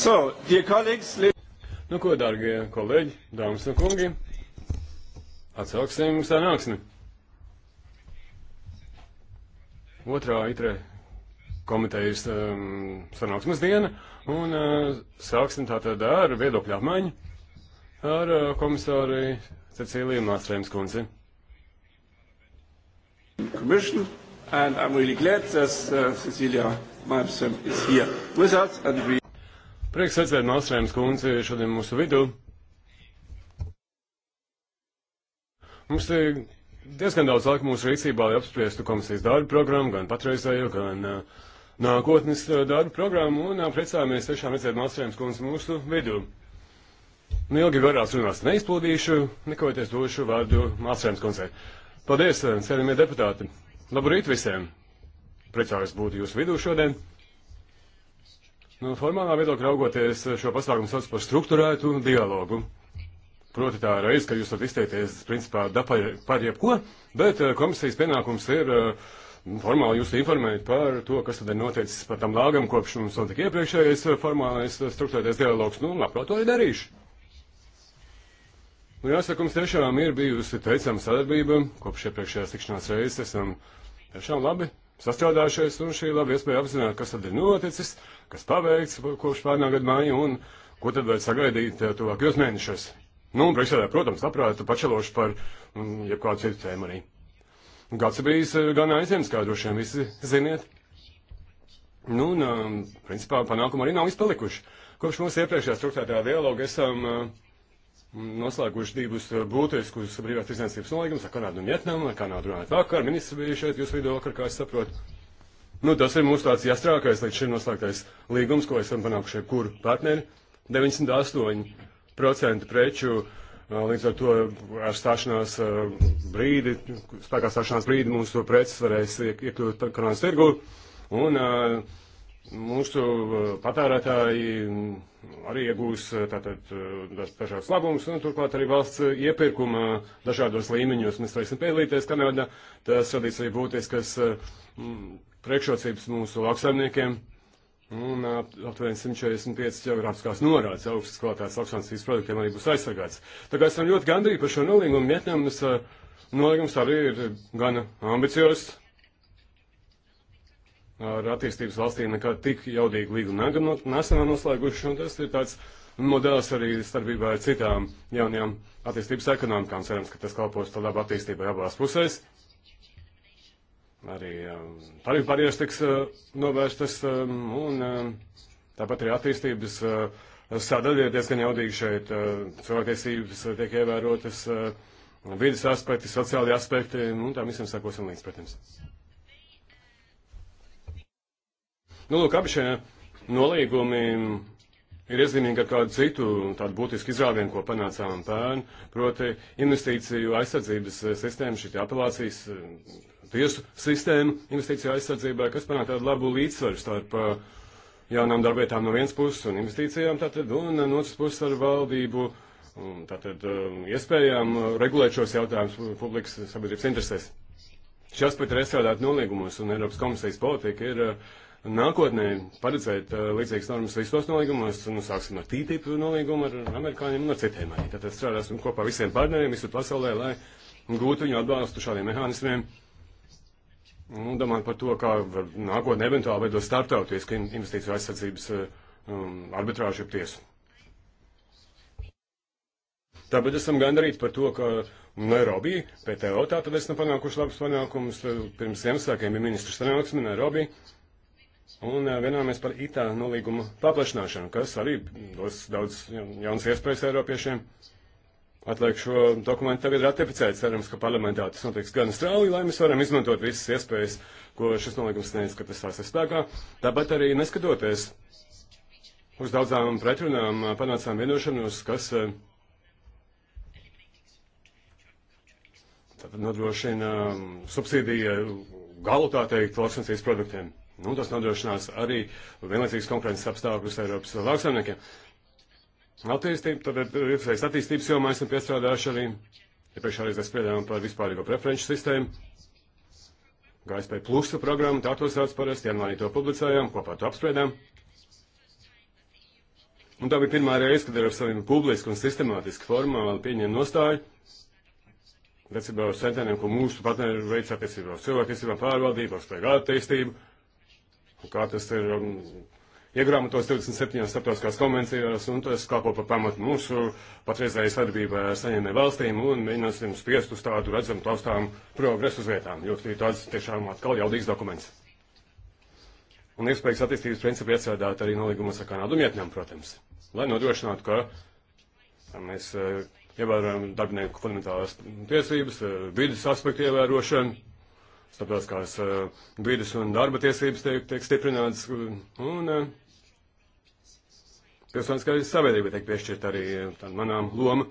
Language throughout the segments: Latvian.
So, dear colleagues, Nu ko, dārgie kolēģi, dāmas un kungi, atsauksim sanāksmi. Otrā itre komitejas um, sanāksmes diena, un uh, sāksim tātad ar viedokļu apmaiņu ar uh, komisāri Cecīliju Māstrēmas kundzi. Commission, and I'm really glad that uh, Cecilia Malmström is here with us, and we Prieks redzēt Mālstrēmas kundzi šodien mūsu vidū. Mums ir diezgan daudz laika mūsu rīcībā, lai apspriestu komisijas darbu programmu, gan patreizējo, gan uh, nākotnes darbu programmu, un uh, priecājamies tiešām redzēt Mālstrēmas kundzi mūsu vidū. Nu, ilgi garās runās neizplūdīšu, nekojoties došu vārdu Mālstrēmas kundzei. Paldies, cienījamie deputāti! Labrīt visiem! Priecājos būt jūsu vidū šodien! Nu, formālā viedokļa raugoties šo pasākumu sauc par struktūrētu dialogu. Proti tā reiz, ka jūs varat izteikties principā par, par jebko, bet eh, komisijas pienākums ir eh, formāli jūs informēt par to, kas tad ir noticis par tam lāgam, kopš mums notika iepriekšējais eh, formālais struktūrētais dialogs. Nu, labprāt, to arī darīšu. Nu, jāsaka, mums tiešām ir bijusi teicama sadarbība kopš iepriekšējās tikšanās reizes. Esam tiešām labi sastrādājušies, un šī laba iespēja apzināt, kas tad ir noticis, kas paveikts kopš pērnā gada māja, un ko tad vajag sagaidīt eh, tuvākajos mēnešos. Nu, un priekšsēdē, protams, labprāt pačelošu par mm, jebkādu citu tēmu arī. Gads bijis eh, gan aizņemts, kā droši vien visi ziniet. Nu, un, eh, principā, panākumi arī nav izpalikuši. Kopš mūsu iepriekšējā struktūrētā dialoga esam uh, noslēguši divus būtiskus brīvās tirsniecības nolīgumus ar Kanādu un Vietnamu. Ar Kanādu runājot vakar, ministrs bija šeit jūsu video vakar, kā es saprotu. Nu, tas ir mūsu tāds jāstrākais līdz šim noslēgtais līgums, ko esam panākuši ar kuru partneri. 98% preču līdz ar to ar stāšanās brīdi, spēkā stāšanās brīdi mūsu preces varēs iekļūt Kanādas tirgu. Un uh, mūsu uh, patērētāji mm, arī iegūs uh, tātad uh, dažādas labumus, un turklāt arī valsts iepirkuma dažādos līmeņos mēs varēsim piedalīties Kanādā. Tas radīs arī būtiskas mm, priekšrocības mūsu lauksaimniekiem. Un aptuveni 145 ģeogrāfiskās norādes augstas kvalitātes lauksaimniecības produktiem arī būs aizsargāts. Tā kā esam ļoti gandrīgi par šo nolīgumu, Vietnamas nolīgums arī ir gana ambiciozs, ar attīstības valstīm nekad tik jaudīgu līgumu nesenā noslēguši, un tas ir tāds modelis arī starpībā ar citām jaunajām attīstības ekonomikām. Cerams, ka tas kalpos tādā attīstībai abās pusēs. Arī um, tarifu barjeras tiks uh, novērstas, um, un um, tāpat arī attīstības uh, sadaļa ir diezgan jaudīga šeit. Uh, cilvēktiesības tiek ievērotas, vidas aspekti, sociālie aspekti, un nu, tam visam sakosim līdz, protams. Nu, lūk, abi šie nolīgumi ir iezīmīgi ar kādu citu tādu būtisku izrādienu, ko panācām pērn, proti investīciju aizsardzības sistēma, šī apelācijas eh, tiesu sistēma investīciju aizsardzībai, kas panāk tādu labu līdzsvaru starp eh, jaunām darbietām no vienas puses un investīcijām, tātad, un eh, no otras puses ar valdību, tātad iespējām regulēt šos jautājumus publikas sabiedrības interesēs. Šie aspekti ir iestrādāti nolīgumos, un Eiropas komisijas politika ir uh, nākotnē paredzēt uh, līdzīgas normas visos nolīgumos, nu, sāksim ar TTIP nolīgumu ar amerikāņiem un ar citiem arī. Tātad strādāsim kopā visiem partneriem visur pasaulē, lai gūtu viņu atbalstu šādiem mehānismiem. Un domājot par to, kā var nākotnē eventuāli veidot starptautisku investīciju aizsardzības uh, um, arbitrāžu tiesu. Tāpēc esam gandarīti par to, ka Nairobi, PTO, tātad esam panākuši labus panākumus. Pirms Ziemassvētkiem bija ministrs sanāksme Nairobi. Uh, Un vienojāmies par ITA nolīgumu paplašināšanu, kas arī dos daudz jaunas iespējas Eiropiešiem. Atliek šo dokumentu tagad ratificēt. Cerams, ka parlamentā tas notiks gan strauji, lai mēs varam izmantot visas iespējas, ko šis nolīgums sniedz, kad tas stāsies spēkā. Tāpat arī neskatoties uz daudzām pretrunām, panācām vienošanos, kas nodrošina subsīdiju galu, tā teikt, lauksnesīs produktiem. Nu, tas nodrošinās arī vienlaicīgas konkurences apstākļus Eiropas lauksaimniekiem. Attīstība, tad ilgspējas attīstības jomā esam piestrādājuši arī iepriekšējā reizē spriedām par vispārīgo preferenču sistēmu. GSP plusa programmu, tā to sauc parasti, janvārī to publicējām, kopā to apspriedām. Un tā bija pirmā reize, kad ar saviem publisku un sistemātisku formāli pieņēma nostāju, attiecībā uz centieniem, ko mūsu partneri veic attiecībā uz cilvēktiesībām, pārvaldību, uz spēku attīstību, kā tas ir um, iegrāmatos 27. starptautiskās konvencijās, un tas kalpo par pamatu mūsu patreizējai sadarbībai ar saņēmē valstīm, un mēģināsim spiest uz tādu redzamu taustām progresu uz vietām, jo tas ir tāds tiešām atkal jaudīgs dokuments. Un iespējas attīstības principu iestrādāt arī nolīgumus ar Kanādu un Vietnamu, protams, lai nodrošinātu, ka mēs uh, ievērojam darbinieku fundamentālās tiesības, uh, vidas aspektu ievērošanu, starptautiskās eh, vidas un darba tiesības tiek, tiek stiprināts, eh, un eh, pilsoniskai sabiedrībai tiek piešķirt arī tāda manām loma.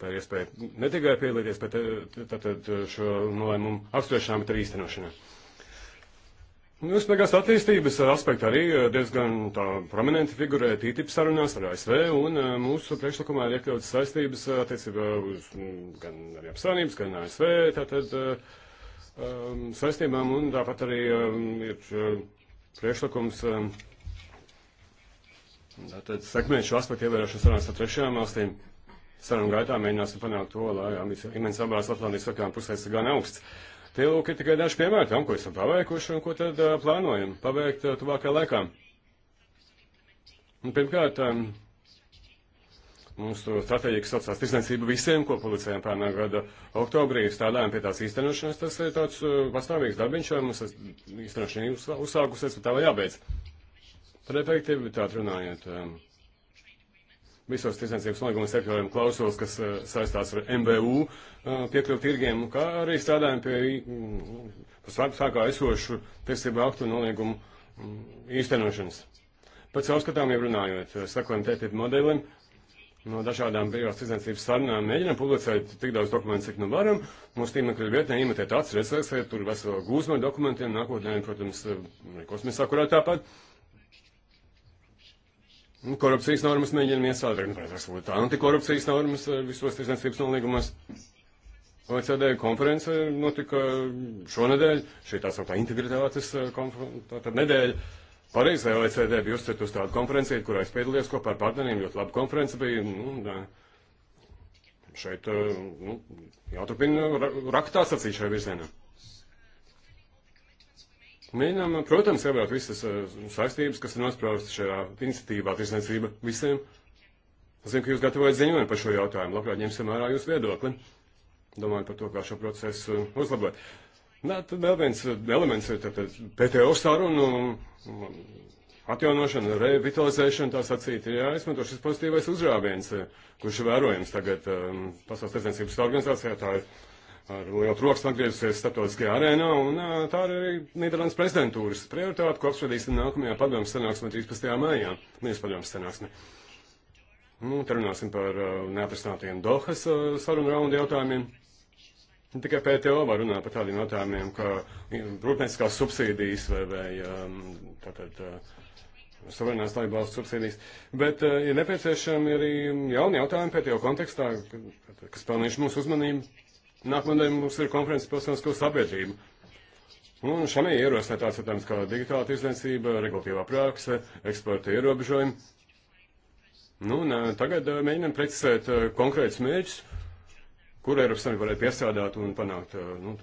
Tā ir iespēja ne tikai piedalīties, bet tātad šo nolēmumu apspriešanā, bet arī īstenošanā. Nu, spēkās attīstības aspekti arī diezgan tā prominenti figurē TTIP sarunās ar ASV, un mūsu priekšlikumā ir iekļautas saistības attiecībā uz mm, gan arī apsaunības, gan ASV, tātad uh, um, saistībām, un tāpat arī um, ir uh, priekšlikums um, tātad sekmēt šo aspektu ievērošanas sarunās ar trešajām valstīm. Sarunu gaitā mēģināsim panākt to, lai imens abās Atlantijas okeāna pusēs ir gan augsts. Tie lūk ir tikai daži piemēri tam, ko esam paveikuši un ko tad uh, plānojam paveikt uh, tuvākajā laikā. Un, pirmkārt, um, Mūsu stratēģija, kas saucās tirsniecība visiem, ko publicējām pērnā gada oktobrī, strādājām pie tās īstenošanas. Tas ir tāds uh, pastāvīgs darbiņš, jo mums īstenošana uzsākusies un tā vēl jābeidz. Par efektivitāti runājot. Um, visos tirsniecības nolīguma sektoriem klausos, kas uh, saistās ar MBU uh, piekļuvu tirgiem, kā arī strādājam pie mm, spēkā esošu tirsniecību aktu nolīgumu mm, īstenošanas. Pēc savskatāmiem runājot, sakojam TTIP modelim, no dažādām brīvās tirdzniecības sarunām mēģinām publicēt tik daudz dokumentus, cik nu varam. Mūsu tīmekļa vietnē imetiet acis, redzēsiet, tur veselo gūzmu ar dokumentiem, nākotnē, protams, eh, kosmisā, kurā tāpat. Korupcijas normas mēģinām iesādrēt, nu, protams, būtu antikorupcijas normas eh, visos tirdzniecības nolīgumos. OECD konference notika šonadēļ, šī tā sauktā integritātes eh, konf... tā nedēļa Parīzē OECD bija uzcirtus tādu konferenci, kurā es piedalījos kopā ar partneriem, ļoti laba konference bija. Nu, nā, šeit nu, jāturpina raktā sacīt šajā virzienā. Mēģinām, protams, ievērot visas saistības, kas ir nospraustas šajā iniciatīvā tirsniecība visiem. Es zinu, ka jūs gatavojat ziņojumu par šo jautājumu. Labprāt, ņemsim vērā jūsu viedokli. Domāju par to, kā šo procesu uzlabot. Nā, tad vēl viens eh, elements ir tātad PTO sarunu mm, atjaunošana, revitalizēšana, tā sacīt, ir jāizmanto šis pozitīvais uzrāviens, eh, kurš ir vērojams tagad um, Pasaules tirdzniecības organizācijā. Tā ir ar lielu trokstu atgriezusies starptautiskajā arēnā, un eh, tā ir arī Nīderlandes prezidentūras prioritāte, ko apspriedīsim nākamajā padomu sanāksmē 13. maijā, nevis padomu sanāksmē. Nu, te runāsim par uh, neatrisinātajiem Dohas uh, sarunu raundu jautājumiem. Ne nu, tikai PTO var runāt par tādiem jautājumiem, kā mm, rūpnieciskās subsīdijas vai, vai um, tātad, uh, suverenās laibvalsts subsīdijas, bet uh, ir ja nepieciešami arī jauni jautājumi PTO kontekstā, kas pelnījuši mūsu uzmanību. Nākamnedēļ mums ir konferences pilsonisko sabiedrību. Un šamē ierosina tāds jautājums kā digitāla tirdzniecība, regulatīvā prakse, eksporta ierobežojumi. Nu, un, uh, tagad mēģinam precizēt konkrētus mērķus kur Eiropas Savienība varētu piestrādāt un panākt eh, nu,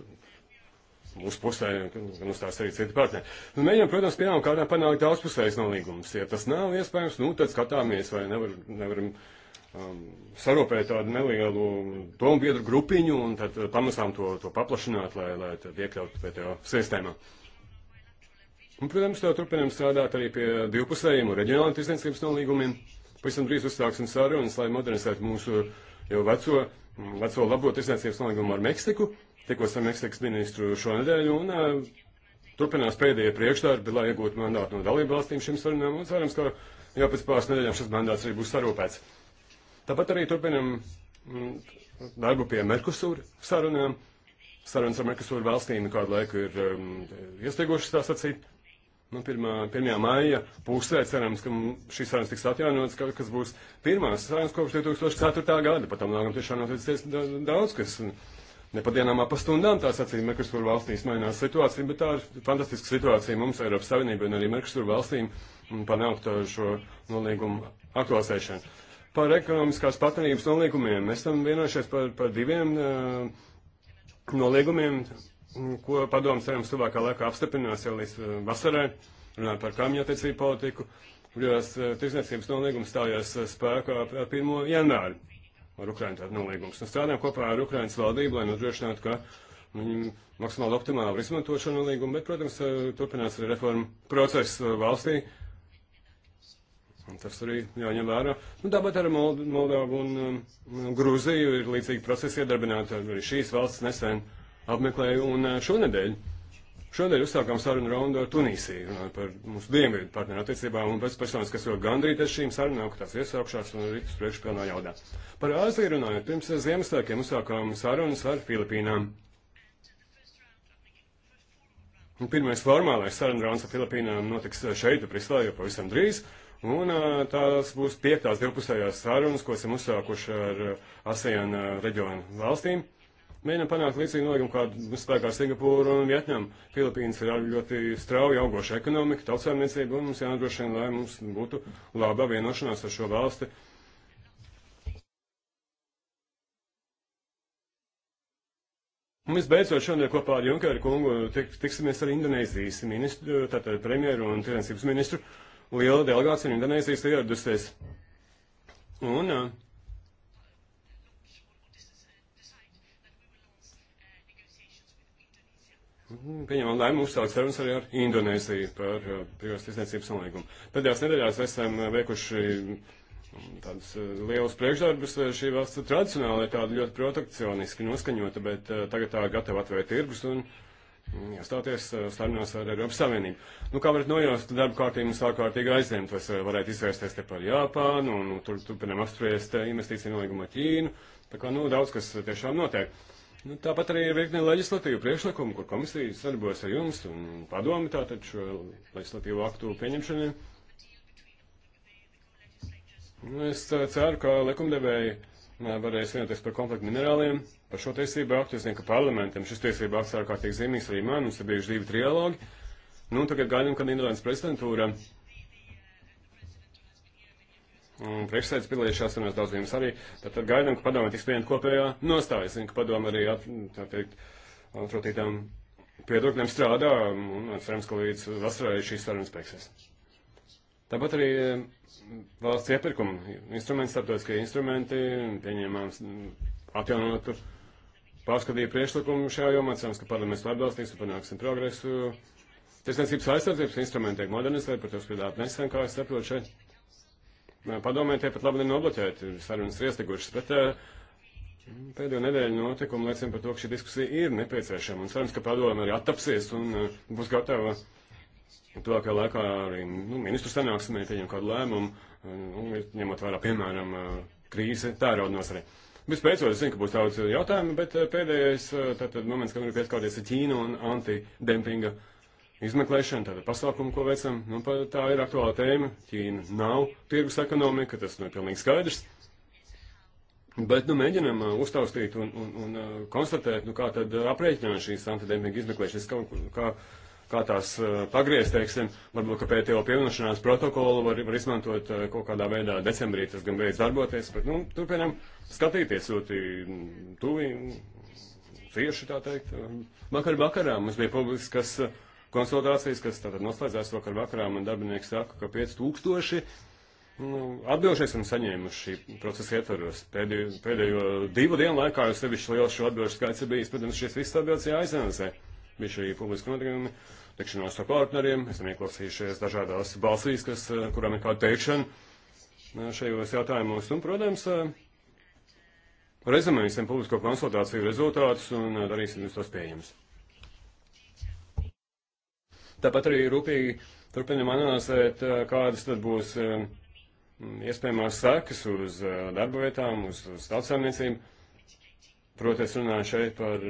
mūsu pusē, gan uz tās arī citi partneri. Nu, mēģinām, protams, pirmām kārtām panākt daudzpusējas nolīgumus. Ja tas nav iespējams, nu, tad skatāmies, vai nevar, nevaram um, saropēt tādu nelielu dombiedru grupiņu un tad eh, pamazām to, to paplašināt, lai, lai tad iekļautu PTO sistēmā. Un, protams, tā turpinām strādāt arī pie divpusējiem un reģionāliem tirsniecības nolīgumiem. Pavisam drīz uzsāksim sarunas, lai modernizētu mūsu jau veco lai to labot izniecības nolīgumu ar Meksiku. Tikos ar Meksikas ministru šonadēļ un eh, turpinās pēdējie priekšdarbi, lai iegūtu mandātu no dalību valstīm šīm sarunām. Un cerams, ka jau pēc pāris nedēļām šis mandāts arī būs sarūpēts. Tāpat arī turpinam mm, darbu pie Merkusūra sarunām. Sarunas ar Merkusūra valstīm kādu laiku ir um, mm, iestiegušas tā sacīt nu, pirmā, 1. maija pusē cerams, ka šīs sarunas tiks atjaunotas, ka, kas būs pirmās sarunas kopš 2004. gada. Pat tam nākam tiešām noticis daudz, kas ne pa dienām, pa stundām tās acīm Merkusur valstīs mainās situācija, bet tā ir fantastiska situācija mums Eiropas Savienībai un arī Merkusur valstīm panākt uh, šo nolīgumu aktualizēšanu. Par ekonomiskās patērības nolīgumiem mēs esam vienojušies par, par diviem uh, nolīgumiem ko padomu cerams tuvākā laikā apstiprinās jau līdz eh, vasarai, runājot par kaimiņu attiecību politiku, kurās eh, tirsniecības nolīgums stājās eh, spēkā 1. janvāri ar Ukraiņu tādu nolīgumus. Un strādājam kopā ar Ukraiņas valdību, lai nodrošinātu, ka viņi maksimāli optimāli var izmantot šo nolīgumu, bet, protams, turpinās arī reformu procesu valstī. Un tas arī jāņem vērā. Nu, tāpat ar Moldavu un um, Grūziju ir līdzīgi procesi iedarbināti. Arī šīs valsts nesen uh, apmeklēju. Un eh, šonadēļ, šonadēļ uzsākām sarunu raundu ar Tunīsiju, runājot par mūsu dienvidu partneru attiecībām, un pēc personas, kas ļoti gandrīt ar šīm sarunām, ka tās iesākšās un ir priekšpilnā jaudā. Par Āziju runājot, pirms Ziemassvētkiem uzsākām sarunas ar Filipīnām. Pirmais formālais sarunu rauns ar Filipīnām notiks eh, šeit, Brislā, jau pavisam drīz. Un eh, tās būs piektās divpusējās sarunas, ko esam uzsākuši ar ASEAN reģionu valstīm. Mēģinām panākt līdzīgu nolīgumu, kādu spēkā Singapūra un Vietnam. Filipīnas ir ļoti strauji augoša ekonomika, tautsēmniecība, un mums jānodrošina, lai mums būtu laba vienošanās ar šo valsti. Un visbeidzot, šodien kopā ar Junkeru kungu tik, tiksimies ar Indonēzijas ministru, tātad premjeru un tirensības ministru. Liela delegācija no Indonēzijas ir ieradusies. Un uh, Mhm, pieņemam lēmumu uzsākt sarunas arī ar Indonēziju par uh, privās tiesniecības nolīgumu. Pēdējās nedēļās esam uh, veikuši mm, tādus uh, lielus priekšdarbus. Šī valsts tradicionāli ir tāda ļoti protekcioniski noskaņota, bet tagad tā gatava atvērt tirgus un mm, iestāties sarunās ar Eiropas Savienību. Nu, kā varat nojaust, darba kārtība mums ārkārtīgi aizņemt, vai varētu izvērsties te par Japānu un tur turpinām apspriest investīciju nolīgumu ar Ķīnu. Tā kā, nu, daudz kas tiešām notiek. Nu, tāpat arī ir virkne leģislatīvu priekšlikumu, kur komisija sadarbojas ar jums un padomi tātad šo leģislatīvu aktu pieņemšanai. Nu, es ceru, ka likumdevēji varēs vienoties par konfliktu minerāliem, par šo tiesību aktu. Es zinu, ka parlamentam šis tiesību akts ārkārtīgi zīmīgs arī man, mums ir bijuši divi trialogi. Nu, tagad gaidām, kad Nīderlandes prezidentūra Priekšsēdus piedalījušās sarunās daudziem arī. Tad, tad gaidām, ka padomē tiks pieņemta kopējā nostāja. Zinu, ka padomē arī, at, tā teikt, atrotītām piedokļiem strādā un cerams, ka līdz vasarai šīs sarunas beigsies. Tāpat arī mm, valsts iepirkuma instrumenti, starptautiskie instrumenti, pieņēmām mm, atjaunotu pārskatīju priekšlikumu šajā jomā, cerams, ka parlaments to atbalstīs un panāksim progresu. Tiesniecības aizsardzības instrumenti tiek modernizēti, par to spēlēt nesen, kā es saprotu šeit. Padomē tie pat labi nenobloķēti, sarunas ir iestrigušas, bet eh, pēdējo nedēļu notikumi liecina par to, ka šī diskusija ir nepieciešama, un cerams, ka padome arī attapsies un eh, būs gatava tuvākajā laikā arī nu, ministru sanāksmē pieņem kādu lēmumu, eh, un, ņemot vērā, piemēram, krīze tērauda nozarei. Vispēcot, es zinu, ka būs daudz jautājumu, bet pēdējais tātad moments, kad man ir pieskārties ar Ķīnu un antidempinga uh, izmeklēšana, tāda pasākuma, ko veicam, nu, tā ir aktuāla tēma. Ķīna nav tirgus ekonomika, tas nu, ir pilnīgi skaidrs. Bet, nu, mēģinam uh, uztaustīt un, un, un uh, konstatēt, nu, kā tad aprēķināt šīs antidempinga izmeklēšanas, kā, kā, kā tās uh, pagriezt, teiksim, varbūt, ka PTO pievienošanās protokolu var, var izmantot uh, kaut kādā veidā decembrī, tas gan beidz darboties, bet, nu, turpinam skatīties ļoti mm, tuvi, cieši, tā teikt. Um, vakar vakarā mums bija publisks, kas. Uh, konsultācijas, kas tātad noslēdzās vakar vakarā, man darbinieki saka, ka 5000 nu, atbilžēs esam saņēmuši procesa ietvaros. Pēdējo, pēdējo divu dienu laikā jau sevišķi liels šo atbilžu skaits ir bijis, protams, šīs visas atbildes jāizanalizē. Bija šī publiska notikuma, tikšanās ar partneriem, esam ieklausījušies dažādās balsīs, kas, eh, kurām ir kāda teikšana eh, šajos jautājumos. Un, protams, eh, rezumēsim publisko konsultāciju rezultātus un darīsim jūs tos pieejams. Tāpat arī rūpīgi turpinam analizēt, kādas tad būs iespējamās sekas uz darba vietām, uz, uz tautsāmniecību. Protams, runāju šeit par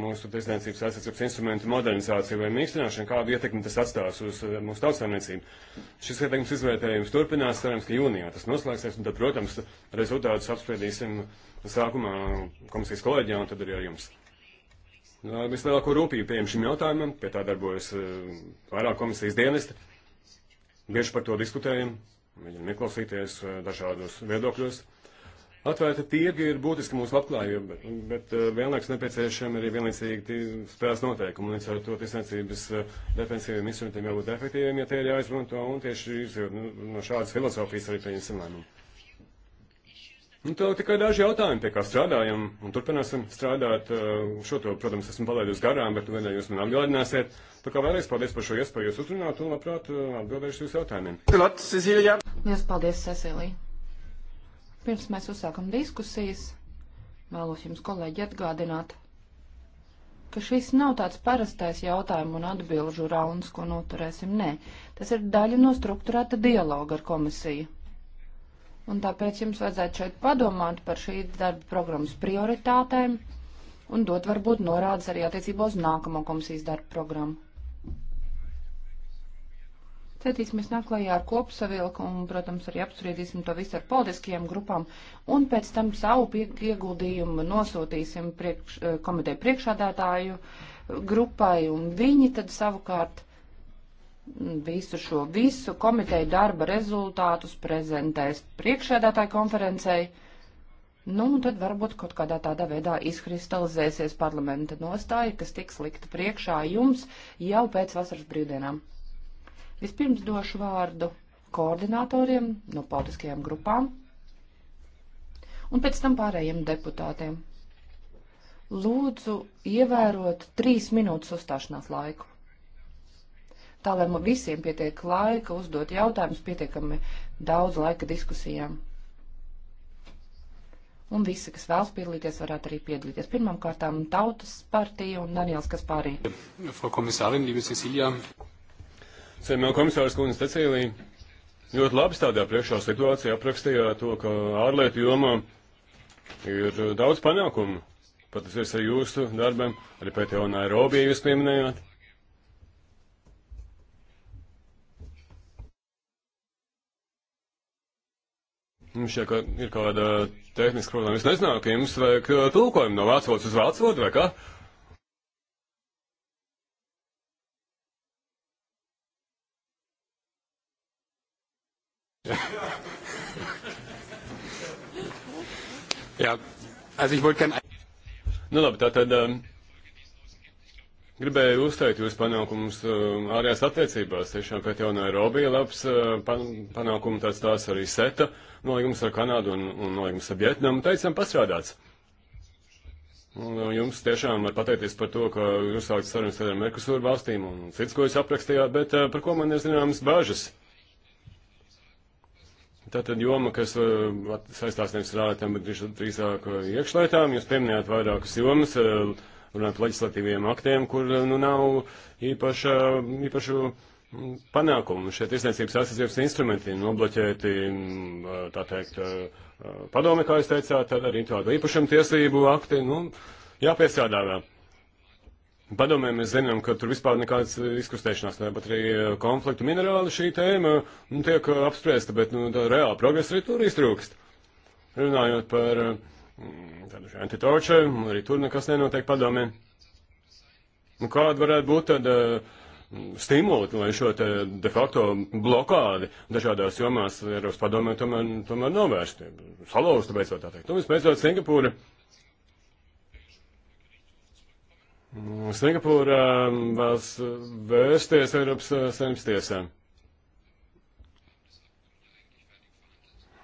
mūsu tiesniecības aizsardzības instrumentu modernizāciju vai mīkstināšanu, kādu ietekmi tas atstās uz mūsu tautsāmniecību. Šis ietekmes izvērtējums turpinās, cerams, ka jūnijā tas noslēgsies, un tad, protams, rezultātus apspriedīsim sākumā komisijas kolēģijā un tad arī ar jums. Nu, vislielāko rūpību pieejam šim jautājumam, pie tā darbojas eh, vairāk komisijas dienesti. Bieži par to diskutējam, mēģinam ieklausīties eh, dažādos viedokļos. Atvērta tirgi ir būtiski mūsu labklājība, bet, bet eh, vienlaikus nepieciešami arī vienlīdzīgi spēles noteikumi. Līdz ar to tiesniecības defensīviem instrumentiem jābūt efektīviem, ja tie ir jāizmanto, un tieši izjūt, nu, no šādas filozofijas arī pieņemsim lēmumu. Un tā tikai daži jautājumi, pie kā strādājam, un turpināsim strādāt. Eh, šo to, protams, esmu palaidus garām, bet vienmēr jūs man atgādināsiet. Tā kā vēlreiz paldies par šo iespēju jūs uzrunāt un, labprāt, eh, atbildēšu jūsu jautājumiem. Lielas paldies, Cecilija! Pirms mēs uzsākam diskusijas, vēlos jums, kolēģi, atgādināt, ka šis nav tāds parastais jautājumu un atbilžu rauns, ko noturēsim. Nē, tas ir daļa no struktūrēta dialoga ar komisiju. Un tāpēc jums vajadzētu šeit padomāt par šī darba programmas prioritātēm un dot varbūt norādes arī attiecībā uz nākamo komisijas darba programmu. Cetīsimies naklajā ar kopsavilku un, protams, arī apspriedīsim to visu ar politiskajām grupām un pēc tam savu ieguldījumu nosūtīsim priekš, eh, komiteju priekšādātāju grupai un viņi tad savukārt visu šo visu komiteju darba rezultātus prezentēs priekšēdātāju konferencei. Nu, un tad varbūt kaut kādā tādā veidā izkristalizēsies parlamenta nostāja, kas tiks likta priekšā jums jau pēc vasaras brīvdienām. Vispirms došu vārdu koordinatoriem no politiskajām grupām un pēc tam pārējiem deputātiem. Lūdzu, ievērot trīs minūtes uzstāšanās laiku tā lai mums visiem pietiek laika uzdot jautājumus, pietiekami daudz laika diskusijām. Un visi, kas vēlas piedalīties, varētu arī piedalīties. Pirmām kārtām Tautas partija un Daniels Kaspārī. Frau komisārin, Lība Cecilijā. Saimē komisārs Kundze Cecīlija. Ļoti labi tādā priekšā situācijā aprakstījāt to, ka ārlietu jomā ir daudz panākumu. Pat tas ir ar jūsu darbiem, arī pētījā Nairobi, ja jūs pieminējāt. Nu, Šie, ka ir kaut kāda tehniska problēma. Es nezināju, ka jums vajag uh, tulkojumu no vācu valodas uz vācu valodu vai kā? Jā, ja. also ich wollte kein. Nu labi, tātad. Um, Gribēju uzteikt jūsu panākumus um, ārējās attiecībās. Tiešām, ka jaunā Eiropa bija labs uh, panākums, tāds tās arī seta nolīgums ar Kanādu un, un nolīgums ar Vietnamu. Teicām, pastrādāts. Un uh, jums tiešām var pateikties par to, ka jūs sākat sarunas ar Merkusūru valstīm un cits, ko jūs aprakstījāt, bet uh, par ko man ir zināmas bažas. Tātad joma, kas saistās nevis ar ārlietām, bet drīzāk iekšlietām, jūs pieminējāt vairākas jomas. Uh, runāt par leģislatīviem aktiem, kur nu, nav īpaša, īpašu panākumu. Šie tirsniecības aizsardzības instrumenti nobloķēti, tā teikt, padome, kā jūs teicāt, tad arī tādu īpašumu tiesību akti, nu, jāpiestrādā vēl. Padomē mēs zinām, ka tur vispār nekādas izkustēšanās, ne pat arī eh, konfliktu minerāli šī tēma nu, tiek apspriesta, bet nu, reāla progresa arī tur iztrūkst. Runājot par uh, Mm, tādu antitorču, arī tur nekas nenotiek padomē. Nu, kāda varētu būt tad uh, stimuli, lai šo te de facto blokādi dažādās jomās Eiropas padomē tomēr, tomēr novērstu, salauztu beidzot tā teikt. Un nu, visbeidzot Singapūra. Mm, Singapūra vēlas vērsties Eiropas eh, saimnes tiesām.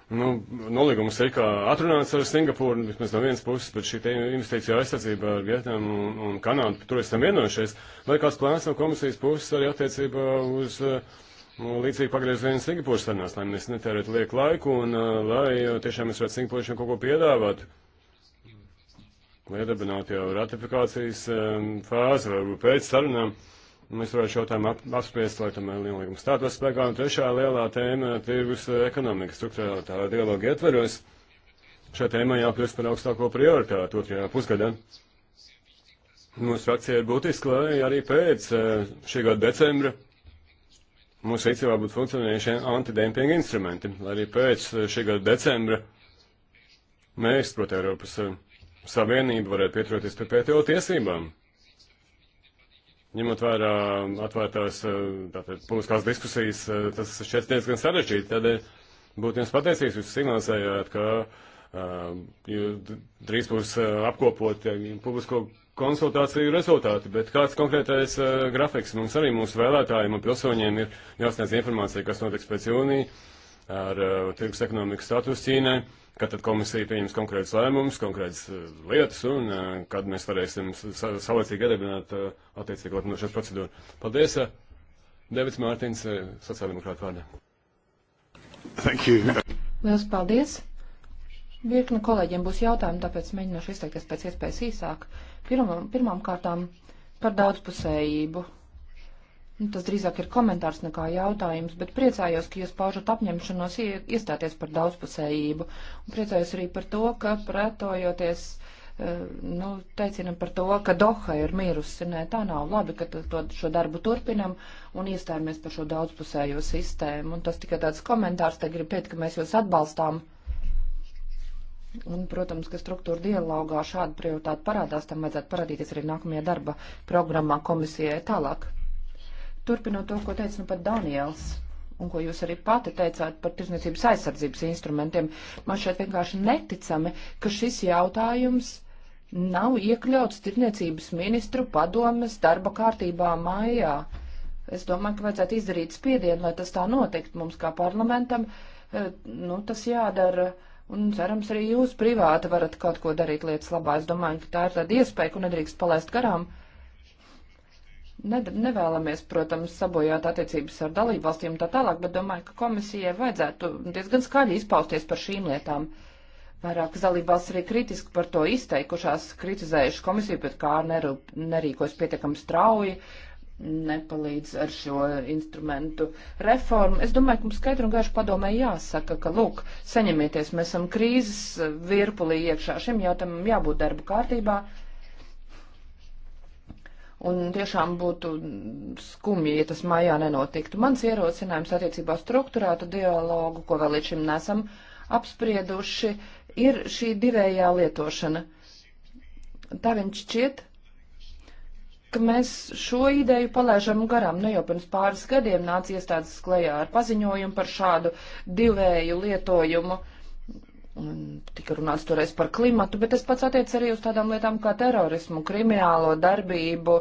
Nu, nolīgums ir kā atrunāts ar Singapūru, vismaz no vienas puses, bet šī investīcija aizsardzība ar Vietnamu un, un Kanādu, tur esam vienojušies. Vai kāds plāns no komisijas puses arī attiecībā uz uh, līdzīgi pagriezienu Singapūras sarunās, lai mēs netērētu lieku laiku un uh, lai uh, tiešām mēs varētu Singapūriešiem kaut ko piedāvāt? Lai iedarbinātu jau ratifikācijas um, fāzi vai pēc sarunām. Uh, Mēs varētu šo jautājumu ap, apspriest, lai tomēr vienlīgums stātos spēkā. Un trešā lielā tēma - tirgus ekonomika struktūrālā tā dialoga ietveros. Šai tēmai jākļūst par augstāko prioritātu otrajā pusgadā. Mūsu frakcija ir būtiska, lai arī pēc eh, šī gada decembra mūsu rīcībā būtu funkcionējušie antidempinga instrumenti, lai arī pēc eh, šī gada decembra mēs, proti, Eiropas eh, Savienība varētu pieturēties pie PTO tiesībām. Ņemot vērā um, atvērtās uh, tātad, publiskās diskusijas, uh, tas šķiet diezgan sarežģīti. Tādēļ uh, būtu jums pateicīgs, jūs signalizējāt, ka uh, drīz būs apkopot publisko konsultāciju rezultāti, bet kāds konkrētais uh, grafiks mums arī mūsu vēlētājiem un pilsoņiem ir jāsniedz informācija, kas notiks pēc jūnija ar uh, tirgus ekonomikas status Ķīnai kad tad komisija pieņems konkrētus lēmumus, konkrētas uh, lietas un uh, kad mēs varēsim sa saulēcīgi iedarbināt uh, eh, attiecīgo atminošanas procedūru. Paldies, Devits Mārtiņš, sociāldemokrāta vārdā. Thank you. Lielas paldies. Virkni kolēģiem būs jautājumi, tāpēc mēģināšu izteikties pēc iespējas īsāk. Pirmam, pirmām kārtām par daudzpusējību Nu, tas drīzāk ir komentārs nekā jautājums, bet priecājos, ka jūs paužat apņemšanos iestāties par daudzpusējību. Un priecājos arī par to, ka pretojoties, eh, nu, teicinam par to, ka Doha ir mirusi. Nē, tā nav labi, ka to, šo darbu turpinam un iestājamies par šo daudzpusējo sistēmu. Un tas tikai tāds komentārs, te gribu teikt, ka mēs jūs atbalstām. Un, protams, ka struktūra dialogā šāda prioritāte parādās, tam vajadzētu parādīties arī nākamajā darba programmā komisijai tālāk. Turpinot to, ko teica nu pat Daniels un ko jūs arī pati teicāt par tirzniecības aizsardzības instrumentiem, man šeit vienkārši neticami, ka šis jautājums nav iekļauts tirzniecības ministru padomes darba kārtībā mājā. Es domāju, ka vajadzētu izdarīt spiedienu, lai tas tā notiktu mums kā parlamentam. Eh, nu, tas jādara. Un cerams, arī jūs privāti varat kaut ko darīt lietas labā. Es domāju, ka tā ir tāda iespēja, ko nedrīkst palaist garām. Uh, ne, nevēlamies, protams, sabojāt attiecības ar dalībvalstīm tā tālāk, bet domāju, ka komisijai vajadzētu diezgan skaļi izpausties par šīm lietām. Vairākas dalībvalsts arī kritiski par to izteikušās, kritizējuši komisiju, bet kā nerūp, nerīkos pietiekami strauji, nepalīdz ar šo instrumentu reformu. Es domāju, ka mums skaidri un gaiši padomē jāsaka, ka, lūk, saņemieties, mēs esam krīzes eh, virpulī iekšā, šim jautājumam jābūt darba kārtībā Un tiešām būtu skumji, ja tas mājā nenotiktu. Mans ierosinājums attiecībā struktūrātu dialogu, ko vēl līdz šim nesam apsprieduši, ir šī divējā lietošana. Tā viņš šķiet, ka mēs šo ideju palaižam garām. Nu, jau pirms pāris gadiem nāca iestādes klajā ar paziņojumu par šādu divēju lietojumu. Uh, Un tika runāts toreiz par klimatu, bet tas pats attiec arī uz tādām lietām kā terorismu, kriminālo darbību,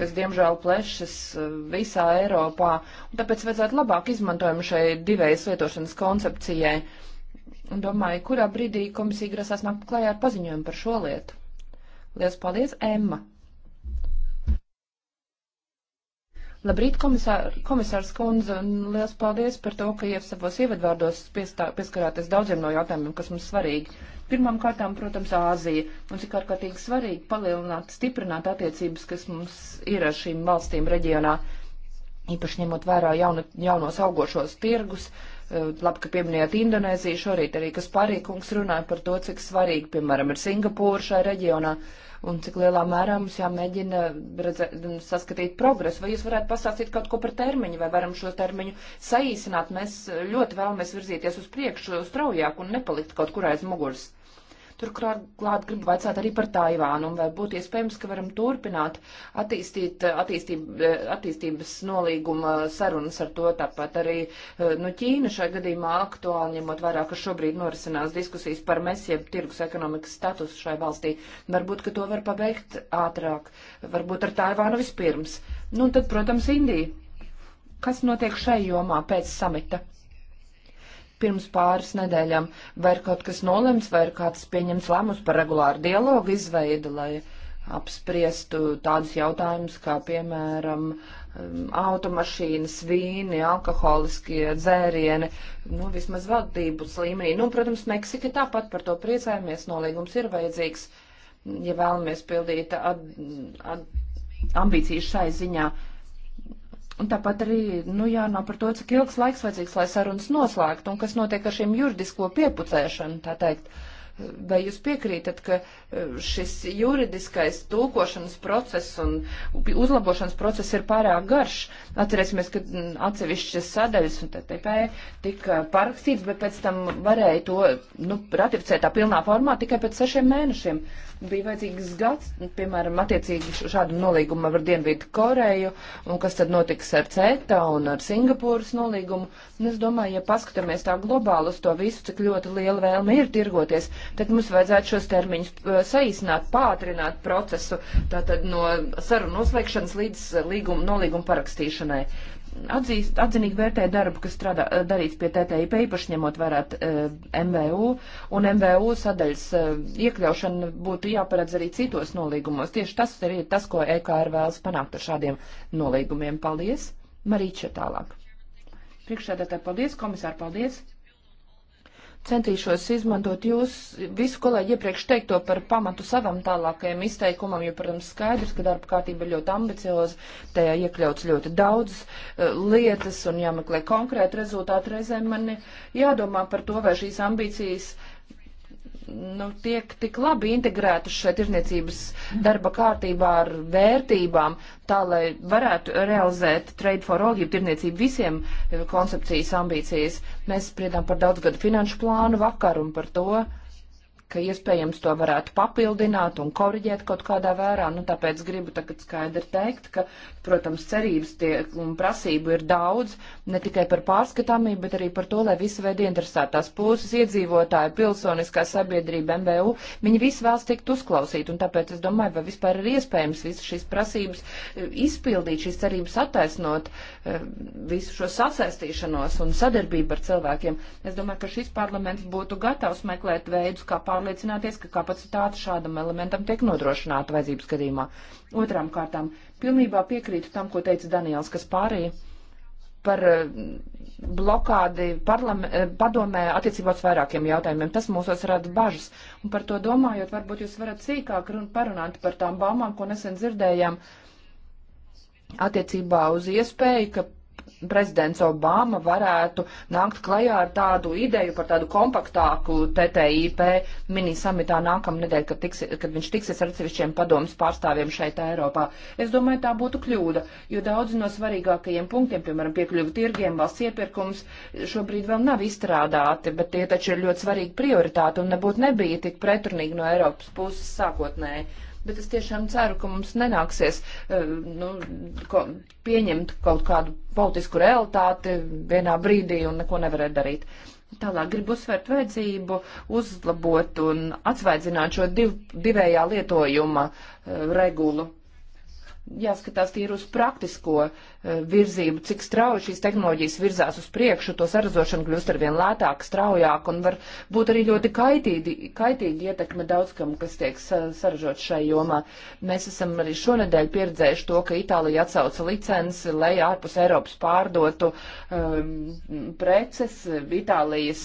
kas diemžēl plešas uh, visā Eiropā. Un tāpēc vajadzētu labāk izmantojumu šai divējas lietošanas koncepcijai. Un domāju, kurā brīdī komisija grasās nākt klajā ar paziņojumu par šo lietu. Lielas paldies, Emma! Labrīt, komisār, komisārs Kundze, un liels paldies par to, ka jau savos ievadvārdos pieskarāties daudziem no jautājumiem, kas mums svarīgi. Pirmām kārtām, protams, Āzija. Mums ir ārkārtīgi svarīgi palielināt, stiprināt attiecības, kas mums ir ar šīm valstīm reģionā, īpaši ņemot vērā jauna, jaunos augošos tirgus. Eh, labi, ka pieminējāt Indonēziju, šorīt arī, kas parīkums runāja par to, cik svarīgi, piemēram, ir Singapūra šajā reģionā. Uh, un cik lielā mērā mums jāmēģina redzēt, nu, saskatīt progresu. Vai jūs varētu pastāstīt kaut ko par termiņu, vai varam šo termiņu saīsināt? Mēs ļoti vēlamies virzīties uz priekšu straujāk un nepalikt kaut kur aiz muguras. Turklāt gribu vaicāt arī par Taivānu, un vai būtu iespējams, ka varam turpināt attīstīt attīstīb, attīstības nolīguma sarunas ar to, tāpat arī eh, nu, Ķīna šai gadījumā aktuāli, ņemot vairāk, ka šobrīd norisinās diskusijas par mesiem tirgus ekonomikas statusu šai valstī. Varbūt, ka to var pabeigt ātrāk, varbūt ar Taivānu vispirms. Nu, un tad, protams, Indija. Kas notiek šai jomā pēc samita? pirms pāris nedēļām, vai ir kaut kas nolemts, vai ir kāds pieņems lēmums par regulāru dialogu izveidu, lai apspriestu tādus jautājumus, kā piemēram um, automašīnas, vīni, alkoholiskie dzērieni, nu vismaz valdības līmenī. Nu, protams, Meksika tāpat par to priecājamies, nolīgums ir vajadzīgs, ja vēlamies pildīt ad, ad, ambīcijas šai ziņā. Un tāpat arī nu, jānāk par to, cik ilgs laiks vajadzīgs, lai sarunas noslēgtu un kas notiek ar šiem juridisko piepucēšanu, tā teikt. Uh, Vai jūs piekrītat, ka eh, šis juridiskais tulkošanas process un uzlabošanas process ir pārāk garš? Atcerēsimies, ka mm, atsevišķas sadaļas un TTP tika parakstīts, bet pēc tam varēja to nu, ratificēt tā pilnā formā tikai pēc sešiem mēnešiem. Bija vajadzīgs gads, piemēram, attiecīgi šādu nolīgumu ar Dienvidu Koreju, un kas tad notiks ar CETA un ar Singapūras nolīgumu. Un es domāju, ja paskatāmies tā globāli uz to visu, cik ļoti liela vēlme ir tirgoties, tad mums vajadzētu šos termiņus uh, saīsināt, pātrināt procesu, tātad no sarunu noslēgšanas līdz uh, līguma, nolīguma parakstīšanai. Atzīst, atzinīgi vērtēja darbu, kas strādā, uh, darīts pie TTIP, īpaši ņemot vērā e, MVU, un MVU sadaļas e, iekļaušana būtu jāparedz arī citos nolīgumos. Tieši tas ir tas, ko EKR vēlas panākt ar šādiem nolīgumiem. Paldies! Marīča tālāk. Priekšsēdētāji, paldies! Komisāri, paldies! centīšos izmantot jūs visu kolēģi iepriekš teikto par pamatu savam tālākajam izteikumam, jo, protams, skaidrs, ka darba kārtība ir ļoti ambicioza, tajā iekļauts ļoti daudz uh, lietas un jāmeklē konkrēti rezultāti. Reizēm man jādomā par to, vai šīs ambīcijas uh, nu, tiek tik labi integrētas šeit tirniecības darba kārtībā ar vērtībām, tā lai varētu realizēt trade for all, jeb tirniecību visiem eh, koncepcijas ambīcijas. Mēs spriedām par daudzgadu finanšu plānu vakar un par to, ka iespējams to varētu papildināt un koriģēt kaut kādā vērā. Nu, tāpēc gribu tagad skaidri teikt, ka Protams, cerības tiek un prasību ir daudz, ne tikai par pārskatāmību, bet arī par to, lai visi veidi interesētās puses, iedzīvotāji, pilsoniskā sabiedrība, MBU, viņi visi vēlas tikt uzklausīt, un tāpēc es domāju, vai vispār ir iespējams visas šīs prasības eh, izpildīt, šīs cerības attaisnot, eh, visu šo sasaistīšanos un sadarbību ar cilvēkiem. Es domāju, ka šis parlaments būtu gatavs meklēt veidus, kā pārliecināties, ka kapacitāte šādam elementam tiek nodrošināta vajadzības gadījumā. Otrām kārtām Pilnībā piekrītu tam, ko teica Daniels, kas pārēja par eh, blokādi eh, padomē attiecībā uz vairākiem jautājumiem. Tas mūsos rada bažas. Un par to domājot, varbūt jūs varat sīkāk parunāt par tām baumām, ko nesen dzirdējām attiecībā uz iespēju, ka prezidents Obama varētu nākt klajā ar tādu ideju par tādu kompaktāku TTIP minisamitā nākamnedēļ, kad, tiks, kad viņš tiksies ar atsevišķiem padomus pārstāvjiem šeit Eiropā. Es domāju, tā būtu kļūda, jo daudzi no svarīgākajiem punktiem, piemēram, piekļuvi tirgiem, valsts iepirkums, šobrīd vēl nav izstrādāti, bet tie taču ir ļoti svarīgi prioritāti un nebūtu nebija tik pretrunīgi no Eiropas puses sākotnēji bet es tiešām ceru, ka mums nenāksies eh, nu, ko, pieņemt kaut kādu politisku realitāti vienā brīdī un neko nevarēt darīt. Tālāk gribu uzsvērt vajadzību uzlabot un atsvaidzināt šo div, divējā lietojuma eh, regulu. Jāskatās tīri uz praktisko virzību, cik strauji šīs tehnoloģijas virzās uz priekšu, to saražošana kļūst ar vien lētāk, straujāk un var būt arī ļoti kaitīgi, kaitīgi ietekme daudz kam, kas tiek saražots šai jomā. Mēs esam arī šonedēļ pieredzējuši to, ka Itālija atsauca licenci, lai ārpus Eiropas pārdotu um, preces Itālijas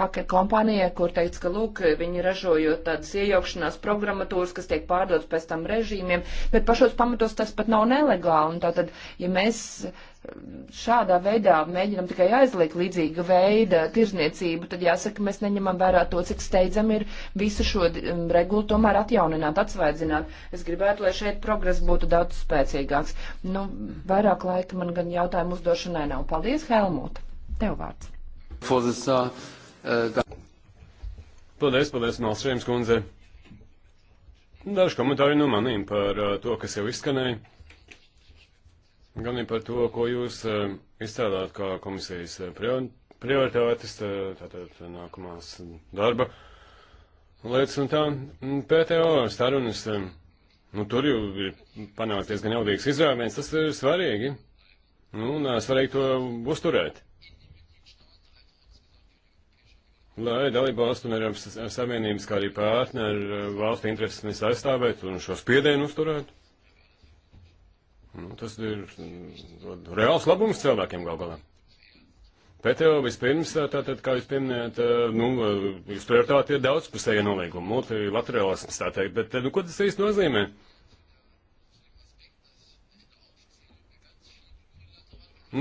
hacker kompānijai, kur teica, ka lūk, viņi ražojot tādas iejaukšanās programmatūras, kas tiek pārdotas pēc tam režīmiem, bet pašos pamatos tas pat nav nelegāli. Un tātad, ja mēs mēs šādā veidā mēģinam tikai aizliegt līdzīga veida tirzniecību, tad jāsaka, mēs neņemam vērā to, cik steidzam ir visu šo um, regulu tomēr atjaunināt, atsvaidzināt. Es gribētu, lai šeit progress būtu daudz spēcīgāks. Nu, vairāk laika man gan jautājumu uzdošanai nav. Paldies, Helmut. Tev vārds. Eh, paldies, paldies, Malstrēms kundze. Daži komentāri no manīm par eh, to, kas jau izskanēja gan arī par to, ko jūs eh, izstrādāt kā komisijas eh, prioritātes, eh, tātad nākamās darba lietas un tā. Mm, PTO starunas, nu tur jau ir panākts diezgan jaudīgs izrāviens, tas ir svarīgi. Nu, un svarīgi to uzturēt. Lai dalībvalstu un Eiropas Savienības, kā arī partneru valstu intereses mēs aizstāvētu un šo spiedienu uzturētu. Nu, tas ir mm, reāls labums cilvēkiem gal galā. PTO eh, vispirms, eh, tātad, kā jūs pieminējat, eh, nu, jūs prioritāti ir daudzpusēja nolīguma, multilaterālisms, tā teikt, bet, nu, ko tas īsti nozīmē?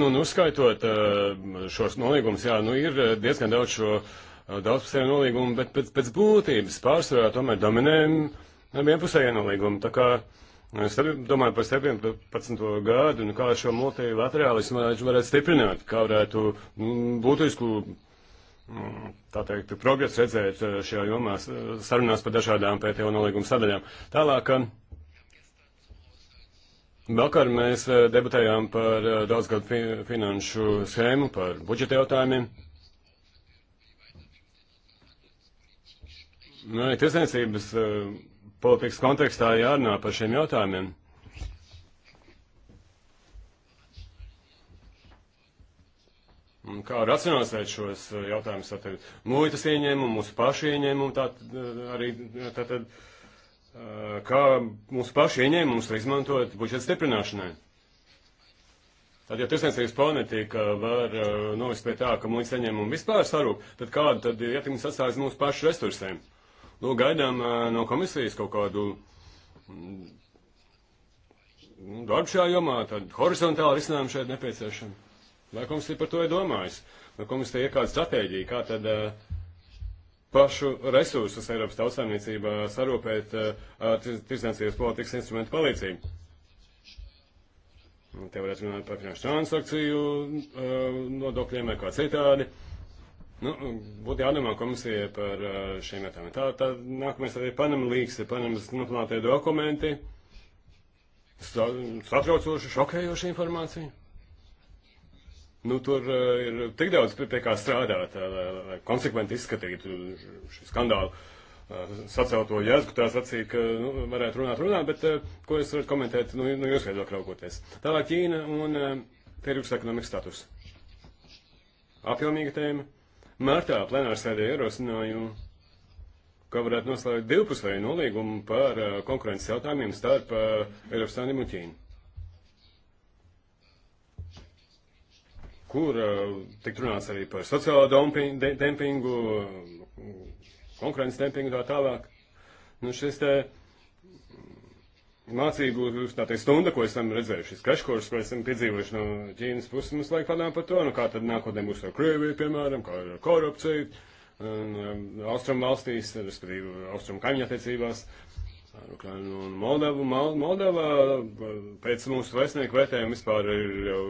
Nu, nu, skaitot šos nolīgumus, jā, nu, ir diezgan daudz šo daudzpusēju nolīgumu, bet pēc, pēc būtības pārsvarā tomēr dominē mm, vienpusēja nolīguma, tā kā. Uh, Nu, es arī domāju par 17. gadu, nu, kā šo multilaterālismu varētu, varētu stiprināt, kā varētu nu, būtisku, nu, tā teikt, progresu redzēt eh, šajā jomā sarunās par dažādām PTO nolīguma sadaļām. Tālāk, vakar mēs eh, debatējām par eh, daudzgadu fi finanšu schēmu, par budžeta jautājumiem. Nu, tiesniecības politikas kontekstā jārunā par šiem jautājumiem. Un kā racionalizēt šos eh, jautājumus, tātad muitas ieņēmumu, mūsu pašu ieņēmumu, tātad eh, arī tātad, eh, kā mūsu pašu ieņēmumus var izmantot budžeta stiprināšanai. Tad, ja tirsniecības politika var novest pie tā, ka muitas ieņēmumi vispār sarūk, tad kādu tad ietekmi sastājas mūsu pašu resursēm? Nu, gaidām no komisijas kaut kādu mm, nu, darbu šajā jomā, tad horizontāli risinājumi šeit nepieciešami. Vai komisija par to ir domājusi? Vai komisija ir kāda stratēģija, kā tad pašu resursus Eiropas tautsāniecībā sarūpēt tirsniecības politikas instrumentu palīdzību? Nu, te varētu runāt par finanšu transakciju nodokļiem vai kā citādi. Uh, Nu, būtu jādomā komisijai par uh, šiem jautājumiem. Tā, tā nākamais arī Panama līgs, ir Panamas noplānotie dokumenti, satraucoši, šokējoši informācija. Nu, tur uh, ir tik daudz pie, pie kā strādāt, uh, lai, lai konsekventi izskatītu šo skandālu sacelto jēzu, tā sacīja, ka nu, varētu runāt, runāt, bet ko es varu komentēt, nu, nu jūs viedokļu raugoties. Tālāk Ķīna un tirgus ekonomikas status. Apjomīga tēma. Martā plenārsēdē ierosināju, ka varētu noslēgt divpusēju nolīgumu par uh, konkurences jautājumiem starp uh, Eiropas Savienību un Ķīnu. kur uh, tik runāts arī par sociālo dumpingu, de, dempingu, konkurences dempingu tā tālāk. Nu, šis te uh, mācību teikt, stunda, ko esam redzējuši, šis kreškurs, ko esam piedzīvojuši no Ķīnas puses, mums vajag padomāt par to, nu kā tad nākotnē būs ar Krieviju, piemēram, kā ar korupciju, um, austrumu valstīs, respektīvi austrumu kaimiņu attiecībās, un Moldova, Moldova pēc mūsu vēstnieku vērtējuma vispār ir jau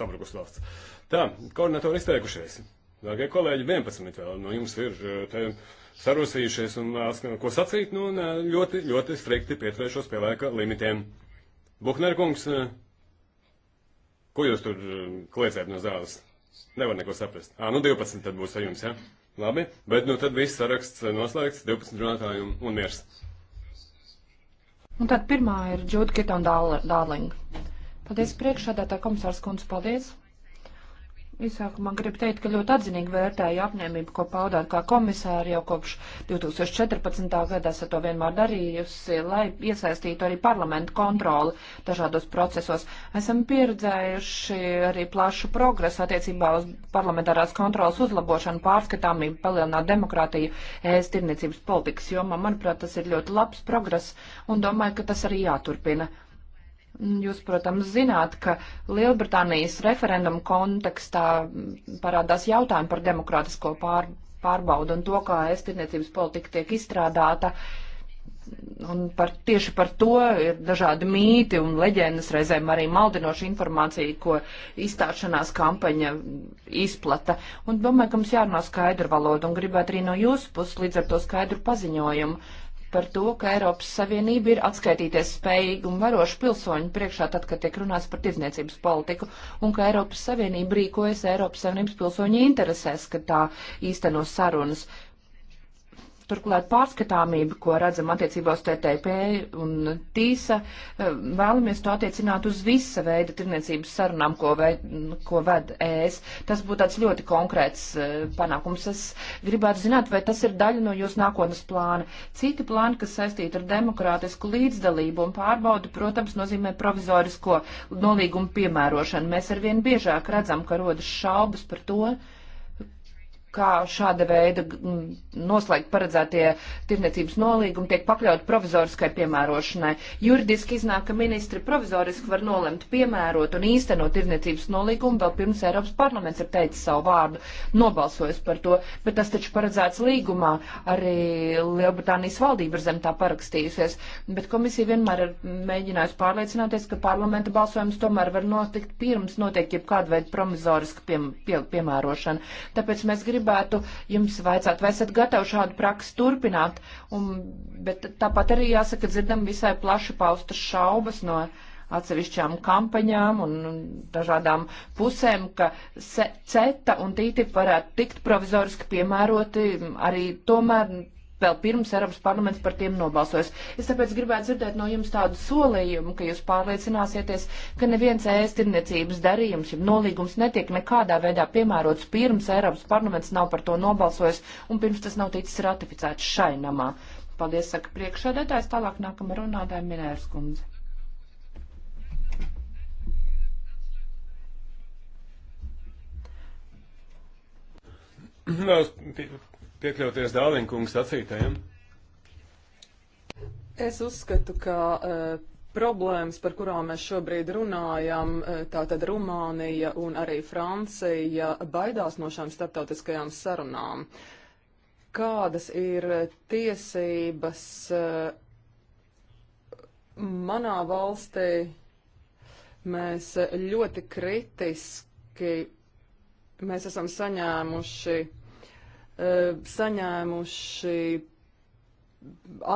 sabrukus valsts. Tā, koordinatori izteikušies. Dārgie kolēģi, 11 vēl no jums ir. Te, sarūsījušies un ko sacīt, nu, un ļoti, ļoti strikti pieturēšos pie laika limitiem. Buhnerkungs, ko jūs tur kliedzēt no zāles? Nevar neko saprast. Ā, nu 12 tad būs ar jums, jā? Ja? Labi, bet nu tad viss saraksts noslēgts, 12 runātāji un, un miers. Un tad pirmā ir Džūda Kitona Dārlinga. Paldies priekšādā tā komisārs kundze, paldies. Iesākumā gribu teikt, ka ļoti atzinīgi vērtēju apņēmību, ko paudāt kā komisāri jau kopš 2014. gada esat to vienmēr darījusi, lai iesaistītu arī parlamentu kontroli dažādos procesos. Esam pieredzējuši arī plašu progresu attiecībā uz parlamentārās kontrolas uzlabošanu, pārskatāmību, palielināt demokrātiju, ēst tirniecības politikas jomā. Manuprāt, tas ir ļoti labs progress un domāju, ka tas arī jāturpina. Jūs, protams, zināt, ka Lielbritānijas referendumu kontekstā parādās jautājumi par demokrātisko pār, pārbaudu un to, kā es tirniecības politika tiek izstrādāta. Un par, tieši par to ir dažādi mīti un leģendas, reizēm arī maldinoša informācija, ko izstāšanās kampaņa izplata. Un domāju, ka mums jārunā skaidru valodu un gribētu arī no jūsu puses līdz ar to skaidru paziņojumu par to, ka Eiropas Savienība ir atskaitīties spējīga un varoša pilsoņu priekšā, tad, kad tiek runāts par tirdzniecības politiku, un ka Eiropas Savienība rīkojas Eiropas Savienības pilsoņu interesēs, kad tā īsteno sarunas. Turklāt pārskatāmība, ko redzam attiecībā uz TTP un TISA, eh, vēlamies to attiecināt uz visa veida tirniecības sarunām, ko, veid, ko ved ES. Tas būtu tāds ļoti konkrēts eh, panākums. Es gribētu zināt, vai tas ir daļa no jūsu nākotnes plāna. Citi plāni, kas saistīti ar demokrātisku līdzdalību un pārbaudu, protams, nozīmē provizorisko nolīgumu piemērošanu. Mēs arvien biežāk redzam, ka rodas šaubas par to, kā šāda veida mm, noslēgt paredzētie tirniecības nolīgumi tiek pakļaut provizoriskai piemērošanai. Juridiski iznāk, ka ministri provizoriski var nolemt piemērot un īstenot tirniecības nolīgumu vēl pirms Eiropas parlaments ir teicis savu vārdu, nobalsojis par to, bet tas taču paredzēts līgumā, arī Lielbritānijas valdība ir zem tā parakstījusies, bet komisija vienmēr ir mēģinājusi pārliecināties, ka parlamenta balsojums tomēr var notikt pirms notiek jebkāda veida provizoriska pie, pie, piemērošana. Tāpēc mēs gribam gribētu jums vaicāt, vai esat gatavi šādu praksi turpināt, un, bet tāpat arī jāsaka, dzirdam visai plaši paustas šaubas no atsevišķām kampaņām un dažādām pusēm, ka CETA un TTIP varētu tikt provizoriski piemēroti arī tomēr vēl pirms Eiropas parlaments par tiem nobalsojas. Es tāpēc gribētu dzirdēt no jums tādu solījumu, ka jūs pārliecināsieties, ka neviens ēstirniecības darījums, ja nolīgums netiek nekādā veidā piemērots pirms Eiropas parlaments nav par to nobalsojis un pirms tas nav ticis ratificēts šai namā. Paldies, saka priekšsēdētājs, tālāk nākama runātāja Minērs kundze. Nē, piekļauties Dālinkungs sacītajiem? Es uzskatu, ka uh, problēmas, par kurām mēs šobrīd runājam, uh, tātad Rumānija un arī Francija baidās no šām starptautiskajām sarunām. Kādas ir eh, tiesības uh, manā valstī? Mēs ļoti kritiski, mēs esam saņēmuši E, saņēmuši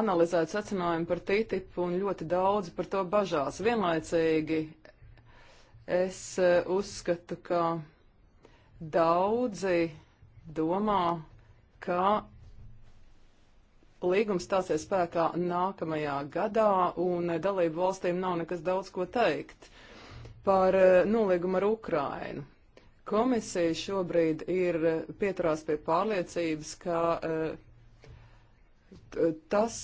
analizēt secinājumu par TTIP un ļoti daudz par to bažās. Vienlaicīgi es e, uzskatu, ka daudzi domā, ka līgums stāsies spēkā nākamajā gadā un dalību valstīm nav nekas daudz ko teikt par e, nolīgumu ar Ukrainu. Komisija šobrīd ir pieturās pie pārliecības, ka eh, t, tas,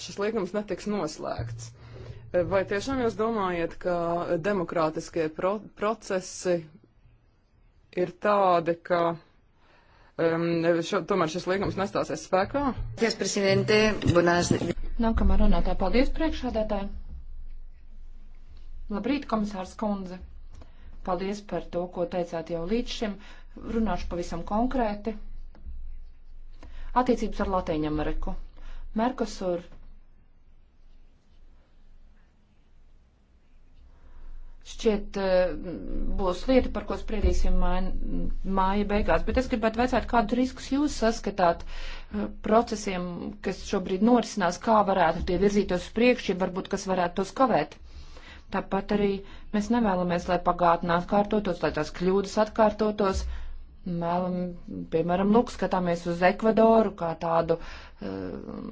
šis līgums netiks noslēgts. Eh, vai tiešām jūs domājat, ka demokrātiskie pro procesi ir tādi, ka um, šo, tomēr šis līgums nestāsies spēkā? Paldies, prezidente. Buenas. Nākamā runātāja. Paldies, priekšādātāji. Labrīt, komisārs Kundze. Paldies par to, ko teicāt jau līdz šim. Runāšu pavisam konkrēti. Attiecības ar Latīņu Ameriku. Merkosur šķiet eh, būs lieta, par ko spriedīsim māja beigās. Bet es gribētu vaicāt, kādu riskus jūs saskatāt eh, procesiem, kas šobrīd norisinās, kā varētu tie virzītos uz priekšu, ja varbūt kas varētu tos kavēt. Tāpat arī mēs nevēlamies, lai pagātnē atkārtotos, lai tās kļūdas atkārtotos. Mēlam, piemēram, lūk, skatāmies uz Ekvadoru kā tādu uh,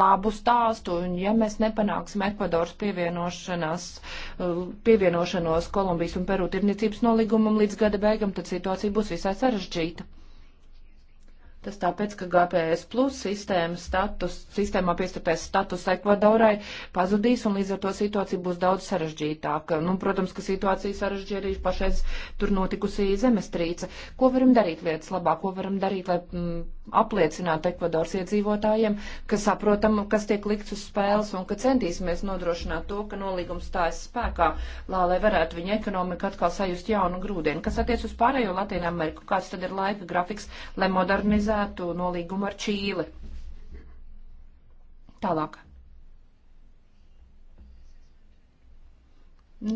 labu stāstu, un ja mēs nepanāksim Ekvadoras pievienošanās, uh, pievienošanos Kolumbijas un Peru tirniecības nolīgumam līdz gada beigam, tad situācija būs visai sarežģīta. Tas tāpēc, ka GPS plus sistēmas status, sistēmā piestarpēs status Ekvadorai pazudīs un līdz ar to situācija būs daudz sarežģītāka. Nu, protams, ka situācija sarežģīja arī pašais tur notikusī zemestrīce. Ko varam darīt lietas labā? Ko varam darīt, lai m, mm, apliecinātu Ekvadoras iedzīvotājiem, ka saprotam, kas tiek likts uz spēles un ka centīsimies nodrošināt to, ka nolīgums stājas spēkā, lā, lai varētu viņa ekonomika atkal sajust jaunu grūdienu. Kas attiec uz pārējo Latīnu Ameriku, kāds tad ir laika grafiks, lai modernizētu? akceptētu nolīgumu ar Čīli. Tālāk.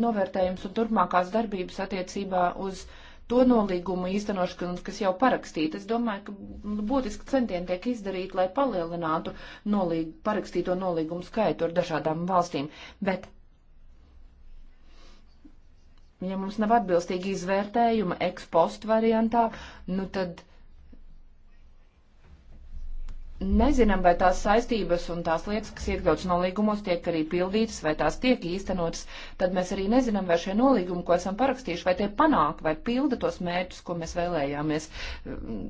Novērtējums un turpmākās darbības attiecībā uz to nolīgumu īstenošanu, kas jau parakstīta. Es domāju, ka nu, būtiski centieni tiek izdarīti, lai palielinātu nolīgu, parakstīto nolīgumu skaitu ar dažādām valstīm. Bet, ja mums nav atbilstīgi izvērtējuma ekspostu variantā, nu tad nezinām, vai tās saistības un tās lietas, kas iekļauts nolīgumos, tiek arī pildītas, vai tās tiek īstenotas, tad mēs arī nezinām, vai šie nolīgumi, ko esam parakstījuši, vai tie panāk, vai pilda tos mērķus, ko mēs vēlējāmies mm,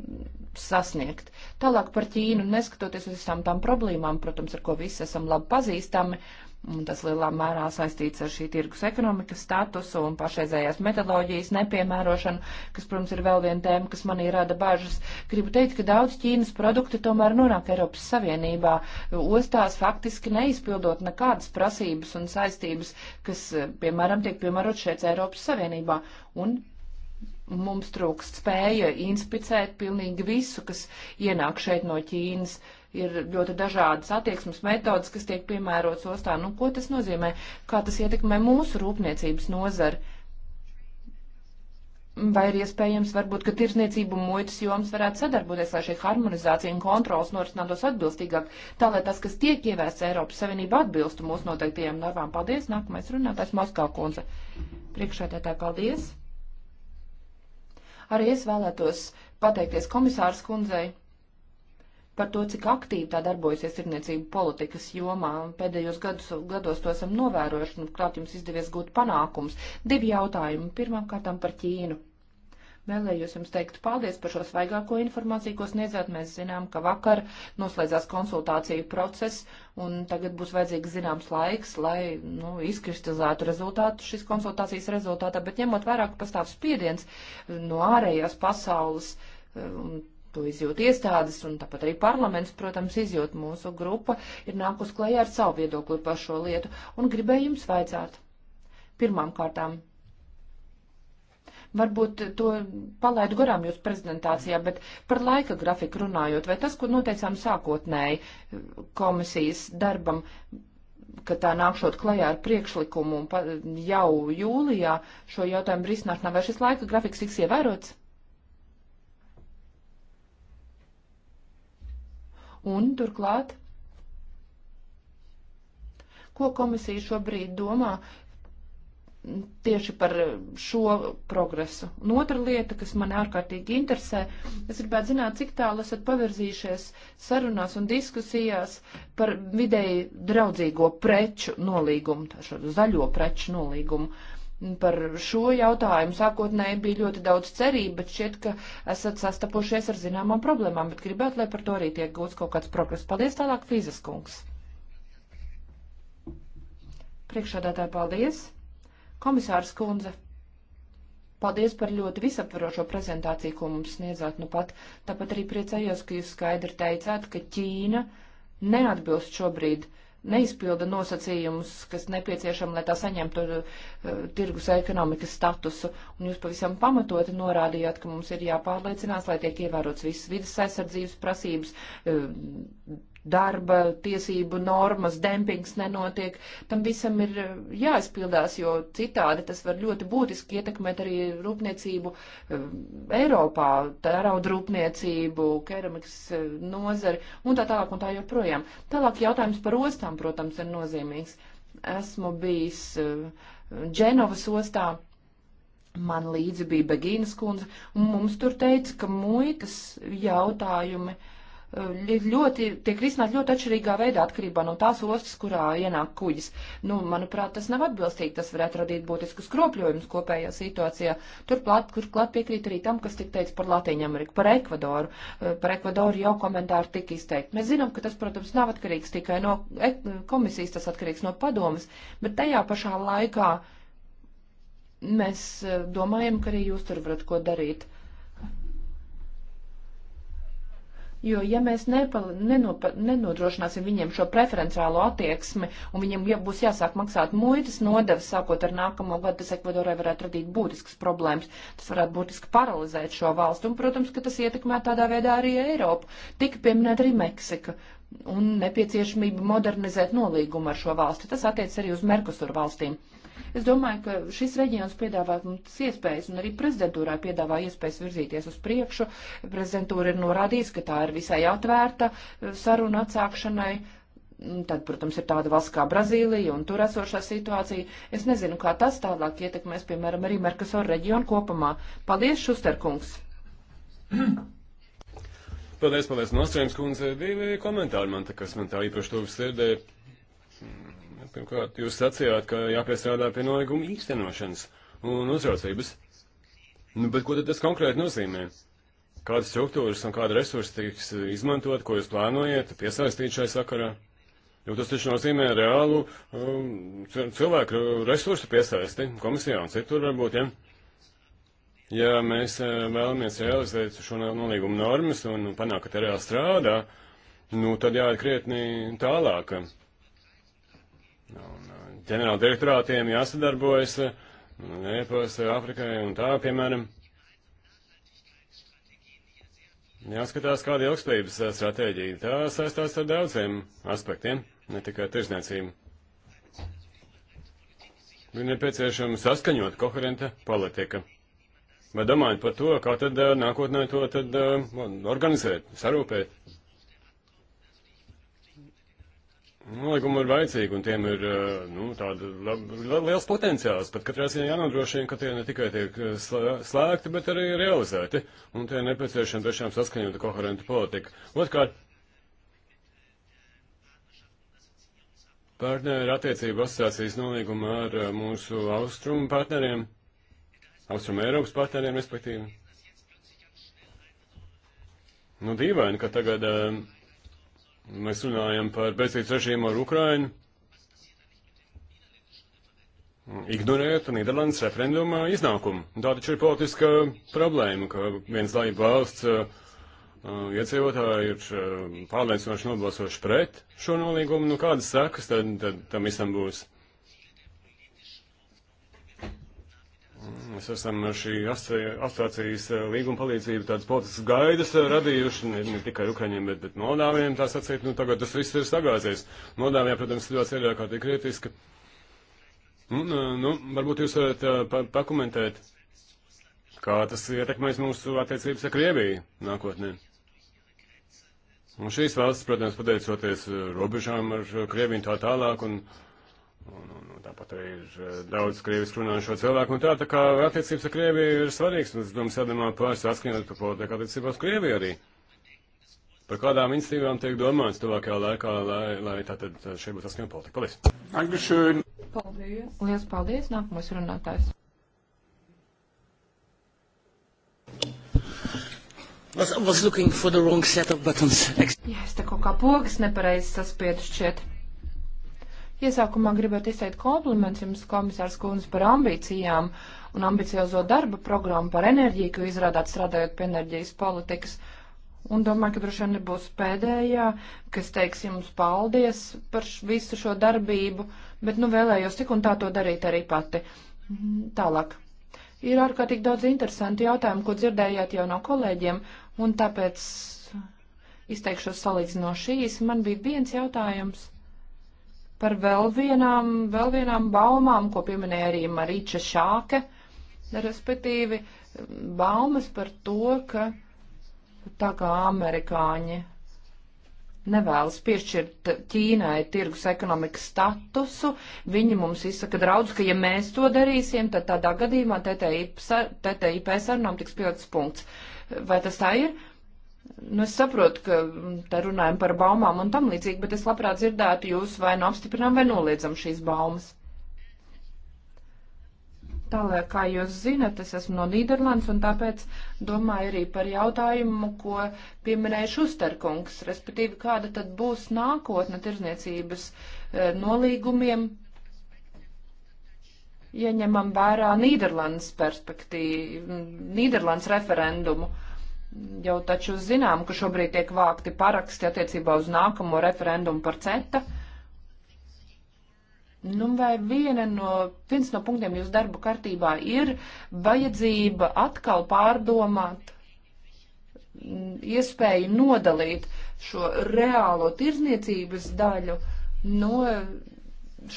sasniegt. Tālāk par Ķīnu, neskatoties uz visām tām problēmām, protams, ar ko visi esam labi pazīstami, uh, Un tas lielā mērā saistīts ar šī tirgus ekonomikas statusu un pašreizējās metodoloģijas nepiemērošanu, kas, protams, ir vēl viena tēma, kas manī rada bažas. Gribu teikt, ka daudz Ķīnas produkti tomēr nonāk Eiropas Savienībā, ostās faktiski neizpildot nekādas prasības un saistības, kas, piemēram, tiek piemērot šeit Eiropas Savienībā. Un mums trūkst spēja inspicēt pilnīgi visu, kas ienāk šeit no Ķīnas. Uh, ir ļoti dažādas attieksmes metodas, kas tiek piemērotas ostā. Nu, ko tas nozīmē? Kā tas ietekmē mūsu rūpniecības nozari? Vai ir iespējams, varbūt, ka tirsniecību muitas joms varētu sadarboties, lai šī harmonizācija un kontrols norisinātos atbilstīgāk, tā lai tas, kas tiek ievēsts Eiropas Savienība, atbilstu mūsu noteiktajām normām? Paldies! Nākamais runātājs Moskā kundze. Priekšētētāji, paldies! Arī es vēlētos pateikties komisārs kundzei par to, cik aktīvi tā darbojusies tirniecību politikas jomā. Pēdējos gadus, gados to esam novērojuši, un klāt jums izdevies gūt panākums. Divi jautājumi. Pirmkārt par Ķīnu. Vēlējos jums teikt paldies par šo svaigāko informāciju, ko sniedzāt. Mēs zinām, ka vakar noslēdzās konsultāciju process, un tagad būs vajadzīgs zināms laiks, lai nu, izkristalizētu rezultātu šīs konsultācijas rezultātā. Bet ņemot vairāk pastāv spiediens no ārējās pasaules, un to izjūt iestādes, un tāpat arī parlaments, protams, izjūt mūsu grupa, ir nākus klajā ar savu viedokli par šo lietu, un gribēju jums vaicāt. Pirmām kārtām. Varbūt to palaidu garām jūsu prezentācijā, bet par laika grafiku runājot, vai tas, ko noteicām sākotnēji komisijas darbam, ka tā nākšot klajā ar priekšlikumu jau jūlijā šo jautājumu risināšanā, vai šis laika grafiks tiks ievērots? Un turklāt, ko komisija šobrīd domā tieši par šo progresu. Un otra lieta, kas man ārkārtīgi interesē, es gribētu zināt, cik tālu esat pavirzījušies sarunās un diskusijās par vidēji draudzīgo preču nolīgumu, tā šo zaļo preču nolīgumu. Uh, par šo jautājumu. Sākotnēji bija ļoti daudz cerību, bet šķiet, ka esat sastapušies ar zināmām problēmām, bet gribētu, lai par to arī tiek gūts kaut kāds progress. Paldies tālāk, Fīzes kungs. Priekšādātāji, paldies. Komisārs kundze. Paldies par ļoti visaptverošo prezentāciju, ko mums sniedzāt nu pat. Tāpat arī priecājos, ka jūs skaidri teicāt, ka Ķīna neatbilst šobrīd uh, neizpilda nosacījumus, kas nepieciešami, lai tā saņemtu uh, tirgus ekonomikas statusu. Un jūs pavisam pamatoti norādījāt, ka mums ir jāpārliecinās, lai tiek ievērots visas vidas aizsardzības prasības, uh, darba tiesību normas, dempings nenotiek. Tam visam ir eh, jāizpildās, jo citādi tas var ļoti būtiski ietekmēt arī rūpniecību eh, Eiropā, tērauda rūpniecību, keramikas eh, nozari un tā tālāk un tā joprojām. Tālāk jautājums par ostām, protams, ir nozīmīgs. Esmu bijis Dženovas ostā. Man līdzi bija Begīnas kundze, un mums tur teica, ka muitas jautājumi uh, Ehm, ļoti, tiek risināt ļoti atšķirīgā veidā atkarībā no tās ostas, kurā ienāk kuģis. Nu, manuprāt, tas nav atbilstīgi, tas varētu radīt būtiskus kropļojumus kopējā situācijā. Turklāt, kurklāt piekrīt arī tam, kas tika teikts par Latīņameriku, par Ekvadoru. Ehm, par Ekvadoru jau komentāri tika izteikti. Mēs zinām, ka tas, protams, nav atkarīgs tikai no komisijas, tas atkarīgs no padomas, bet tajā pašā laikā mēs ehm, domājam, ka arī jūs tur varat ko darīt Jo, ja mēs nepal, nenop, nenodrošināsim viņiem šo preferenciālo attieksmi un viņiem ja būs jāsāk maksāt muitas nodevas sākot ar nākamo gadu, tas Ekvadorai varētu radīt būtiskas problēmas. Tas varētu būtiski paralizēt šo valstu un, protams, ka tas ietekmē tādā veidā arī Eiropu. Tika pieminēta arī Meksika un nepieciešamība modernizēt nolīgumu ar šo valsti. Tas attiec arī uz Merkusur valstīm. Es domāju, ka šis reģions piedāvā mums iespējas, un arī prezidentūrā piedāvā iespējas virzīties uz priekšu. Prezidentūra ir norādījusi, ka tā ir visai atvērta e, saruna atsākšanai. Tad, protams, ir tāda valsts kā Brazīlija un tur esošā situācija. Es nezinu, kā tas tālāk ietekmēs, piemēram, arī Merkasoru reģionu kopumā. Paldies, Šusterkungs! Paldies, paldies, Nostrēms kundze. Divi komentāri man, tā, kas man tā īpaši tuvu sirdē. Pirmkārt, jūs sacījāt, ka jāpiestrādā pie nolīguma īstenošanas un uzraucības. Nu, bet ko tad tas konkrēti nozīmē? Kādas struktūras un kāda resursa tiks izmantot, ko jūs plānojat piesaistīt šai sakarā? Jo tas taču nozīmē reālu um, cilvēku resursu piesaisti komisijā un citur varbūt, ja? Ja mēs uh, vēlamies realizēt šo nolīgumu normas un panākt, ka te reāli strādā, nu tad jāiet krietni tālāk. Un uh, ģenerāla direktorātiem jāsadarbojas uh, Eiropas, Afrikai un tā, piemēram. Jāskatās, kāda ir ilgspējības uh, stratēģija. Tā saistās ar daudziem aspektiem, ne tikai tirzniecību. Ir nepieciešama saskaņota, koherenta politika. Vai domājat par to, kā tad nākotnē to tad organizēt, sarūpēt? Nolīgumi nu, ir vajadzīgi, un tiem ir eh, nu, tāda liels potenciāls, bet katrā ziņā jānodrošina, ka tie ne tikai tiek eh, slēgti, bet arī realizēti, un tie nepieciešama tiešām saskaņota koherenta politika. Otkārt, partneru attiecību asociācijas nolīguma ar eh, mūsu austrumu partneriem, austrumu Eiropas partneriem, respektīvi. Nu, dīvaini, ka tagad. Uh, Mēs runājam par bezcīņas režīmu ar Ukrainu. Ignorēt Nīderlandes referenduma iznākumu. Tā taču ir politiska problēma, ka viens laika valsts uh, iedzīvotāji ir uh, pārliecinoši nobalsojuši pret šo nolīgumu. Nu, kādas sekas tad, tad tam visam būs? Mēs esam ar šī asociācijas eh, līguma palīdzību tādas politiskas gaidas eh, radījuši, ne, ne tikai Ukraiņiem, bet, bet Moldāviem, tā sacīt, nu tagad tas viss ir sagāzies. Moldāvijā, protams, situācija ir ārkārtīgi kritiska. Un, eh, nu, varbūt jūs varat pa pakomentēt, kā tas ietekmēs mūsu attiecības ar Krieviju nākotnē. Un šīs valsts, protams, pateicoties robežām ar Krieviju tā tālāk, un, uh, Un, un, un tāpat arī ir eh, daudz krieviski runājušo cilvēku, un tā, tā kā attiecības ar Krieviju ir svarīgs, un es domāju, jādomā par saskaņot par politiku attiecībās Krieviju arī. Par kādām institīvām tiek domāts tuvākajā laikā, lai, lai tātad eh, šī būtu saskaņot politika. Paldies! Agrišēn! Paldies! Lielas paldies! Nākamais runātājs. Was, was looking for the wrong set of buttons. Jā, es te kaut kā pogas nepareizi saspiedu šķiet. Iesākumā gribētu izteikt kompliments jums, komisārs Kūns, par ambīcijām un ambiciozo darba programmu par enerģiju, ko izrādāt strādājot pie enerģijas politikas. Un domāju, ka droši vien nebūs pēdējā, kas teiks jums paldies par visu šo darbību, bet nu vēlējos tik un tā to darīt arī pati. Mhm, tālāk. Ir ārkārtīgi daudz interesanti jautājumi, ko dzirdējāt jau no kolēģiem, un tāpēc izteikšos salīdzinoši īsi. Man bija viens jautājums par vēl vienām, vēl vienām baumām, ko pieminēja arī Marīča Šāke, respektīvi baumas par to, ka tā kā amerikāņi nevēlas piešķirt Ķīnai tirgus ekonomikas statusu. Viņi mums izsaka draudz, ka ja mēs to darīsim, tad tādā gadījumā TTIP sarunām tiks pielikts punkts. Vai tas tā ir? Nu, es saprotu, ka te runājam par baumām un tam līdzīgi, bet es labprāt dzirdētu jūs vai nu apstiprinām vai noliedzam šīs baumas. Tālāk, kā jūs zinat, es esmu no Nīderlandes un tāpēc domāju arī par jautājumu, ko pieminēja Šusterkungs, respektīvi, kāda tad būs nākotne tirzniecības eh, nolīgumiem, ja ņemam vērā Nīderlandes perspektīvu, Nīderlandes referendumu jau taču zinām, ka šobrīd tiek vākti paraksti attiecībā uz nākamo referendumu par CETA. Nu, vai viena no, viens no punktiem jūsu darba kārtībā ir vajadzība atkal pārdomāt mm, iespēju nodalīt šo reālo tirzniecības daļu no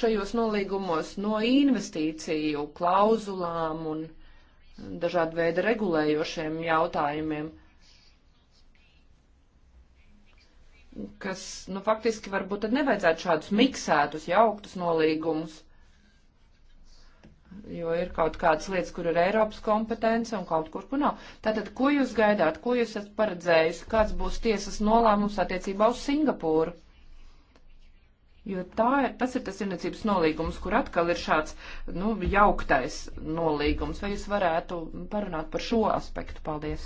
šajos nolīgumos, no investīciju klauzulām un dažādu veidu regulējošiem jautājumiem? kas, nu, faktiski varbūt tad nevajadzētu šādus miksētus, jauktus nolīgumus. Jo ir kaut kādas lietas, kur ir Eiropas kompetence un kaut kur, kur nav. Tātad, ko jūs gaidāt, ko jūs esat paredzējusi, kāds būs tiesas nolēmums attiecībā uz Singapūru? Jo tā ir, tas ir tas tirniecības nolīgums, kur atkal ir šāds, nu, jauktais nolīgums. Vai jūs varētu parunāt par šo aspektu? Paldies!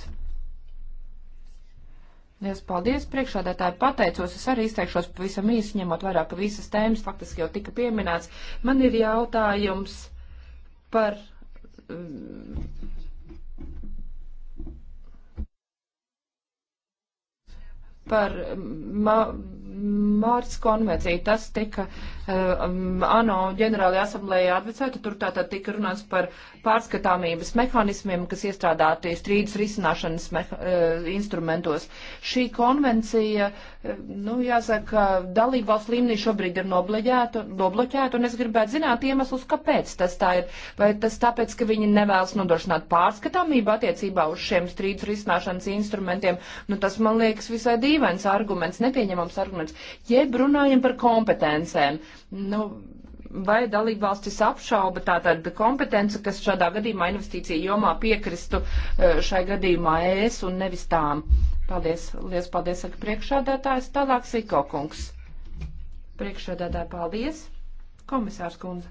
Liels paldies, priekšādātāji, pateicos, es arī izteikšos pavisam īsi, ņemot vairāk, ka visas tēmas faktiski jau tika pieminēts. Man ir jautājums par. Mm, par ma, Mārts konvencija, tas tika eh, um, ANO ģenerālajā asamblējā atvecēta, tur tātad tika runāts par pārskatāmības mehānismiem, kas iestrādāti strīdus risināšanas meha, uh, instrumentos. Šī konvencija, uh, nu, jāsaka, dalībvalsts līmenī šobrīd ir nobloķēta, un es gribētu zināt iemeslus, kāpēc tas tā ir. Vai tas tāpēc, ka viņi nevēlas nodrošināt pārskatāmību attiecībā uz šiem strīdus risināšanas instrumentiem? Nu, tas man liekas visai dīvains arguments, nepieņemams arguments jautājums, jeb runājam par kompetencēm. Nu, vai dalībvalstis apšauba tātad kompetenci, kas šādā gadījumā investīcija jomā piekristu e, šai gadījumā es un nevis tām. Paldies, liels paldies, saka priekšādātājs, tālāk Sikokungs. Priekšādātāji, paldies. Komisārs kundze.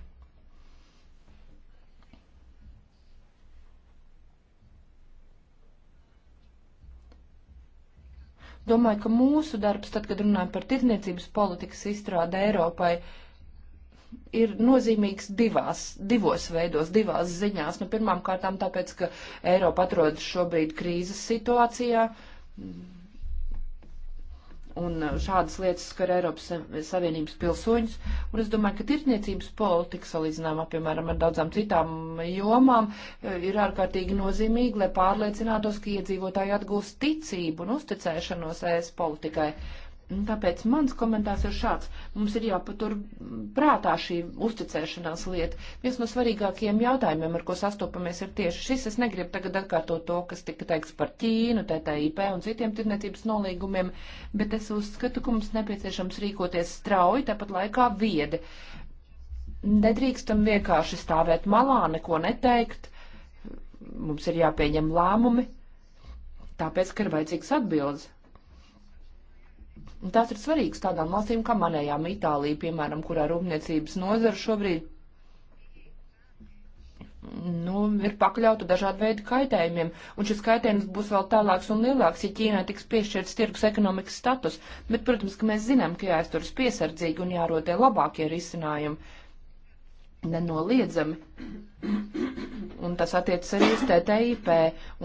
Domāju, ka mūsu darbs, tad, kad runājam par tirniecības politikas izstrādi Eiropai, ir nozīmīgs divās, divos veidos, divās ziņās. Nu, pirmām kārtām tāpēc, ka Eiropa atrodas šobrīd krīzes situācijā un uh, šādas lietas skar Eiropas Savienības pilsoņus, un es domāju, ka tirtniecības politika, salīdzinājumā, piemēram, ar daudzām citām jomām, uh, ir ārkārtīgi nozīmīga, lai pārliecinātos, ka iedzīvotāji atgūst ticību un uzticēšanos ES politikai, Tāpēc mans komentārs ir šāds. Mums ir jāpatur prātā šī uzticēšanās lieta. Viens no svarīgākajiem jautājumiem, ar ko sastopamies, ir tieši šis. Es negribu tagad atkārtot to, kas tika teiks par Ķīnu, TTIP un citiem tirniecības nolīgumiem, bet es uzskatu, ka mums nepieciešams rīkoties strauji, tāpat laikā viedi. Nedrīkstam vienkārši stāvēt malā, neko neteikt. Mums ir jāpieņem lēmumi, tāpēc, ka ir vajadzīgs atbildes Un tās ir svarīgas tādām valstīm kā manējām Itālija, piemēram, kurā rūpniecības nozara šobrīd nu, ir pakļauta dažādu veidu kaitējumiem, un šis kaitējums būs vēl tālāks un lielāks, ja Ķīnai tiks piešķirts tirgus ekonomikas status. Bet, protams, ka mēs zinām, ka jāizturas piesardzīgi un jārotē labākie risinājumi nenoliedzami. Un tas attiecas arī uz TTIP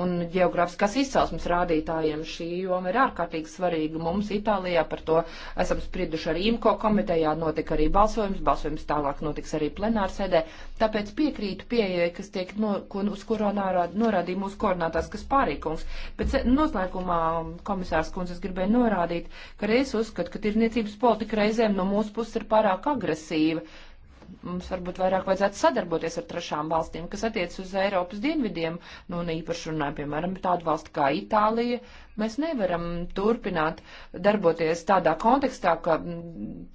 un geogrāfiskās izcelsmes rādītājiem. Šī joma ir ārkārtīgi svarīga mums Itālijā, par to esam sprieduši arī IMCO komitejā, notika arī balsojums, balsojums tālāk notiks arī plenārsēdē. Tāpēc piekrītu pieejai, kas tiek, no, ko, uz kuro norādīja mūsu koordinātās, kas pārīkums. Bet noslēgumā komisārs kundzes gribēja norādīt, ka reiz uzskat, ka tirniecības politika reizēm no mūsu puses ir pārāk agresīva Mums varbūt vairāk vajadzētu sadarboties ar trešām valstīm, kas attiec uz Eiropas dienvidiem, nu un īpaši runājam, piemēram, tādu valstu kā Itālija. Mēs nevaram turpināt darboties tādā kontekstā, ka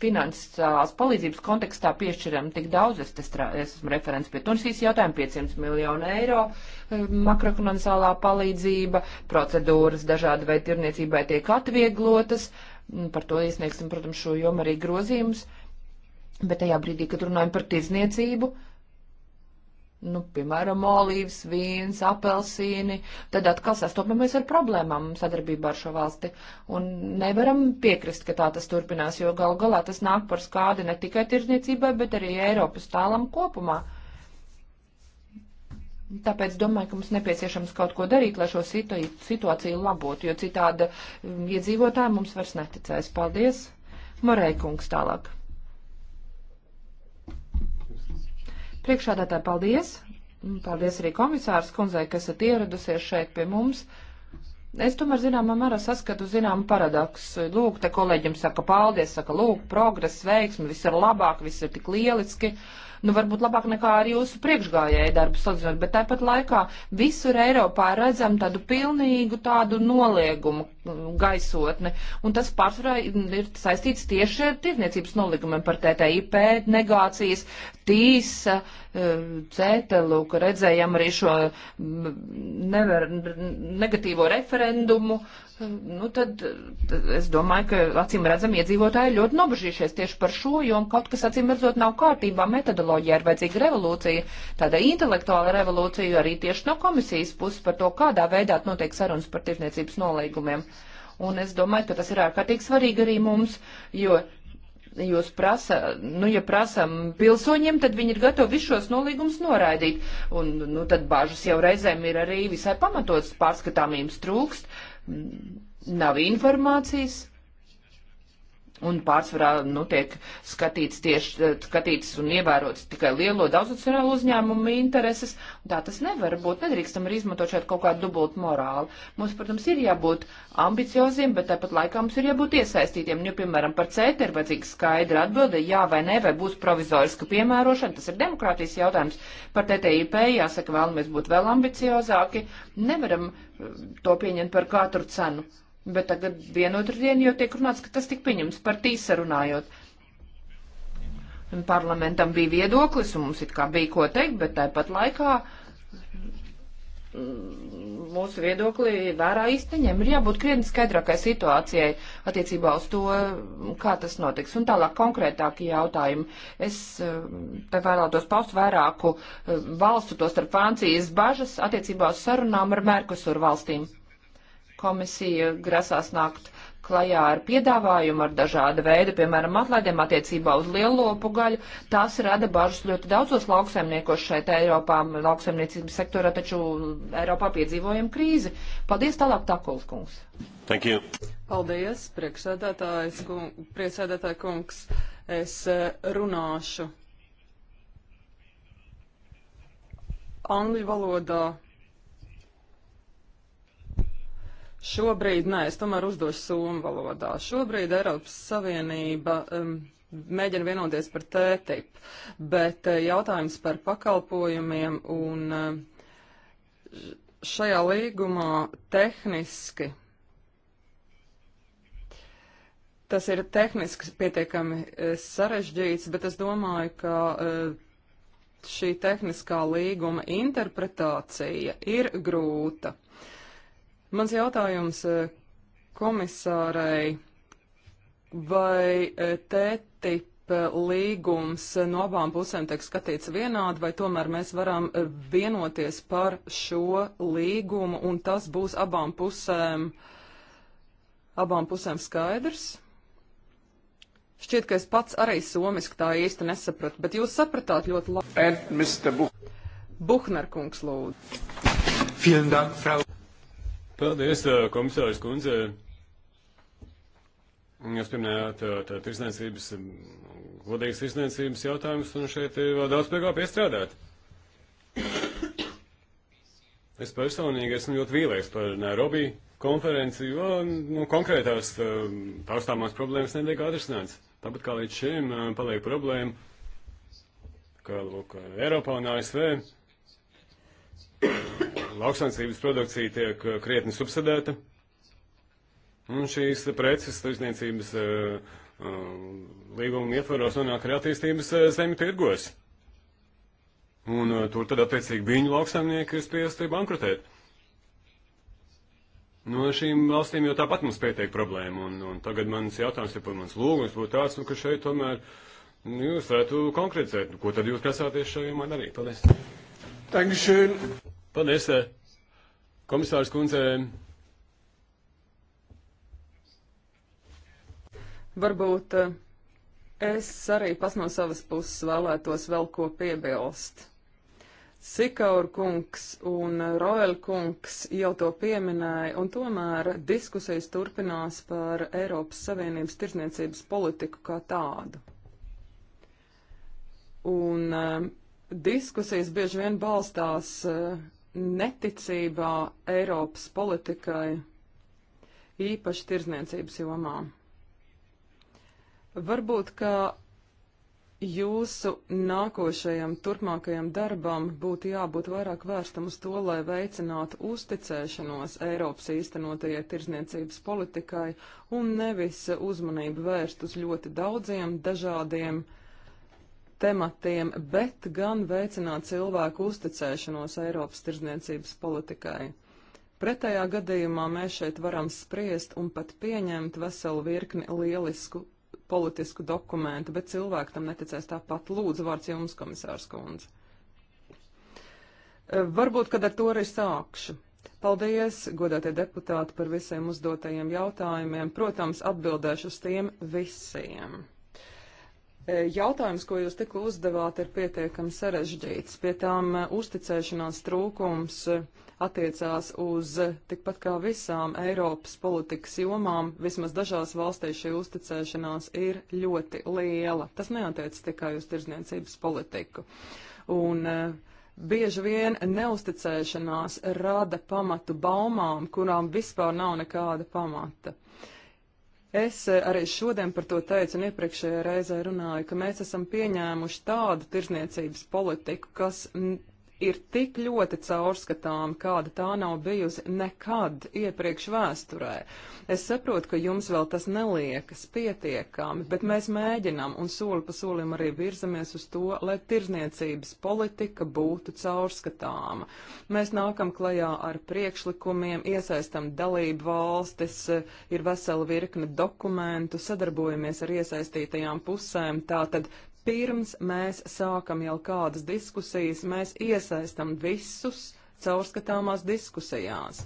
finansiālās palīdzības kontekstā piešķiram tik daudz, es, strā, es esmu referents pie Tunisijas jautājuma, 500 miljonu eiro eh, makroekonomiskā palīdzība, procedūras dažādi vai tirniecībai tiek atvieglotas. Par to iesniegsim, protams, šo jomu arī grozījumus. Uh, Bet tajā brīdī, kad runājam par tirzniecību, nu, piemēram, olīvas, vīns, apelsīni, tad atkal sastopamies ar problēmām sadarbībā ar šo valsti. Un nevaram piekrist, ka tā tas turpinās, jo gal galā tas nāk par skādi ne tikai tirzniecībai, bet arī Eiropas tālam kopumā. Tāpēc domāju, ka mums nepieciešams kaut ko darīt, lai šo situāciju labotu, jo citādi mm, iedzīvotāji mums vairs neticēs. Paldies! Morei kungs tālāk. Priekšādātāji, paldies! Paldies arī komisārs kundzei, kas esat ieradusies šeit pie mums. Es tomēr, zināmā mērā, saskatu zināmu paradoksu. Lūk, te kolēģim saka paldies, saka, lūk, progress, veiksmi, viss ir labāk, viss ir tik lieliski nu, varbūt labāk nekā ar jūsu priekšgājēju darbu sociālajiem, bet tāpat laikā visur Eiropā redzam tādu pilnīgu tādu noliegumu, gaisotne. Un tas pārsvarā ir saistīts tieši ar tirdzniecības nolīgumiem par TTIP, negācijas, tīsa, eh, cētelu, ka redzējām arī šo mm, never, negatīvo referendumu. Nu, tad es domāju, ka acīm redzam iedzīvotāji ļoti nobežījušies tieši par šo, jo kaut kas acīm redzot nav kārtībā. Metodoloģijā ir vajadzīga revolūcija, tāda intelektuāla revolūcija arī tieši no komisijas puses par to, kādā veidā notiek sarunas par tirdzniecības nolīgumiem. Un es domāju, ka tas ir ārkārtīgi svarīgi arī mums, jo jūs prasa, nu, ja prasam pilsoņiem, tad viņi ir gatavi visus šos nolīgumus noraidīt. Un, nu, tad bāžas jau reizēm ir arī visai pamatots, pārskatāmības trūkst, nav informācijas. Un pārsvarā nu, tiek skatīts tieši skatīts un ievērots tikai lielo daudznacionālo uzņēmumu intereses. Tā tas nevar būt. Nedrīkstam arī izmantot šeit kaut kādu dubultu morāli. Mums, protams, ir jābūt ambicioziem, bet tāpat laikā mums ir jābūt iesaistītiem. Jo, nu, piemēram, par CETA ir vajadzīga skaidra atbilde, jā vai nē, vai būs provizoriska piemērošana. Tas ir demokrātijas jautājums. Par TTIP jāsaka, vēlamies būt vēl ambiciozāki. Nevaram uh, to pieņemt par katru cenu bet tagad vienotru dienu jau tiek runāts, ka tas tik pieņems par tīsa runājot. Un parlamentam bija viedoklis, un mums it kā bija ko teikt, bet tāpat laikā mm, mūsu viedokli vērā īsteņiem ir jābūt krietni skaidrākai situācijai attiecībā uz to, kā tas notiks. Un tālāk konkrētāki jautājumi. Es mm, te vēlētos paust vairāku mm, valstu, to starp Francijas bažas attiecībā uz sarunām ar Merkusur valstīm. Komisija grasās nākt klajā ar piedāvājumu, ar dažādu veidu, piemēram, atlaidiem attiecībā uz lielopu gaļu. Tās rada bažas ļoti daudzos lauksaimniekos šeit Eiropā. Lauksaimniecības sektorā taču Eiropā piedzīvojam krīzi. Paldies tālāk, Takuls kungs. Thank you. Paldies, priekšsēdētājs, kung, priekšsēdētāja kungs. Es eh, runāšu angļu valodā Šobrīd, nē, es tomēr uzdošu somu valodā. Šobrīd Eiropas Savienība um, mēģina vienoties par TTIP, bet uh, jautājums par pakalpojumiem un uh, šajā līgumā tehniski. Tas ir tehniski pietiekami uh, sarežģīts, bet es domāju, ka šī tehniskā līguma interpretācija ir grūta. Mans jautājums eh, komisārei, vai eh, TTIP eh, līgums no abām pusēm tiek skatīts vienādi, vai tomēr mēs varam vienoties par šo līgumu un tas būs abām pusēm, abām pusēm skaidrs? Šķiet, ka es pats arī somiski tā īsti nesapratu, bet jūs sapratāt ļoti labi. Buhner kungs lūdzu. Dank, Frau. Paldies, komisārs kundze. Jūs pieminējāt tirsniecības, godīgas tirsniecības jautājumus, un šeit ir vēl daudz pie kā piestrādāt. Es personīgi esmu ļoti vīlies par Nairobi konferenci, jo nu, konkrētās taustāmās problēmas netiek atrisināts. Tāpat kā līdz šim paliek problēma, ka lūk, Eiropā un ASV lauksaimniecības produkcija tiek eh, krietni subsidēta. Un šīs preces tirzniecības eh, eh, līguma ietvaros nonāk arī attīstības zemju tirgos. Un tur tad attiecīgi viņu lauksaimnieki ir spiesti bankrotēt. No šīm valstīm jau tāpat mums pietiek problēma, un, un tagad mans jautājums ir par mans lūgums, būtu tāds, nu, ka šeit tomēr nu, jūs varētu konkrētizēt, nu, ko tad jūs grasāties šajā jomā darīt. Paldies! Dankeschön! Paldies, eh, komisārs kundze. Varbūt eh, es arī pas no savas puses vēlētos vēl ko piebilst. Sikaur kungs un Roel kungs jau to pieminēja, un tomēr diskusijas turpinās par Eiropas Savienības tirzniecības politiku kā tādu. Un eh, diskusijas bieži vien balstās neticībā Eiropas politikai, īpaši tirzniecības jomā. Varbūt, ka jūsu nākošajam, turpmākajam darbam būtu jābūt vairāk vērstam uz to, lai veicinātu uzticēšanos Eiropas īstenotajai tirzniecības politikai un nevis uzmanību vērst uz ļoti daudziem dažādiem uh, tematiem, bet gan veicināt cilvēku uzticēšanos Eiropas tirdzniecības politikai. Pretējā gadījumā mēs šeit varam spriest un pat pieņemt veselu virkni lielisku politisku dokumentu, bet cilvēki tam neticēs tāpat. Lūdzu, vārds jums, komisārs Kundze. Eh, varbūt, kad ar to arī sākšu. Paldies, godātie deputāti, par visiem uzdotajiem jautājumiem. Protams, atbildēšu uz tiem visiem. E, jautājums, ko jūs tikko uzdevāt, ir pietiekami sarežģīts. Pie tām e, uzticēšanās trūkums e, attiecās uz tikpat kā visām Eiropas politikas jomām, vismaz dažās valstīs šī uzticēšanās ir ļoti liela. Tas neatiec tikai uz tirzniecības politiku. Un, Bieži vien neusticēšanās rada pamatu baumām, kurām vispār nav nekāda pamata. Uh, Es eh, arī šodien par to teicu un iepriekšējā reizē runāju, ka mēs esam pieņēmuši tādu tirzniecības politiku, kas ir tik ļoti caurskatām, kāda tā nav bijusi nekad iepriekš vēsturē. Es saprotu, ka jums vēl tas neliekas pietiekami, bet mēs mēģinām un soli pa solim arī virzamies uz to, lai tirzniecības politika būtu caurskatāma. Mēs nākam klajā ar priekšlikumiem, iesaistam dalību valstis, ir vesela virkne dokumentu, sadarbojamies ar iesaistītajām pusēm, tātad pirms mēs sākam jau kādas diskusijas, mēs iesaistam visus caurskatāmās diskusijās.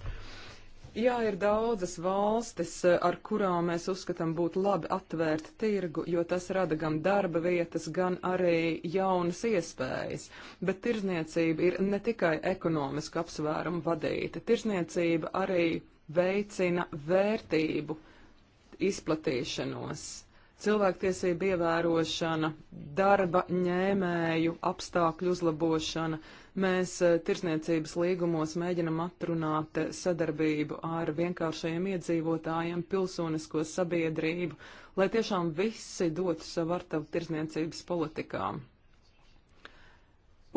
Jā, ir daudzas valstis, ar kurām mēs uzskatām būtu labi atvērt tirgu, jo tas rada gan darba vietas, gan arī jaunas iespējas. Bet tirzniecība ir ne tikai ekonomiska apsvēruma vadīta, tirzniecība arī veicina vērtību izplatīšanos cilvēktiesība ievērošana, darba ņēmēju apstākļu uzlabošana. Mēs eh, tirsniecības līgumos mēģinam atrunāt eh, sadarbību ar vienkāršajiem iedzīvotājiem, pilsonisko sabiedrību, lai tiešām visi dotu savu artavu tirsniecības politikām.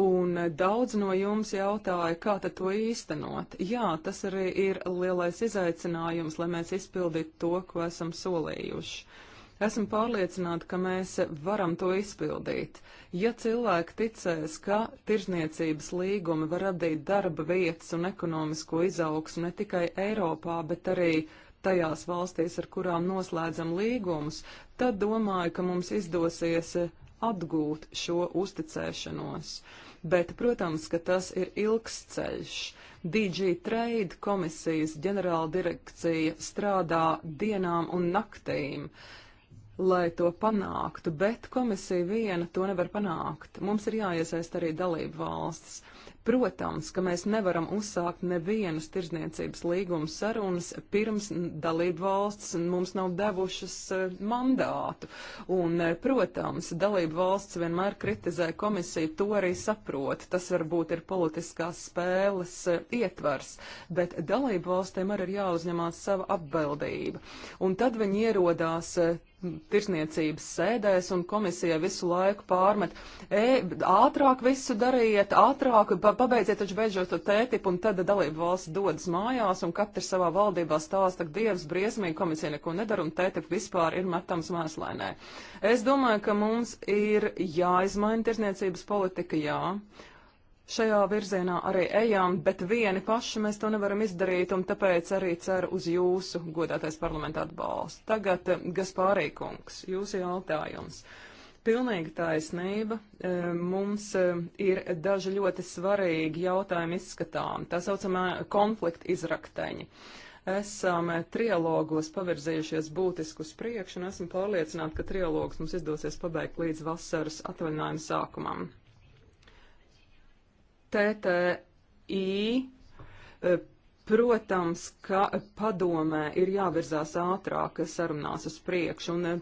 Un eh, daudz no jums jautāja, kā tad to īstenot. Jā, tas arī ir lielais izaicinājums, lai mēs izpildītu to, ko esam solījuši. Uh, Esmu pārliecināta, ka mēs varam to izpildīt. Ja cilvēki ticēs, ka tirzniecības līgumi var radīt darba vietas un ekonomisko izaugsmu ne tikai Eiropā, bet arī tajās valstīs, ar kurām noslēdzam līgumus, tad domāju, ka mums izdosies atgūt šo uzticēšanos. Bet, protams, ka tas ir ilgs ceļš. DG Trade komisijas ģenerāla direkcija strādā dienām un naktīm. Uh, lai to panāktu, bet komisija viena to nevar panākt. Mums ir jāiesaist arī dalību valstis. Protams, ka mēs nevaram uzsākt nevienas tirzniecības līguma sarunas pirms dalību valsts mums nav devušas eh, mandātu. Un, eh, protams, dalību valsts vienmēr kritizē komisiju, to arī saprot. Tas varbūt ir politiskās spēles eh, ietvars, bet dalību valstīm arī ir jāuzņemās sava atbildība. Un tad viņi ierodās tirsniecības sēdēs un komisija visu laiku pārmet, e, ātrāk visu dariet, ātrāk pa, pabeidziet taču beidzot to tētipu un tad dalību valsts dodas mājās un katrs savā valdībā stāsta, ka dievs briesmīgi komisija neko nedara un tētipu vispār ir metams mēslainē. Es domāju, ka mums ir jāizmaina tirsniecības politika, jā šajā virzienā arī ejam, bet vieni paši mēs to nevaram izdarīt, un tāpēc arī ceru uz jūsu godātais parlamenta atbalstu. Tagad eh, Gaspārī kungs, jūsu jautājums. Pilnīgi taisnība. Eh, mums eh, ir daži ļoti svarīgi jautājumi izskatām, tā saucamā konflikta izrakteņi. Esam trialogos pavirzījušies būtisku uz priekšu un esmu pārliecināta, ka trialogs mums izdosies pabeigt līdz vasaras atvaļinājuma sākumam. TTI, e, protams, ka padomē ir jāvirzās ātrāk sarunās uz priekšu, un e,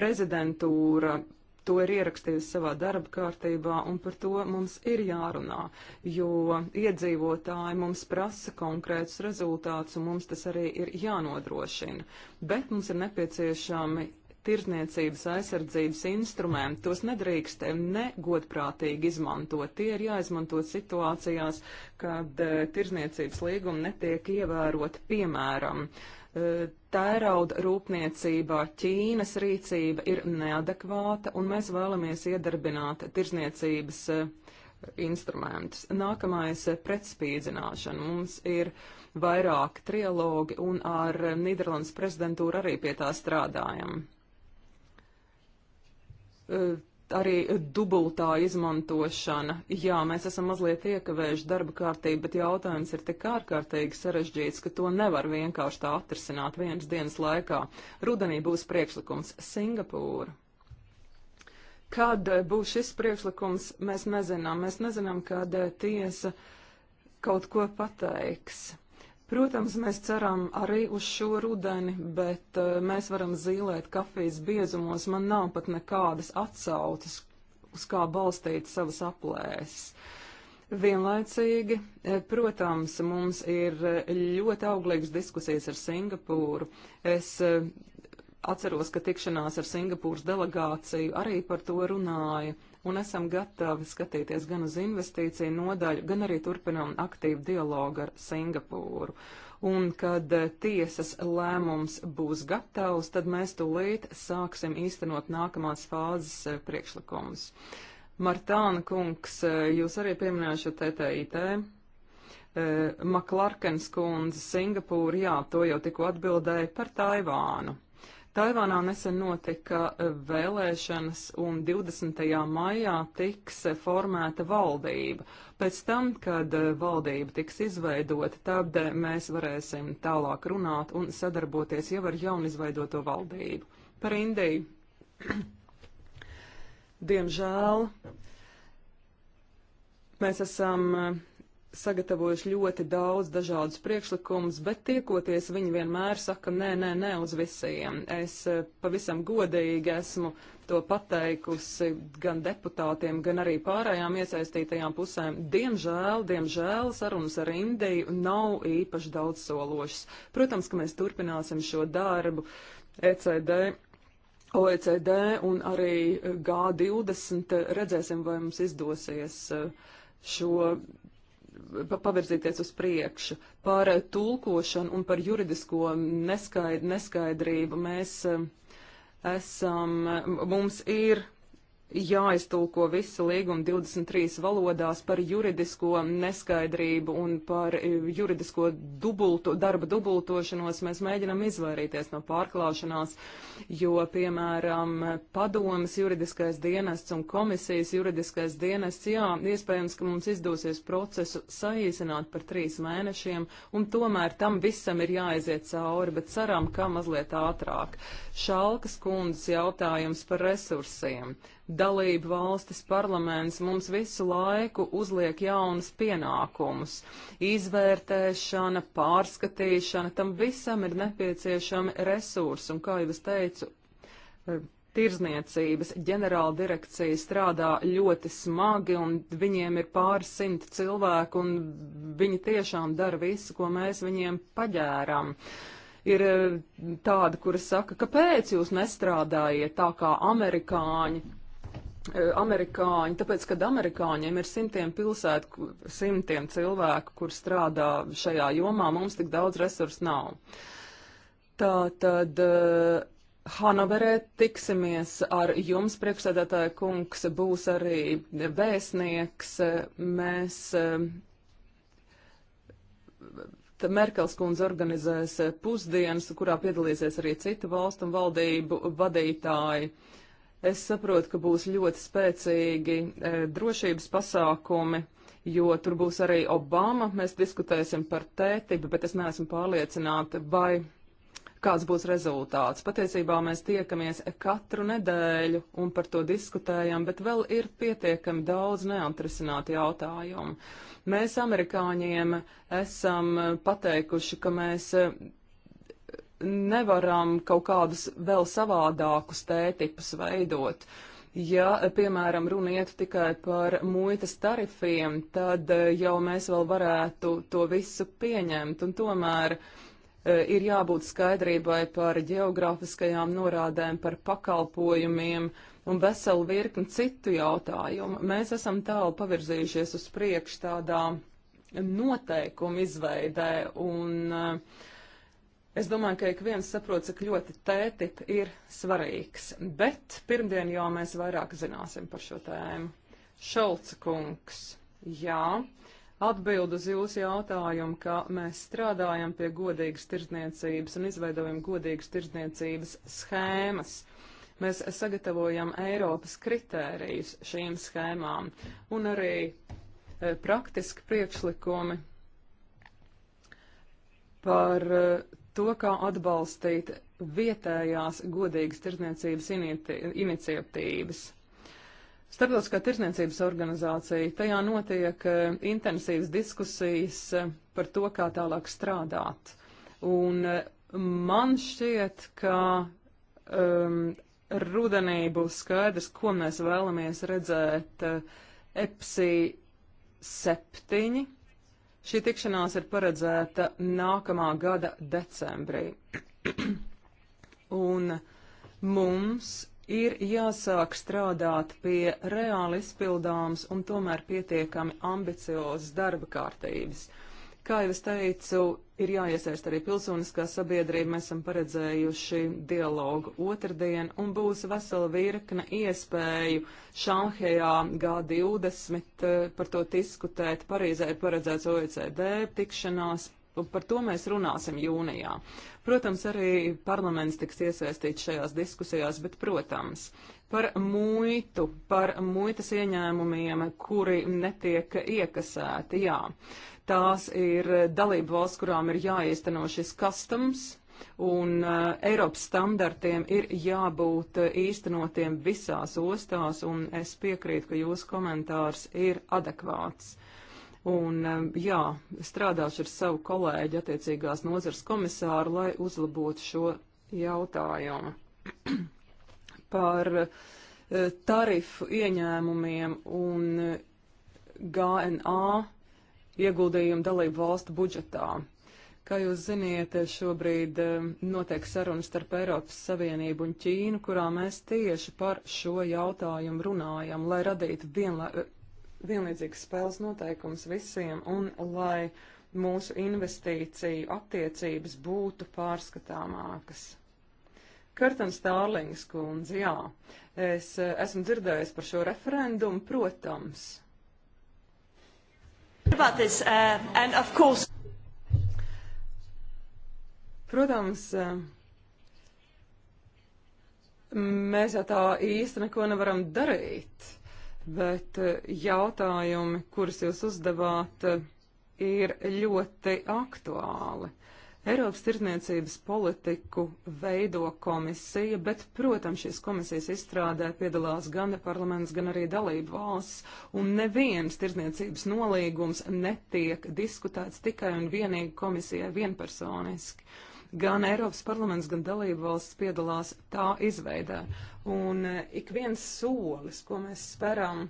prezidentūra to ir ierakstījusi savā darba kārtībā, un par to mums ir jārunā, jo iedzīvotāji mums prasa konkrētus rezultātus, un mums tas arī ir jānodrošina. Bet mums ir nepieciešami tirzniecības aizsardzības instrumenti. Tos nedrīkst negodprātīgi izmantot. Tie ir jāizmanto situācijās, kad uh, tirzniecības līgumi netiek ievēroti piemēram. Uh, Tērauda rūpniecībā Ķīnas rīcība ir neadekvāta, un mēs vēlamies iedarbināt tirzniecības uh, instrumentus. Nākamais - pretspīdzināšana. Mums ir vairāki trilogi, un ar Nīderlandes prezidentūru arī pie tā strādājam. Eh, arī dubultā izmantošana. Jā, mēs esam mazliet iekavējuši darba kārtību, bet jautājums ir tik ārkārtīgi sarežģīts, ka to nevar vienkārši tā atrisināt vienas dienas laikā. Rudenī būs priekšlikums Singapūra. Kad eh, būs šis priekšlikums, mēs nezinām. Mēs nezinām, kad eh, tiesa kaut ko pateiks. Protams, mēs ceram arī uz šo rudeni, bet uh, mēs varam zīlēt kafijas biezumos. Man nav pat nekādas atsauces, uz kā balstīt savas aplēses. Vienlaicīgi, eh, protams, mums ir eh, ļoti auglīgas diskusijas ar Singapūru. Es uh, atceros, ka tikšanās ar Singapūras delegāciju arī par to runāja un esam gatavi skatīties gan uz investīciju nodaļu, gan arī turpinām aktīvu dialogu ar Singapūru. Un, kad eh, tiesas lēmums būs gatavs, tad mēs tūlīt sāksim īstenot nākamās fāzes eh, priekšlikumus. Martāna kungs, eh, jūs arī pieminējāt TTIT. Maklārkens kundze Singapūra, jā, to jau tikko atbildēja par Taivānu. Taivānā nesen notika e, vēlēšanas un 20. maijā tiks e, formēta valdība. Pēc tam, kad e, valdība tiks izveidota, tad mēs varēsim tālāk runāt un sadarboties jau ar jaunizveidoto valdību. Par Indiju. Diemžēl mēs esam sagatavojuši ļoti daudz dažādus priekšlikumus, bet tiekoties viņi vienmēr saka, nē, nē, nē, uz visiem. Es eh, pavisam godīgi esmu to pateikusi gan deputātiem, gan arī pārējām iesaistītajām pusēm. Diemžēl, diemžēl sarunas ar Indiju nav īpaši daudz sološas. Protams, ka mēs turpināsim šo darbu ECD. OECD un arī G20 redzēsim, vai mums izdosies eh, šo pavirzīties uz priekšu. Par eh, tulkošanu un par juridisko neskaid, neskaidrību mēs eh, esam, eh, mums ir jāiztulko visi līgumi 23 valodās par juridisko neskaidrību un par e, juridisko dubultu, darba dubultošanos. Mēs mēģinam izvairīties no pārklāšanās, jo, piemēram, padomas juridiskais dienests un komisijas juridiskais dienests, jā, iespējams, ka mums izdosies procesu saīsināt par trīs mēnešiem, un tomēr tam visam ir jāaiziet cauri, bet ceram, ka mazliet ātrāk. Šalkas kundzes jautājums par resursiem dalību valstis parlaments mums visu laiku uzliek jaunas pienākumus. Izvērtēšana, pārskatīšana, tam visam ir nepieciešami resursi, un, kā jau es teicu, eh, Tirzniecības ģenerāla direkcija strādā ļoti smagi, un viņiem ir pāris simti cilvēku, un viņi tiešām dara visu, ko mēs viņiem paģērām. Ir eh, tāda, kura saka, kāpēc jūs nestrādājat tā kā amerikāņi? Eh, amerikāņi, tāpēc, kad amerikāņiem ir simtiem pilsētu, simtiem cilvēku, kur strādā šajā jomā, mums tik daudz resursu nav. Tā tad eh, Hanoverē tiksimies ar jums, priekšsēdētāja kungs, būs arī vēstnieks, mēs. Eh, Merkels kundze organizēs pusdienas, kurā piedalīsies arī citu valstu un valdību vadītāji. Uh, Es saprotu, ka būs ļoti spēcīgi e, drošības pasākumi, jo tur būs arī Obama. Mēs diskutēsim par tētību, bet es neesmu pārliecināta, vai kāds būs rezultāts. Patiesībā mēs tiekamies katru nedēļu un par to diskutējam, bet vēl ir pietiekami daudz neatrisināti jautājumi. Mēs amerikāņiem esam pateikuši, ka mēs nevaram kaut kādus vēl savādākus tētipus veidot. Ja, piemēram, runa iet tikai par muitas tarifiem, tad eh, jau mēs vēl varētu to visu pieņemt. Un tomēr eh, ir jābūt skaidrībai par geogrāfiskajām norādēm, par pakalpojumiem un veselu virkni citu jautājumu. Mēs esam tālu pavirzījušies uz priekšu tādā noteikumu izveidē un uh, Es domāju, ka ik viens saprot, cik ļoti tētip ir svarīgs, bet pirmdien jau mēs vairāk zināsim par šo tēmu. Šolca kungs, jā, atbild uz jūsu jautājumu, ka mēs strādājam pie godīgas tirdzniecības un izveidojam godīgas tirdzniecības schēmas. Mēs sagatavojam Eiropas kritērijus šīm schēmām un arī e, praktiski priekšlikumi par e, to, kā atbalstīt vietējās godīgas tirdzniecības iniciatīvas. Starptautiskā tirsniecības organizācija, tajā notiek uh, intensīvas diskusijas uh, par to, kā tālāk strādāt. Un uh, man šķiet, ka um, rudenī būs skaidrs, ko mēs vēlamies redzēt EPSI 7 Šī tikšanās ir paredzēta nākamā gada decembrī. Un mums ir jāsāk strādāt pie reāli izpildāms un tomēr pietiekami ambiciozas darba kārtības. Uh, Kā jau es teicu, ir jāiesaist arī pilsoniskā sabiedrība. Mēs esam paredzējuši dialogu otrdien un būs vesela virkne iespēju Šanhejā G20 eh, par to diskutēt. Parīzē ir paredzēts OECD tikšanās, Par to mēs runāsim jūnijā. Protams, arī parlaments tiks iesaistīts šajās diskusijās, bet, protams, par muitu, par muitas ieņēmumiem, kuri netiek iekasēti, jā. Tās ir dalību valsts, kurām ir jāiesteno šis customs, un eh, Eiropas standartiem ir jābūt eh, īstenotiem visās ostās, un es piekrītu, ka jūsu komentārs ir adekvāts. Un, eh, jā, strādāšu ar savu kolēģi attiecīgās nozars komisāru, lai uzlabotu šo jautājumu. Par tarifu ieņēmumiem un GNA ieguldījumu dalību valstu budžetā. Kā jūs ziniet, šobrīd eh, notiek sarunas starp Eiropas Savienību un Ķīnu, kurā mēs tieši par šo jautājumu runājam, lai radītu vienla... vienlīdzīgas spēles noteikums visiem un lai mūsu investīciju attiecības būtu pārskatāmākas. Kartons Tārlings kundze, jā, es eh, esmu dzirdējis par šo referendumu, protams, This, uh, course... Protams, uh, mēs jau tā īsti neko nevaram darīt, bet uh, jautājumi, kurus jūs uzdevāt, uh, ir ļoti aktuāli. Eiropas tirdzniecības politiku veido komisija, bet, protams, šīs komisijas izstrādē piedalās gan parlaments, gan arī dalību valsts, un neviens tirdzniecības nolīgums netiek diskutēts tikai un vienīgi komisijai vienpersoniski gan Eiropas parlaments, gan dalību valsts piedalās tā izveidē. Un eh, ik viens solis, ko mēs speram,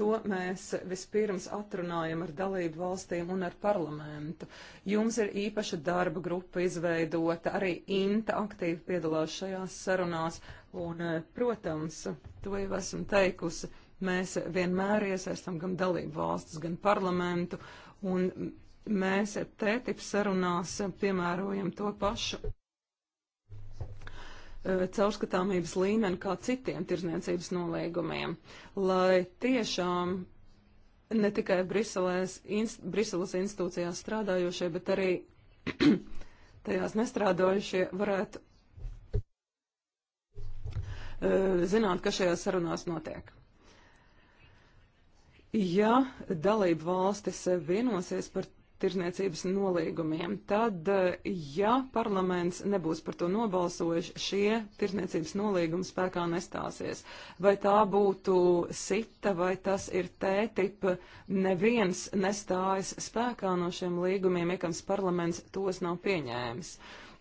To mēs vispirms atrunājam ar dalību valstīm un ar parlamentu. Jums ir īpaša darba grupa izveidota, arī INTA aktīvi piedalās šajās sarunās, un, eh, protams, to jau esmu teikusi, mēs vienmēr iesaistam gan dalību valstis, gan parlamentu, un mēs TTIP sarunās piemērojam to pašu. Eh, caurskatāmības līmeni kā citiem tirzniecības nolīgumiem, lai tiešām ne tikai Briselēs, inst, Briseles institūcijās strādājošie, bet arī tajās nestrādājošie varētu eh, zināt, kas šajās sarunās notiek. Ja dalību valstis vienosies par tirzniecības nolīgumiem, tad, eh, ja parlaments nebūs par to nobalsojuši, šie tirzniecības nolīgumi spēkā nestāsies. Vai tā būtu sita, vai tas ir tētip, neviens nestājas spēkā no šiem līgumiem, iekams parlaments tos nav pieņēmis.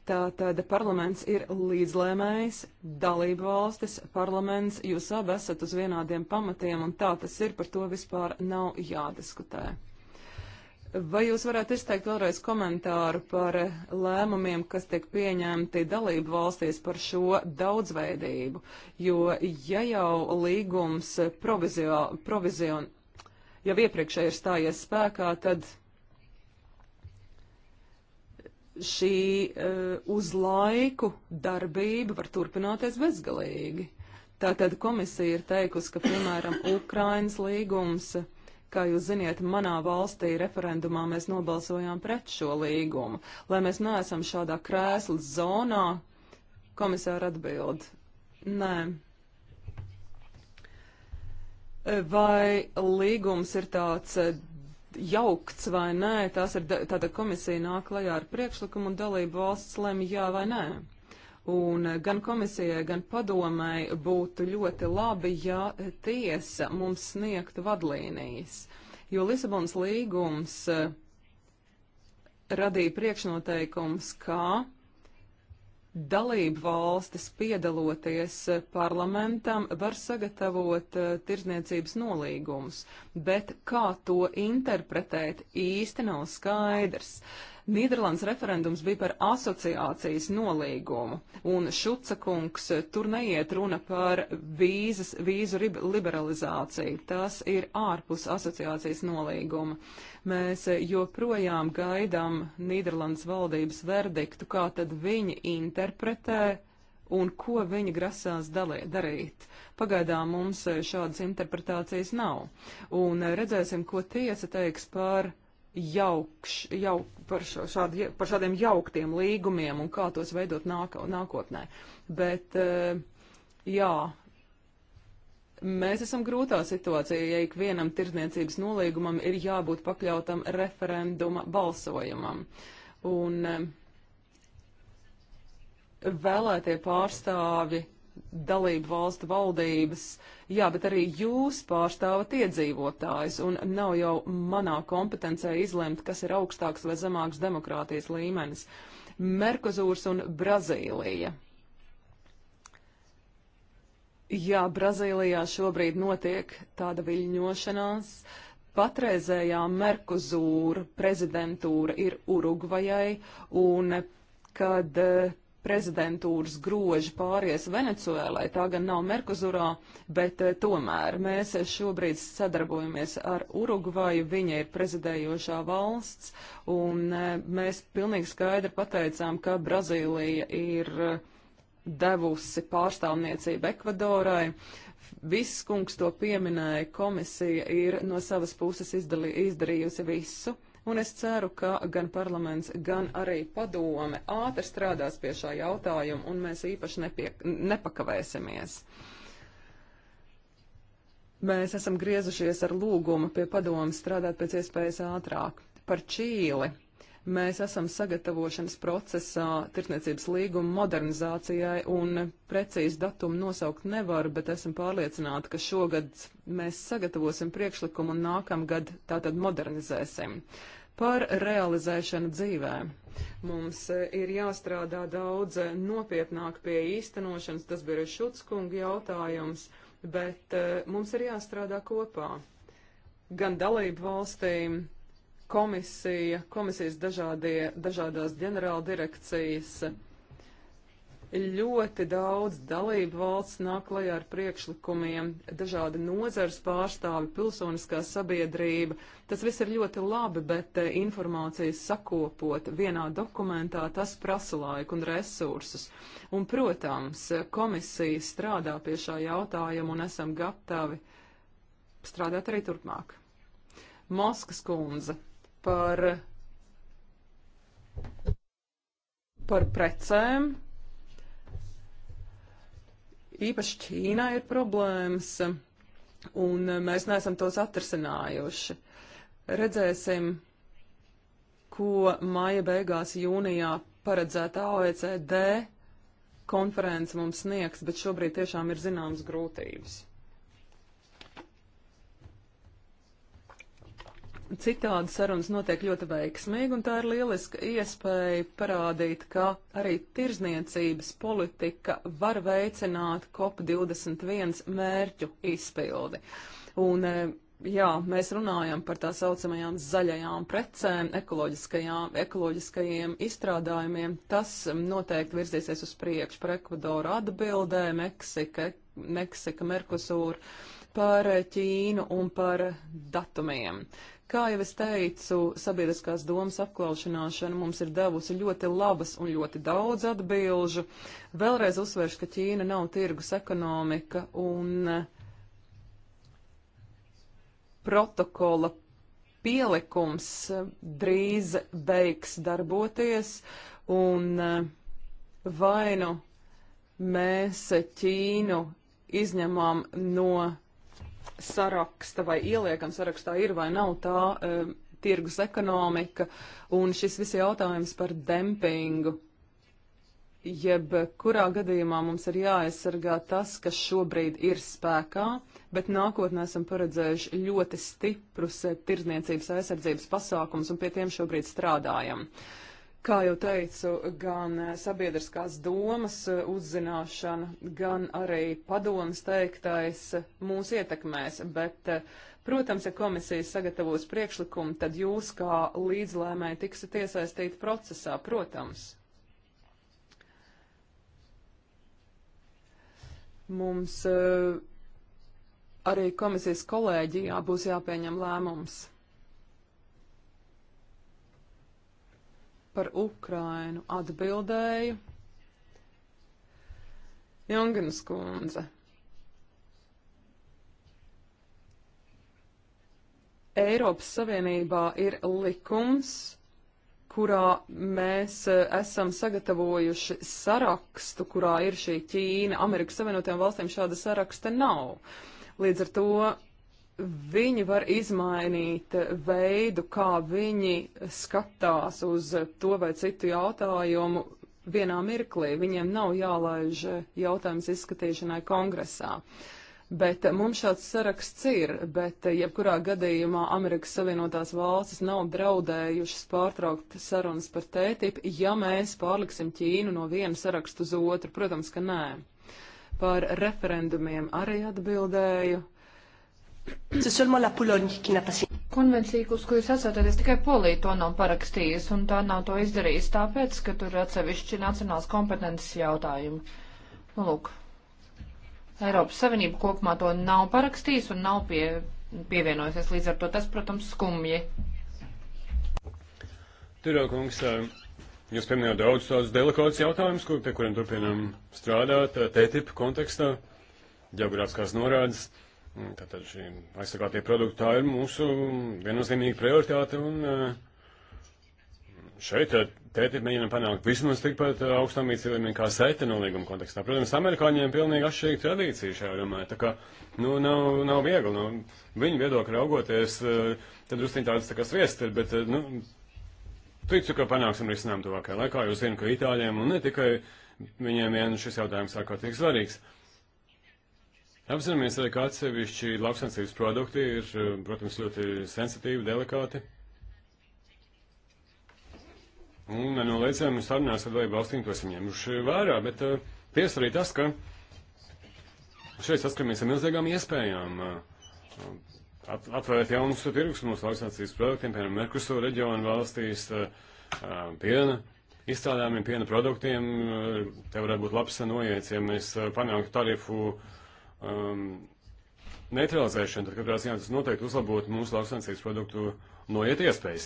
Tātad parlaments ir līdzlēmējs, dalību valstis, parlaments, jūs abi esat uz vienādiem pamatiem, un tā tas ir, par to vispār nav jādiskutē. Vai jūs varētu izteikt vēlreiz komentāru par lēmumiem, kas tiek pieņemti dalību valstīs par šo daudzveidību? Jo ja jau līgums provizio, provizio jau iepriekšēji ir stājies spēkā, tad šī uh, uz laiku darbība var turpināties bezgalīgi. Tātad komisija ir teikusi, ka, piemēram, Ukrainas līgums uh, Kā jūs ziniet, manā valstī referendumā mēs nobalsojām pret šo līgumu. Lai mēs neesam šādā krēslas zonā, komisāra atbild. Nē. Vai līgums ir tāds eh, jaukts vai nē, tās ir, tāda komisija nāk lajā ar priekšlikumu un dalību valsts lemj jā vai nē. Un gan komisijai, gan padomai būtu ļoti labi, ja tiesa mums sniegtu vadlīnijas, jo Lisabons līgums eh, radīja priekšnoteikums, kā dalību valstis piedaloties eh, parlamentam var sagatavot uh, tirzniecības nolīgumus, bet kā to interpretēt īsti nav skaidrs. Uh, Nīderlandes referendums bija par asociācijas nolīgumu, un Šuca kungs eh, tur neiet runa par vīzas, vīzu liberalizāciju. Tas ir ārpus asociācijas nolīguma. Mēs eh, joprojām gaidām Nīderlandes valdības verdiktu, kā tad viņi interpretē un ko viņi grasās dalē, darīt. Pagaidām mums eh, šādas interpretācijas nav, un redzēsim, ko tiesa teiks par jaukš, jauk, par, šādi, par šādiem jauktiem līgumiem un kā tos veidot nāk, nākotnē. Bet, eh, jā, mēs esam grūtā situācijā, ja ik vienam tirdzniecības nolīgumam ir jābūt pakļautam referenduma balsojumam. Un eh, vēlētie pārstāvi dalību valstu valdības, jā, bet arī jūs pārstāvat iedzīvotājs, un nav jau manā kompetencē izlemt, kas ir augstāks vai zemāks demokrātijas līmenis. Merkozūrs un Brazīlija. Jā, Brazīlijā šobrīd notiek tāda viļņošanās. Patreizējā Merkozūra prezidentūra ir Urugvajai, un kad eh, prezidentūras groži pāries Venecuēlai, tā gan nav Merkuzurā, bet eh, tomēr mēs šobrīd sadarbojamies ar Urugvaju, viņa ir prezidējošā valsts, un eh, mēs pilnīgi skaidri pateicām, ka Brazīlija ir eh, devusi pārstāvniecību Ekvadorai. Viss kungs to pieminēja, komisija ir no savas puses izdalī, izdarījusi visu, un es ceru, ka gan parlaments, gan arī padome ātri strādās pie šā jautājuma, un mēs īpaši nepie, nepakavēsimies. Mēs esam griezušies ar lūgumu pie padomas strādāt pēc iespējas ātrāk. Par Čīli mēs esam sagatavošanas procesā tirtniecības līguma modernizācijai un precīzi datumu nosaukt nevaru, bet esam pārliecināti, ka šogad mēs sagatavosim priekšlikumu un nākamgad tātad modernizēsim par realizēšanu dzīvē. Mums e, ir jāstrādā daudz e, nopietnāk pie īstenošanas, tas bija Šutskunga jautājums, bet e, mums ir jāstrādā kopā. Gan dalību valstīm, komisija, komisijas dažādie, dažādās ģenerāldirekcijas. direkcijas Ļoti daudz dalību valsts nāk klajā ar priekšlikumiem, dažādi nozars pārstāvi, pilsoniskā sabiedrība. Tas viss ir ļoti labi, bet eh, informācijas sakopot vienā dokumentā tas prasa laiku un resursus. Un, protams, komisija strādā pie šā jautājuma un esam gatavi strādāt arī turpmāk. Moskas kundze par, par precēm, Īpaši Ķīnā ir problēmas, un eh, mēs neesam tos atrasinājuši. Redzēsim, ko maija beigās jūnijā paredzētā OECD konference mums sniegs, bet šobrīd tiešām ir zināmas grūtības. Citādi sarunas notiek ļoti veiksmīgi, un tā ir lieliska iespēja parādīt, ka arī tirzniecības politika var veicināt COP21 mērķu izpildi. Un, e, jā, mēs runājam par tā saucamajām zaļajām precēm, ekoloģiskajiem izstrādājumiem. Tas noteikti virzīsies uz priekšu par Ekvadoru atbildē, Meksika, Meksika Merkusūru, par Ķīnu un par datumiem. Kā jau es teicu, sabiedriskās domas apklaušanāšana mums ir devusi ļoti labas un ļoti daudz atbilžu. Vēlreiz uzsvēršu, ka Ķīna nav tirgus ekonomika un eh, protokola pielikums eh, drīz beigs darboties un eh, vainu mēs Ķīnu izņemam no saraksta vai ieliekam sarakstā ir vai nav tā e, tirgus ekonomika un šis visi jautājums par dempingu. Jeb kurā gadījumā mums ir jāaizsargā tas, kas šobrīd ir spēkā, bet nākotnē esam paredzējuši ļoti stiprus e, tirdzniecības aizsardzības pasākums un pie tiem šobrīd strādājam. Uh, Kā jau teicu, gan eh, sabiedriskās domas eh, uzzināšana, gan arī padomas teiktais eh, mūs ietekmēs, bet, protams, ja komisija sagatavos priekšlikumu, tad jūs kā līdzlēmēji tiksiet iesaistīti procesā, protams. Mums arī komisijas kolēģijā būs jāpieņem lēmums. par Ukrainu atbildēju Jungenas kundze. Eiropas Savienībā ir likums, kurā mēs e, esam sagatavojuši sarakstu, kurā ir šī Ķīna. Amerikas Savienotajām valstīm šāda saraksta nav. Līdz ar to viņi var izmainīt veidu, kā viņi skatās uz to vai citu jautājumu vienā mirklī. Viņiem nav jālaiž jautājums izskatīšanai kongresā. Bet mums šāds saraksts ir, bet jebkurā gadījumā Amerikas Savienotās valstis nav draudējušas pārtraukt sarunas par tētību, ja mēs pārliksim Ķīnu no viena sarakstu uz otru. Protams, ka nē. Par referendumiem arī atbildēju. Uh, Konvencija, uz ko jūs atsaucaties, tikai Polija to nav parakstījusi, un tā nav to izdarījusi tāpēc, ka tur ir atsevišķi nacionāls kompetences jautājumi. Nu, lūk, Eiropas Savienība kopumā to nav parakstījusi un nav pie, pievienojusies līdz ar to. Tas, protams, skumji. Turokungs, jūs pieminējāt daudz tādus delikātus jautājumus, kur, pie kuriem turpinām strādāt, TTIP kontekstā, geogrāfiskās norādes. Mm. Mm, tātad šī aizsargātie produkti tā ir mūsu viennozīmīga prioritāte un eh, šeit eh, tēti mēģinam panākt vismaz tikpat eh, augstām līdzcīlīgiem kā sēta nolīguma kontekstā. Protams, amerikāņiem pilnīgi atšķirīga tradīcija šajā jomā, tā kā, nu, nav, nav viegli, nu, viņu viedokļi raugoties, tad drusciņ tāds tā kā sviest ir, bet, nu, ticu, ka panāksim risinājumu tuvākajā laikā, jo zinu, ka Itāļiem un ne tikai viņiem vien nu, šis jautājums sākot tik svarīgs. Uh, Apzināmies arī, ka atsevišķi lauksansības produkti ir, eh, protams, ļoti sensitīvi, delikāti. Un nenoliedzami eh, sarunās ar dalību valstīm to esam ņēmuši vērā, bet uh, tiesa arī tas, ka šeit saskaramies ar milzīgām iespējām uh, at, atvērt jaunus tirgus mūsu lauksansības produktiem, piemēram, Merkuso reģionu valstīs, uh, piena izstrādājumiem, piena produktiem. Te varētu būt labs noiets, ja mēs panāktu tarifu uh, um, neutralizēšana, tad katrā ziņā tas noteikti uzlabotu mūsu lauksaimniecības produktu noiet iespējas.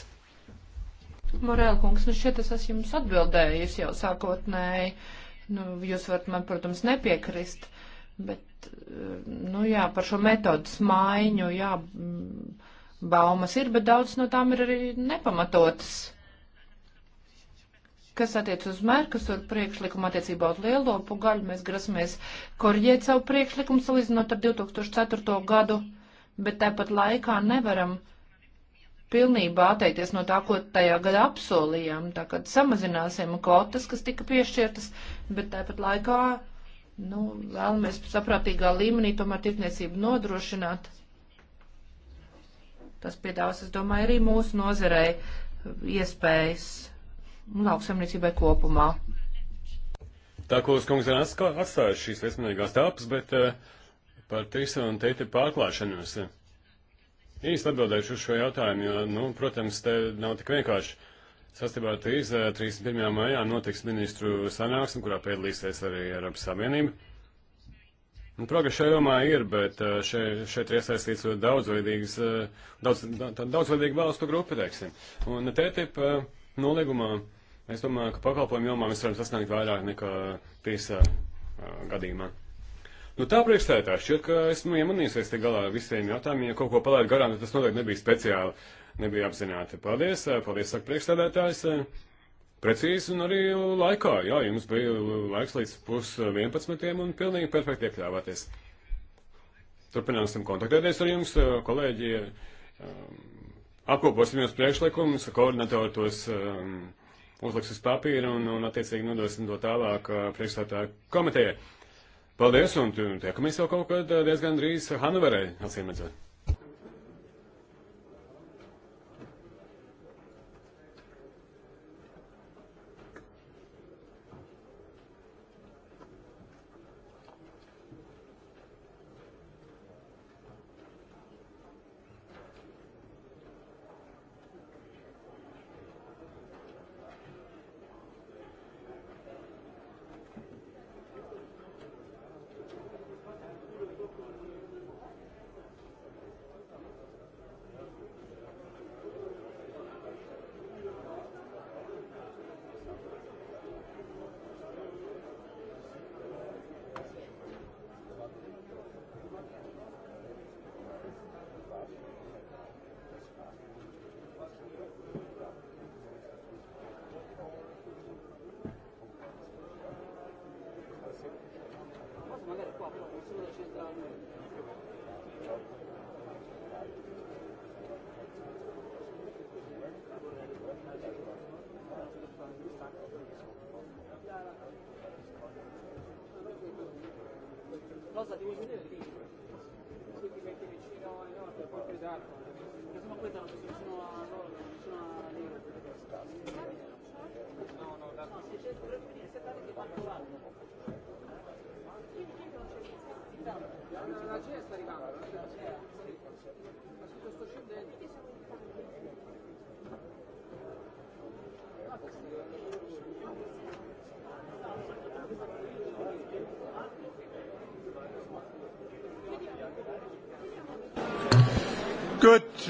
Morēl kungs, nu šeit es esmu jums atbildējis jau sākotnēji. Nu, jūs varat man, protams, nepiekrist, bet, uh, nu jā, par šo metodas maiņu, jā, mm, baumas ir, bet daudz no tām ir arī nepamatotas. Kas attiec uz Merkusur priekšlikumu attiecībā uz lielopu gaļu, mēs grasamies korģēt savu priekšlikumu salīdzinot ar 2004. gadu, bet tāpat laikā nevaram pilnībā atteikties no tā, ko tajā gadā apsolījām. Tā kā samazināsim kvotas, kas tika piešķirtas, bet tāpat laikā nu, vēlamies saprātīgā līmenī tomēr tirdzniecību nodrošināt. Tas piedāvās, es domāju, arī mūsu nozarei iespējas un lauksaimniecībai kopumā. Tā kā uz kungs ir atstājis šīs viesmanīgās tāpas, bet uh, par TISA un TTIP pārklāšanos. Īsti atbildēšu uz šo jautājumu, jo, nu, protams, te nav tik vienkārši. Sastībā ar TISA 31. Eh, maijā notiks ministru sanāksme, kurā piedalīsies arī Eiropas Savienība. Un nu, progress šajā jomā ir, bet eh, še, šeit ir iesaistīts daudzveidīgas, daudz, daudzveidīga valstu grupa, teiksim. Un TTIP. Uh, noliegumā. Es domāju, ka pakalpojumu jomā mēs varam sasniegt vairāk nekā tiesā gadījumā. Nu, tā priekšstādā šķiet, ka esmu iemanījusies te galā visiem jautājumiem. Ja kaut ko palaidu garām, tad tas noteikti nebija speciāli, nebija apzināti. Paldies, paldies, saka priekšstādātājs. Precīzi un arī laikā. Jā, jums bija laiks līdz pus 11. un pilnīgi perfekti iekļāvāties. Turpināsim kontaktēties ar jums, kolēģi. Um, apkoposim jūs priekšlikumus, koordinatori tos um, uzliks uz papīra un, un attiecīgi nodosim to tālāk uh, priekšstādā komitejai. Paldies, un tiekamies jau kaut kad uh, diezgan drīz Hanoverē, atsimedzot.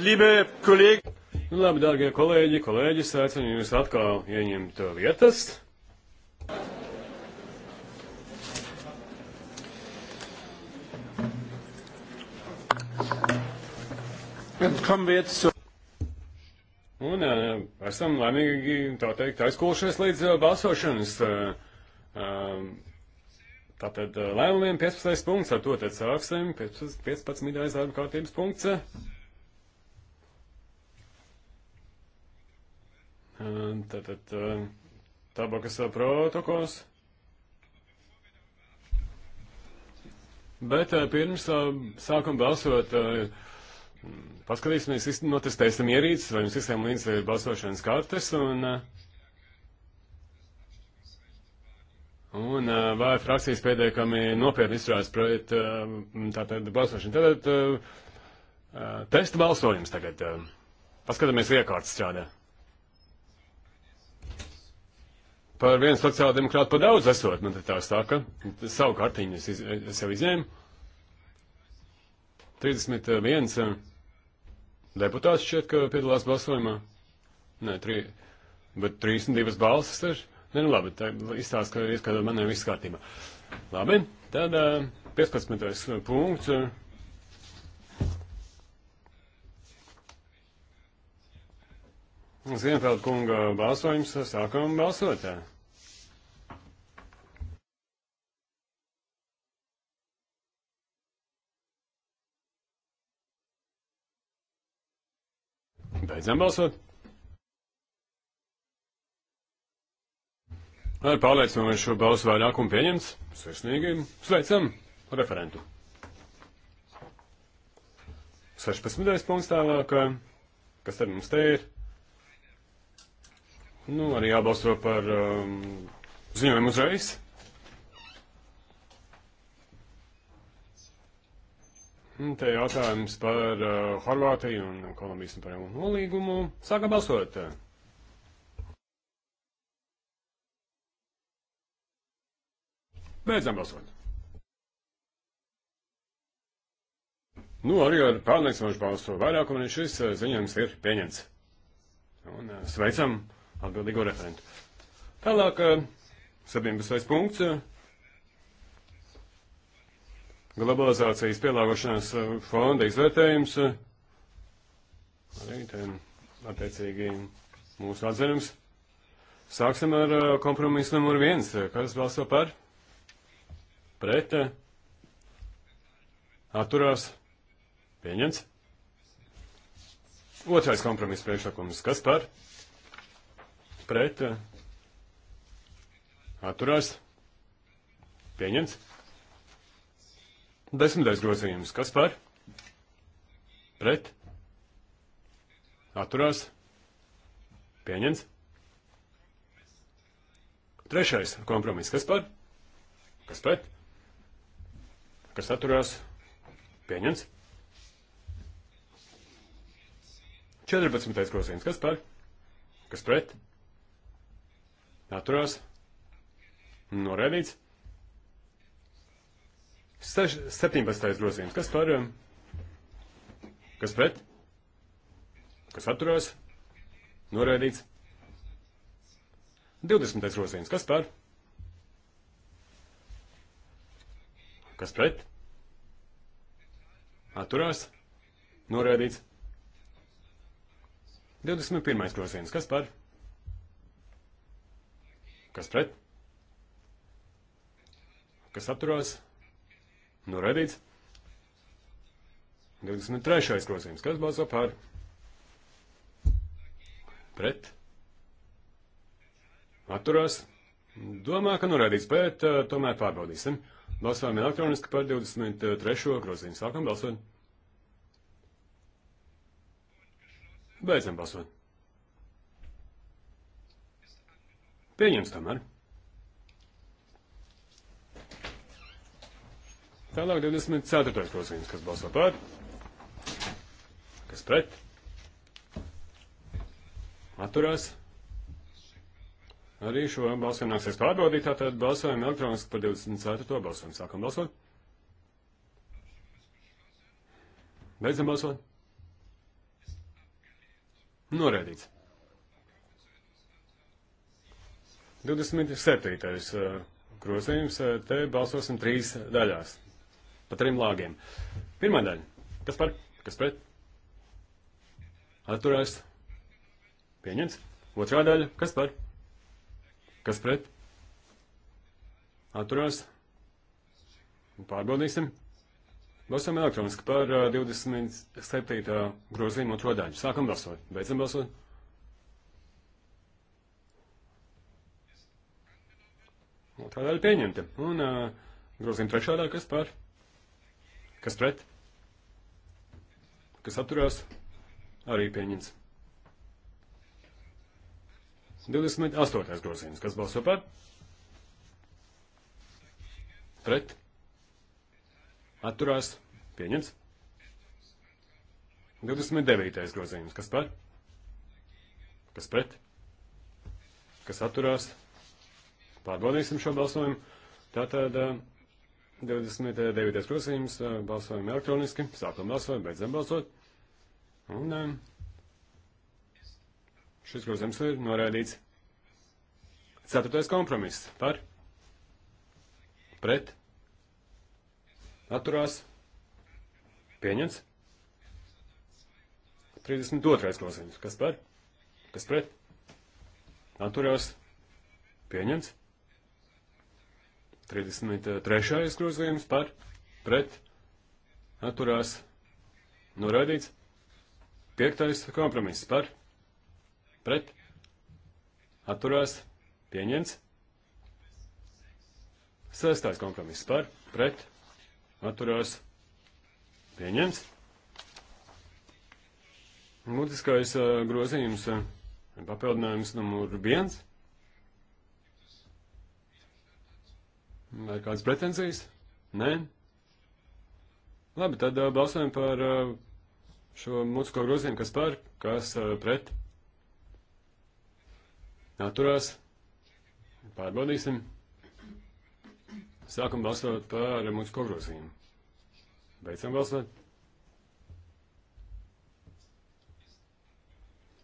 liebe kolēģi! Nu, labi, dārgie kolēģi, kolēģis, aicinu jūs atkal ieņemt vietas. Un jā, esam laimīgi, tā teikt, aizkulšies līdz balsošanas. Tātad lēmumiem 15. punkts, ar to tad sāksim. 15. 15. darba kārtības punkts. Tātad uh, tabakas protokols. Bet uh, pirms uh, sākam balsot, paskatīsimies, notestēsim nu, ierīces, vai jums visiem līdzi ir balsošanas kartes, un, un vai frakcijas pēdējami nopietni izturās pret tātad balsošanu. Tātad testa balsojums tagad. Paskatāmies, iekārts strādā. par vienu sociāldemokrātu par daudz esot, man nu, te tā saka. Savu kartiņu es, iz, es jau izņēmu. 31 eh, deputāts šķiet, ka piedalās balsojumā. Nē, 3, bet 32 balsas ir. Nē, nu labi, tā izstāsta, ka ieskatā maniem viss kārtībā. Labi, tad 15. Eh, punkts. Eh. Zienfeld kunga balsojums sākam balsot. Tā. Beidzam balsot. Ar pārliecinošu balsu vairākumu pieņemts. Sirsnīgi sveicam referentu. 16. punkts tālāk, kas tad mums te ir? Nu, arī jābalso par um, ziņojumu uzreiz. Te jautājums par uh, Horvātiju un Kolumbijas un Peru nolīgumu. Sākam balsot. Beidzam balsot. Nu, arī ar pārliecinošu balsu vairākumu arī šis uh, ziņojums ir pieņemts. Un uh, sveicam atbildīgo referentu. Tālāk, 17. Uh, punkts globalizācijas pielāgošanās eh, fonda izvērtējums, eh, arī ten attiecīgi mūsu atzinums. Sāksim ar eh, kompromisu numur viens. Kas balso par? Pret? Atturās? Pieņemts? Otrais kompromiss priekšlikums. Kas par? Pret? Atturās? Pieņemts? Desmitais grozījums. Kas par? Pret? Atturās? Pieņems? Trešais kompromiss. Kas par? Kas pret? Kas atturās? Pieņems? 14. grozījums. Kas par? Kas pret? Atturās? Noraidīts? Seš, 17. Um, grozījums. Kas par? Kas pret? Kas atturās? Noraidīts. 20. grozījums. Kas par? Kas pret? Atturās? Noraidīts. 21. grozījums. Kas par? Kas pret? Kas atturās? Noraidīts. Nu, 23. grozījums. Kas balso par? Pret. Atturās. Domā, ka noraidīts, nu bet uh, tomēr pārbaudīsim. Balsojam elektroniski par 23. grozījumu. Sākam balsot. Beidzam balsot. Pieņems tomēr. Tālāk 24. grozījums, kas balso par, kas pret, atturās. Arī šo balsojumu nāksies pārbaudīt, tātad balsojam elektroniski par 24. balsojumu. Sākam balsot. Beidzam balsot. Norēdīts. 27. Eh, grozījums, eh, te balsosim trīs daļās pa trim lāgiem. Pirmā daļa. Kas par? Kas pret? Atturās. Pieņemts. Otrā daļa. Kas par? Kas pret? Atturās. Pārbaudīsim. Balsojam elektroniski par 27. grozījumu otro daļu. Sākam balsot. Beidzam balsot. Otrā daļa pieņemta. Un uh, grozījuma trešā daļa, kas par Kas pret? Kas atturās? Arī pieņems. 28. grozījums. Kas balso par? Pret? Atturās? Pieņems. 29. grozījums. Kas par? Kas pret? Kas atturās? Pārbaudīsim šo balsojumu. Tātad. Uh, 29. krusījums, balsojam elektroniski, sākam balsot, beidzam balsot. Un šis grozījums ir norādīts. Ceturtais kompromiss par pret atturās pieņems 32. klausījums. Kas par? Kas pret? Atturās pieņems 32. 33. grozījums par pret atturās noraidīts. 5. kompromiss par pret atturās pieņemts. 6. kompromiss par pret atturās pieņemts. Mutiskais eh, grozījums eh, papildinājums numur 1 Vai kādas pretenzijas? Nē? Labi, tad uh, balsojam par uh, šo mūzisko grozījumu, kas par, kas uh, pret. Atturās. Pārbaudīsim. Sākam balsot par mūzisko grozījumu. Beidzam balsot.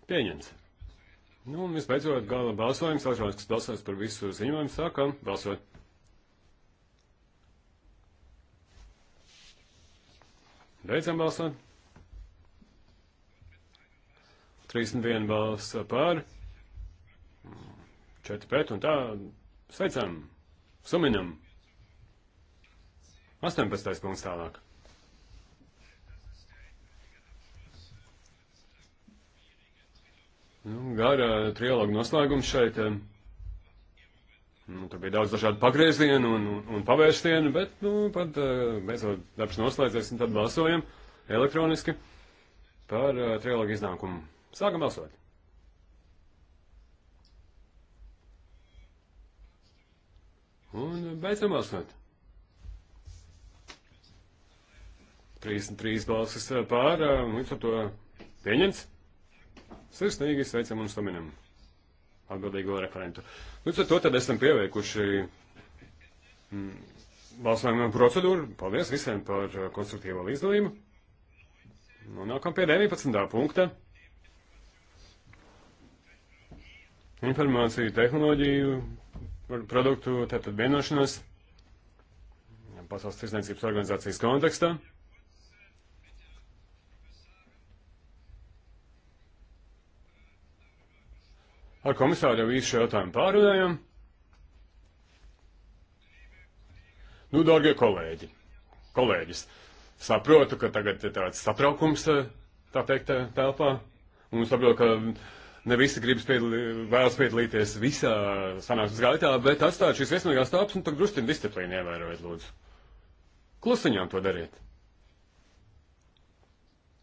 Pieņemts. Nu, un visbeidzot, gala balsojums, elektronisks balsojums par visu ziņojumu, sākam balsot. Beidzam balsot. 31 balss pār, 4 pret un tā sveicam, suminam. 18. punkts tālāk. Nu, gara trialoga noslēgums šeit. Um, Nu, tur bija daudz dažādu pagriezienu un, un, un pavērstienu, bet, nu, pat uh, mēs vēl darbs noslēdzies un tad balsojam elektroniski par uh, trilogu iznākumu. Sākam balsot! Un eh, beidzam balsot. 33 balsis pār, līdz ar to pieņemts. Sirsnīgi sveicam un staminam atbildīgo referentu. Līdz nu, ar to tad esam pieveikuši mm, balsojumu procedūru. Paldies visiem par uh, konstruktīvo līdzdalību. Nonākam pie 19. punkta. Informāciju, tehnoloģiju, produktu, tātad vienošanos pasaules tirsniecības organizācijas kontekstā. Ar komisāru jau visu šo jautājumu pārunājam. Nu, dārgie kolēģi, kolēģis, saprotu, ka tagad ir tāds satraukums, eh, tā teikt, eh, telpā. Un saprotu, ka ne visi gribas piedalī, vēlas piedalīties visā sanāksmes gaitā, bet atstāt šīs viesmīgās tāpas un tad drusciņu disciplīnu ievērojiet, lūdzu. Klusiņām to dariet.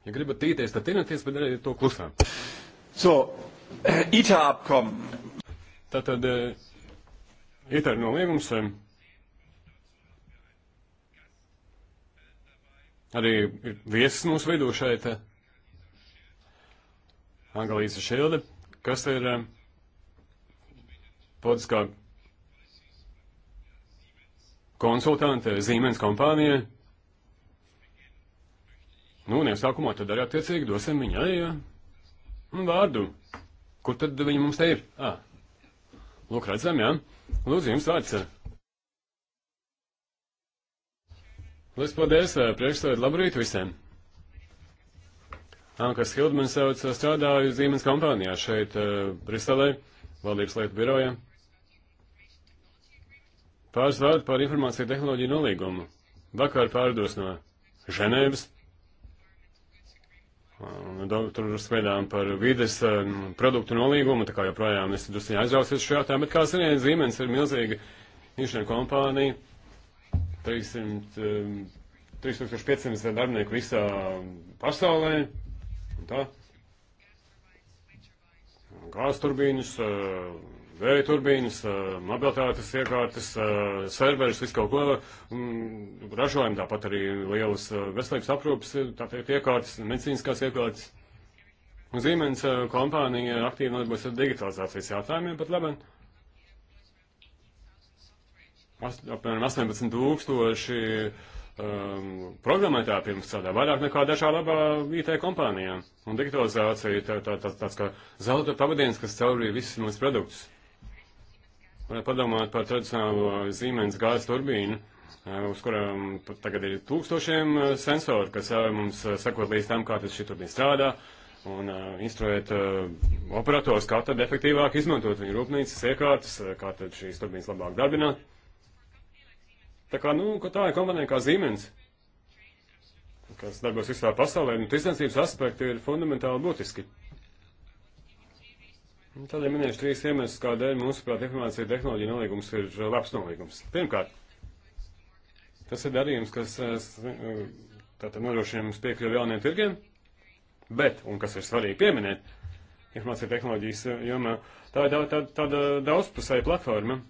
Ja gribat tīties, tad tīnāties, bet dariet to klusām. So, ITA-apkommen. Tātad eh, ITER noliegums eh, arī ir viesis mūsu vidū šeit eh, Angelīza Šilde, kas ir politiskā konsultante Siemens kompānijai. Nu, un iesākumā tad arī attiecīgi dosim viņai vārdu. Kur tad viņi mums te ir? Ah. Lūk, redzam, jā. Lūdzu, jums vārds. Lielas paldies, eh, priekšstāvēt, labrīt visiem. Ankas Hildman sauc, eh, strādāju Zīmes kompānijā šeit, eh, Briselē, valdības lietu birojā. Pāris vārdu par informāciju tehnoloģiju nolīgumu. Vakar pārdos no Ženēvas. Tur spēļām par vides um, produktu nolīgumu, tā kā joprojām esmu druskuļi aizrausies šajā tēmā, bet kā ziniet, Siemens ir milzīga inženieru kompānija, 300, 3500 um, darbinieku visā pasaulē. Tā. Gāz turbīnas, uh, vēja turbīnas, mobilitātes iekārtas, serverus, visu kaut ko mm, ražojam, tāpat arī lielas veselības aprūpas, tātad iekārtas, medicīniskās iekārtas. Zīmens kompānija aktīvi nodarbojas ar digitalizācijas jautājumiem, pat labi. Apmēram 18 tūkstoši um, programmētāji pirms strādā vairāk nekā dažā labā IT kompānijā. Un digitalizācija tā, tā, tā, tāds kā zelta pavadienis, kas caurīja visus mūsu produktus varētu padomāt par tradicionālo Siemens gāzes turbīnu, eh, uz kurām tagad ir tūkstošiem eh, sensoru, kas ļauj mums eh, sekot līdz tam, kā tas šī turbīna strādā, un instruēt operators, kā tad efektīvāk izmantot viņu rūpnīcas iekārtas, kā tad šīs turbīnas labāk darbināt. Tā kā, nu, ka tā ir kompanija kā Siemens, kas darbos visā pasaulē, nu, tirdzniecības aspekti ir fundamentāli būtiski. Tad ir ja minējuši trīs iemeslus, kādēļ mūsuprāt informācija tehnoloģija nolīgums ir eh, labs nolīgums. Pirmkārt, tas ir darījums, kas eh, eh, tātad nodrošina mums piekļuvi jauniem tirgiem, bet, un kas ir svarīgi pieminēt, informācija tehnoloģijas jomā, tā ir tā, tā, tāda daudzpusēja platforma.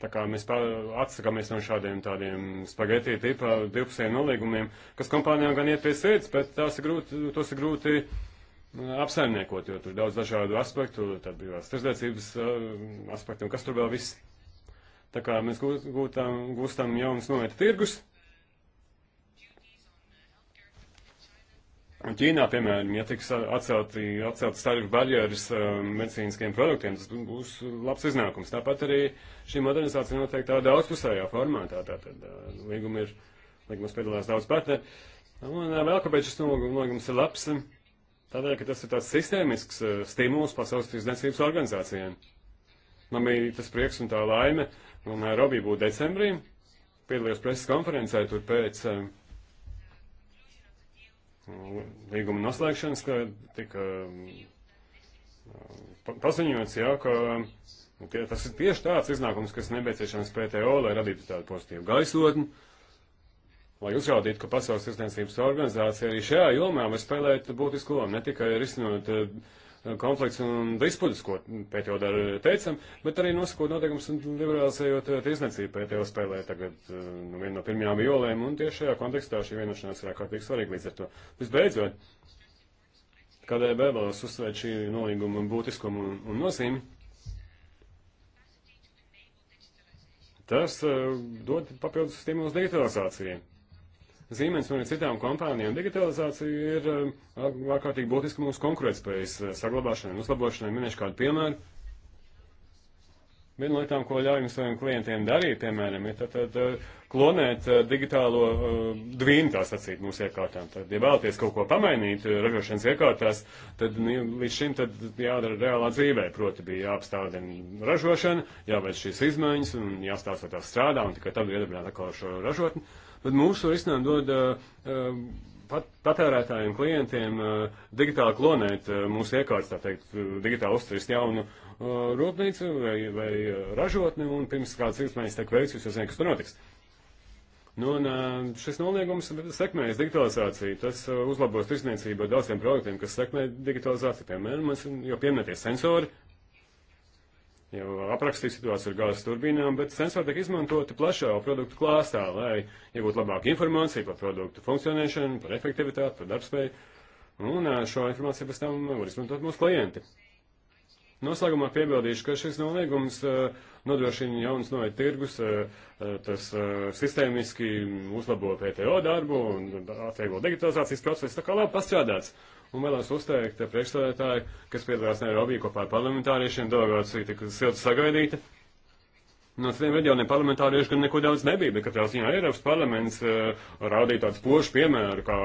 Tā kā mēs atsakāmies no šādiem tādiem spagetī tipā divpusējiem nolīgumiem, kas kompānijām gan iet pie sirds, bet tās ir grūti, tos ir grūti uh, apsaimniekot, jo tur daudz dažādu aspektu, tad bija starpniecības eh, aspekti un kas tur vēl viss. Tā kā mēs gūtām, gūstam jaunas noieta tirgus. Un Ķīnā, piemēram, ja tiks atcelti, atcelti starpju barjeras eh, medicīniskiem produktiem, tas būs labs iznākums. Tāpat arī šī modernizācija notiek tādā daudzpusējā formātā. Tātad eh, līguma ir, līgumas piedalās daudz partneri. Un vēl kāpēc šis nolīgums ir labs. Um, Tādēļ, ka tas ir tāds sistēmisks eh, stimuls pasaules tirdzniecības organizācijām. Man bija tas prieks un tā laime, un Robī būtu decembrī, piedalījos preses konferencē tur pēc eh, līguma noslēgšanas, ka tika eh, paziņots, jā, ka nu, tie, tas ir tieši tāds iznākums, kas nepieciešams PTO, lai radītu tādu pozitīvu gaisotni lai uzrādītu, ka Pasaules tirsniecības organizācija arī šajā jomā var spēlēt būtisku lomu, ne tikai risinot eh, konflikts un disputus, ko pēdējo dara eh, teicam, bet arī nosakot noteikums un liberalizējot eh, tirsniecību pēdējo spēlē tagad nu, viena no pirmajām jolēm, un tieši šajā kontekstā šī vienošanās ir ārkārtīgi svarīga līdz ar to. Visbeidzot, kādēļ vēlos uzsvērt šī nolīguma būtiskumu un, un nozīmi, tas uh, dod papildus stimulus digitalizācijai. Siemens un citām kompānijām digitalizācija ir eh, ārkārtīgi būtiska mūsu konkurētspējas eh, saglabāšanai un uzlabošanai. Minēšu kādu piemēru. Viena no lietām, ko ļaujam saviem klientiem darīt, piemēram, ir tad, tad, eh, klonēt digitālo uh, dvīnu, tā sacīt, mūsu iekārtām. Tad, ja vēlaties kaut ko pamainīt ražošanas iekārtās, tad nu, līdz šim tad jādara reālā dzīvē. Proti bija jāapstādina ražošana, jāveic šīs izmaiņas un jāstāsta, kā tās strādā, un tikai tad iedarbināt atkal šo ražotni. Uh, Tad mūsu risinājumi dod uh, pat, patērētājiem, klientiem uh, eh, digitāli klonēt uh, mūsu iekārtas, tā teikt, digitāli uztvērst jaunu rūpnīcu vai, vai ražotni, un pirms kāds izmaiņas tiek veikts, jūs jau zināt, kas tur notiks. Nu, un šis noliegums sekmējas digitalizāciju. Tas uzlabos tirsniecību ar daudziem produktiem, kas sekmē digitalizāciju. Piemēram, mums jau pieminētie sensori, jau aprakstīja situāciju ar gāzes turbīnām, bet sensori tiek izmantoti plašā produktu klāstā, lai iegūtu labāku informāciju par produktu funkcionēšanu, par efektivitāti, par darbspēju. Un šo informāciju pēc tam var izmantot mūsu klienti. Noslēgumā piebildīšu, ka šis nolīgums nodrošina jaunas noiet tirgus, tas sistēmiski uzlabo PTO darbu un atvieglo digitalizācijas procesu, tā kā labi pastrādāts un vēlos uzteikt priekšstādētāju, kas piedalās Nairobi kopā ar parlamentāriešiem, delegācija tika silti sagaidīta. No citiem reģioniem parlamentārieši gan neko daudz nebija, bet katrā ziņā Eiropas parlaments uh, rādīja tādu spožu piemēru, kā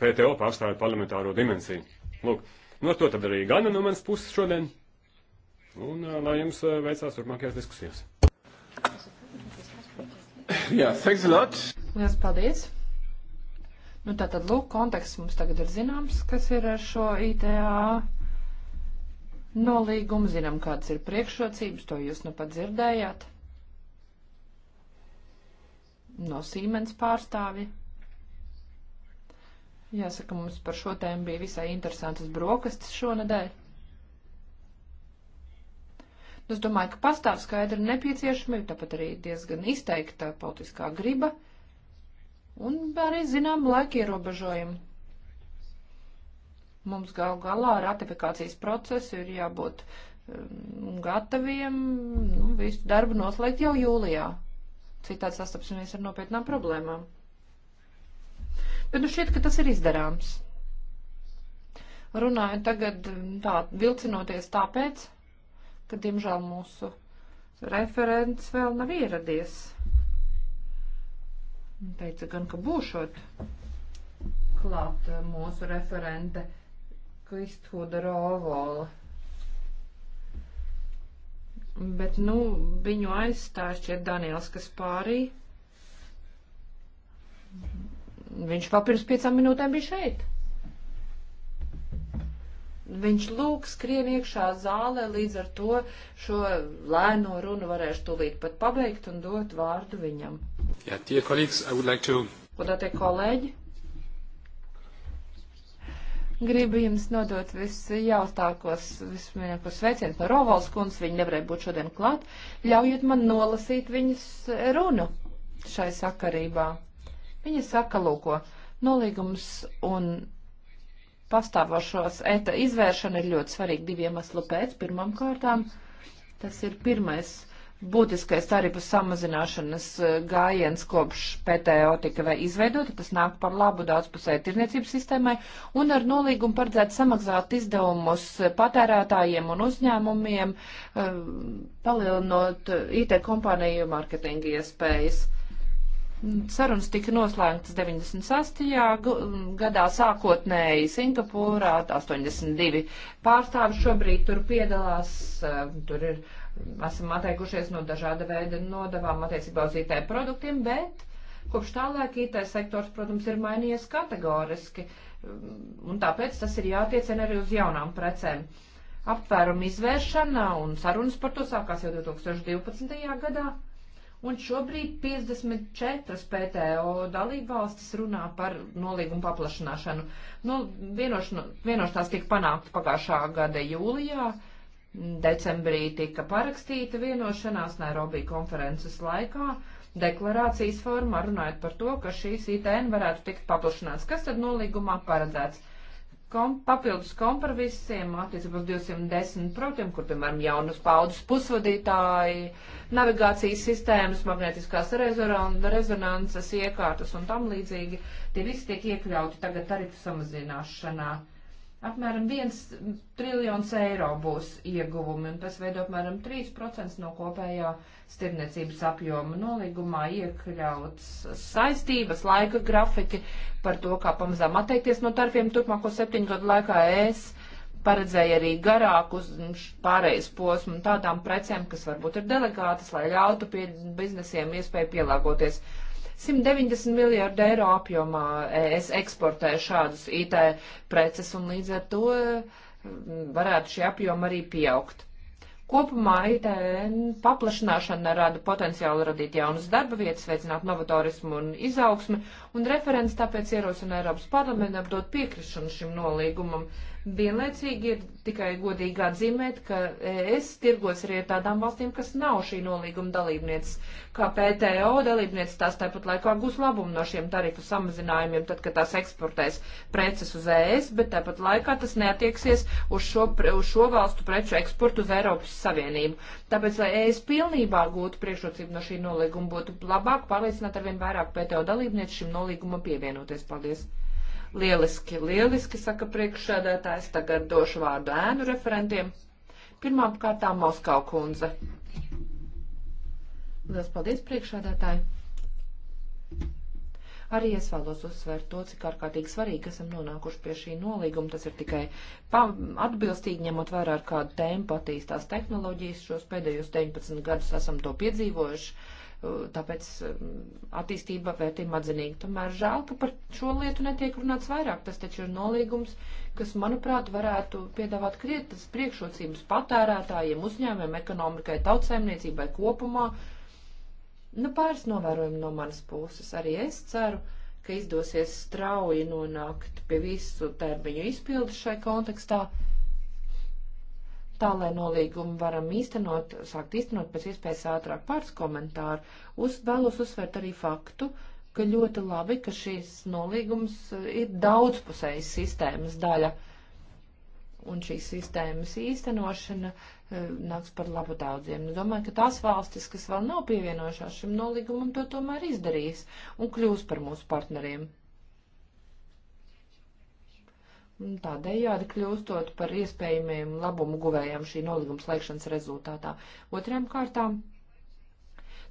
PTO pārstāvja parlamentāro dimensiju. Lūk, no nu, to tad arī gana no manas puses šodien. Un uh, lai jums uh, veicās turpmākajās diskusijās. Jā, yeah, thanks a lot. Lielas paldies. Nu, tātad, lūk, konteksts mums tagad ir zināms, kas ir ar šo ITA nolīgumu, zinām, kādas ir priekšrocības, to jūs nu pat dzirdējāt. No Siemens pārstāvi. Jāsaka, mums par šo tēmu bija visai interesantas brokastis šonadēļ. Nu, es domāju, ka pastāv skaidra nepieciešamība, tāpat arī diezgan izteikta politiskā griba. Uh, un arī zinām laika ierobežojumu. Mums gal galā ratifikācijas procesu ir jābūt um, gataviem nu, visu darbu noslēgt jau jūlijā. Citādi sastapsimies ar nopietnām problēmām. Bet nu šķiet, ka tas ir izdarāms. Runāju tagad um, tā, vilcinoties tāpēc, ka, diemžēl, mūsu referents vēl nav ieradies. Teica gan, ka būšot klāt eh, mūsu referente Kristhuda Rovola. Bet, nu, viņu aizstāja šķiet Daniels, kas pārī. Viņš vēl pirms piecām minūtēm bija šeit. Viņš lūk skrien iekšā zālē, līdz ar to šo lēno runu varēšu tūlīt pat pabeigt un dot vārdu viņam. Yeah, dear colleagues, I would like to... Godātie kolēģi, Gribu jums nodot visjaustākos, vismīļākos sveicienus no Rovals kundzes. Viņa nevarēja būt šodien klāt. Ļaujiet man nolasīt viņas runu šai sakarībā. Viņa saka, lūko, nolīgums un pastāvošos ETA izvēršana ir ļoti svarīgi diviem aslu pēc. Pirmam kārtām tas ir pirmais būtiskais tarifas samazināšanas e, gājiens kopš PTO tika vai izveidota, tas nāk par labu daudzpusēju tirniecības sistēmai, un ar nolīgumu paredzēt samaksāt izdevumus patērētājiem un uzņēmumiem, e, palielinot IT kompāniju marketinga iespējas. Sarunas tika noslēgtas 98. gadā sākotnēji Singapūrā, 82 pārstāvi šobrīd tur piedalās, e, tur ir esam atteikušies no dažāda veida nodavām attiecībā uz IT produktiem, bet kopš tā laika IT sektors, protams, ir mainījies kategoriski, um, un tāpēc tas ir jātiecina arī uz jaunām precēm aptvērumu izvēršana un sarunas par to sākās jau 2012. gadā. Un šobrīd 54 PTO dalībvalstis runā par nolīgumu paplašināšanu. Nu, vienošanās tika panākta pagājušā gada jūlijā. Uh, Decembrī tika parakstīta vienošanās Nairobi konferences laikā deklarācijas formā runājot par to, ka šīs ITN varētu tikt paplašināts. Kas tad nolīgumā paredzēts? Kom, papildus kompromisiem attiecībā uz 210 protiem, kur, piemēram, jaunas paudzes pusvadītāji, navigācijas sistēmas, magnetiskās rezonances iekārtas un tam līdzīgi, tie visi tiek iekļauti tagad tarifu samazināšanā. Uh, apmēram 1 triljons eiro būs ieguvumi, un tas veido apmēram 3% no kopējā stirniecības apjoma. Nolīgumā iekļauts saistības, laika grafiki par to, kā pamazām atteikties no tarifiem turpmāko septiņu gadu laikā es paredzēja arī garāku pārējais posmu tādām precēm, kas varbūt ir delegātas, lai ļautu biznesiem iespēju pielāgoties. 190 miljārdu eiro apjomā es eksportēju šādus IT preces un līdz ar to mm, varētu šie apjomi arī pieaugt. Kopumā ITN paplašināšana rada potenciālu radīt jaunas darba vietas, veicināt novatorismu un izaugsmi, un referents tāpēc ierosina Eiropas parlamentam dot piekrišanu šim nolīgumam, uh, Vienlaicīgi ir tikai godīgi atzīmēt, ka es tirgos arī ar tādām valstīm, kas nav šī nolīguma dalībnieces. Kā PTO dalībnieces tās tāpat laikā gūs labumu no šiem tarifu samazinājumiem, tad, kad tās eksportēs preces uz ES, bet tāpat laikā tas neatieksies uz šo, uz šo valstu preču eksportu uz Eiropas Savienību. Tāpēc, lai ES pilnībā gūtu priekšrocību no šī nolīguma, būtu labāk pārliecināt arvien vairāk PTO dalībnieces šim nolīgumam pievienoties. Paldies! Lieliski, lieliski, saka priekšsēdētājs. Tagad došu vārdu ēnu referentiem. Pirmām kārtām Moskau kundze. Lielas paldies priekšsēdētāji. Arī es vēlos uzsvērt to, cik ārkārtīgi svarīgi esam nonākuši pie šī nolīguma. Tas ir tikai atbilstīgi, ņemot vērā, ar kādu tempu attīstās tehnoloģijas. Šos pēdējos 19 gadus esam to piedzīvojuši. Uh, tāpēc um, attīstība vērtība atzinīgi. Tomēr žēl, ka par šo lietu netiek runāts vairāk. Tas taču ir nolīgums, kas, manuprāt, varētu piedāvāt krietnes priekšrocības patērētājiem, uzņēmiem, ekonomikai, tautsēmniecībai kopumā. Nu, pāris novērojumi no manas puses. Arī es ceru, ka izdosies strauji nonākt pie visu termiņu izpildu šai kontekstā tā lai nolīgumu varam īstenot, sākt īstenot pēc iespējas ātrāk pāris komentāru. Uz, vēlos uzsvērt arī faktu, ka ļoti labi, ka šīs nolīgums eh, ir daudzpusējas sistēmas daļa. Un šīs sistēmas īstenošana e, nāks par labu daudziem. Es domāju, ka tās valstis, kas vēl nav pievienojušās šim nolīgumam, to tomēr izdarīs un kļūs par mūsu partneriem. Tādējādi kļūstot par iespējamiem labumu guvējiem šī nolīguma slēgšanas rezultātā. Otrām kārtām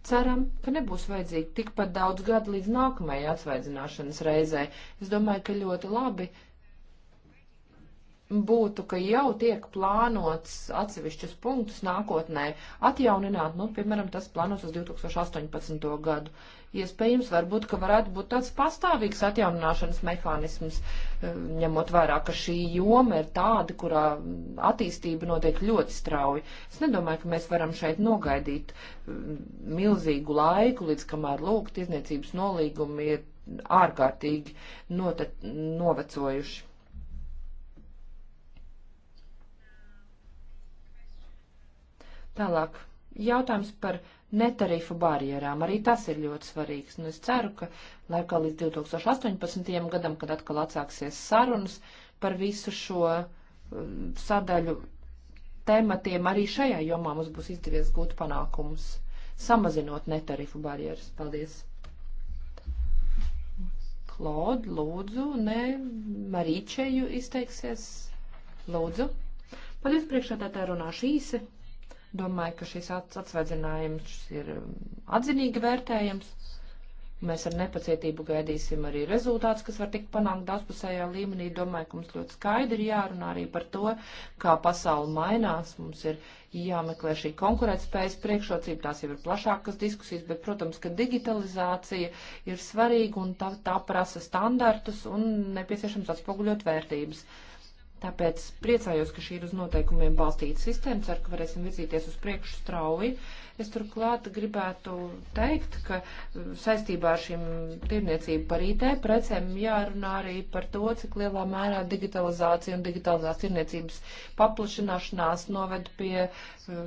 ceram, ka nebūs vajadzīgi tikpat daudz gadu līdz nākamajai atsvaidzināšanas reizē. Es domāju, ka ļoti labi būtu, ka jau tiek plānots atsevišķus punktus nākotnē atjaunināt, nu, piemēram, tas plānos uz 2018. gadu. Iespējams, varbūt, ka varētu būt tāds pastāvīgs atjaunināšanas mehānisms, e, ņemot vērā, ka šī joma ir tāda, kurā attīstība notiek ļoti strauji. Es nedomāju, ka mēs varam šeit nogaidīt e, milzīgu laiku, līdz kamēr lūk, tiesniecības nolīgumi ir ārkārtīgi note, novecojuši. Tālāk jautājums par netarifu barjerām. Arī tas ir ļoti svarīgs. Un nu, es ceru, ka laikā līdz 2018. gadam, kad atkal atsāksies sarunas par visu šo um, sadaļu tematiem, arī šajā jomā mums būs izdevies gūt panākumus, samazinot netarifu barjeras. Paldies! Klod, lūdzu, ne, Marīčeju izteiksies. Lūdzu. Paldies priekšā tā tā runāšu īsi. Domāju, ka šis atsvedzinājums ir um, atzinīgi vērtējams. Mēs ar nepacietību gaidīsim arī rezultāts, kas var tikt panākt daudzpusējā līmenī. Domāju, ka mums ļoti skaidri jārunā arī par to, kā pasauli mainās. Mums ir jāmeklē šī konkurētspējas priekšrocība, tās jau ir plašākas diskusijas, bet, protams, ka digitalizācija ir svarīga un tā, tā prasa standartus un nepieciešams atspoguļot vērtības. Uh, Tāpēc priecājos, ka šī ir uz noteikumiem balstīta sistēma. Ceru, ka varēsim virzīties uz priekšu strauji. Es turklāt gribētu teikt, ka uh, saistībā ar šīm tirniecību par IT precēm jārunā arī par to, cik lielā mērā digitalizācija un digitalizās tirniecības paplašināšanās noved pie uh,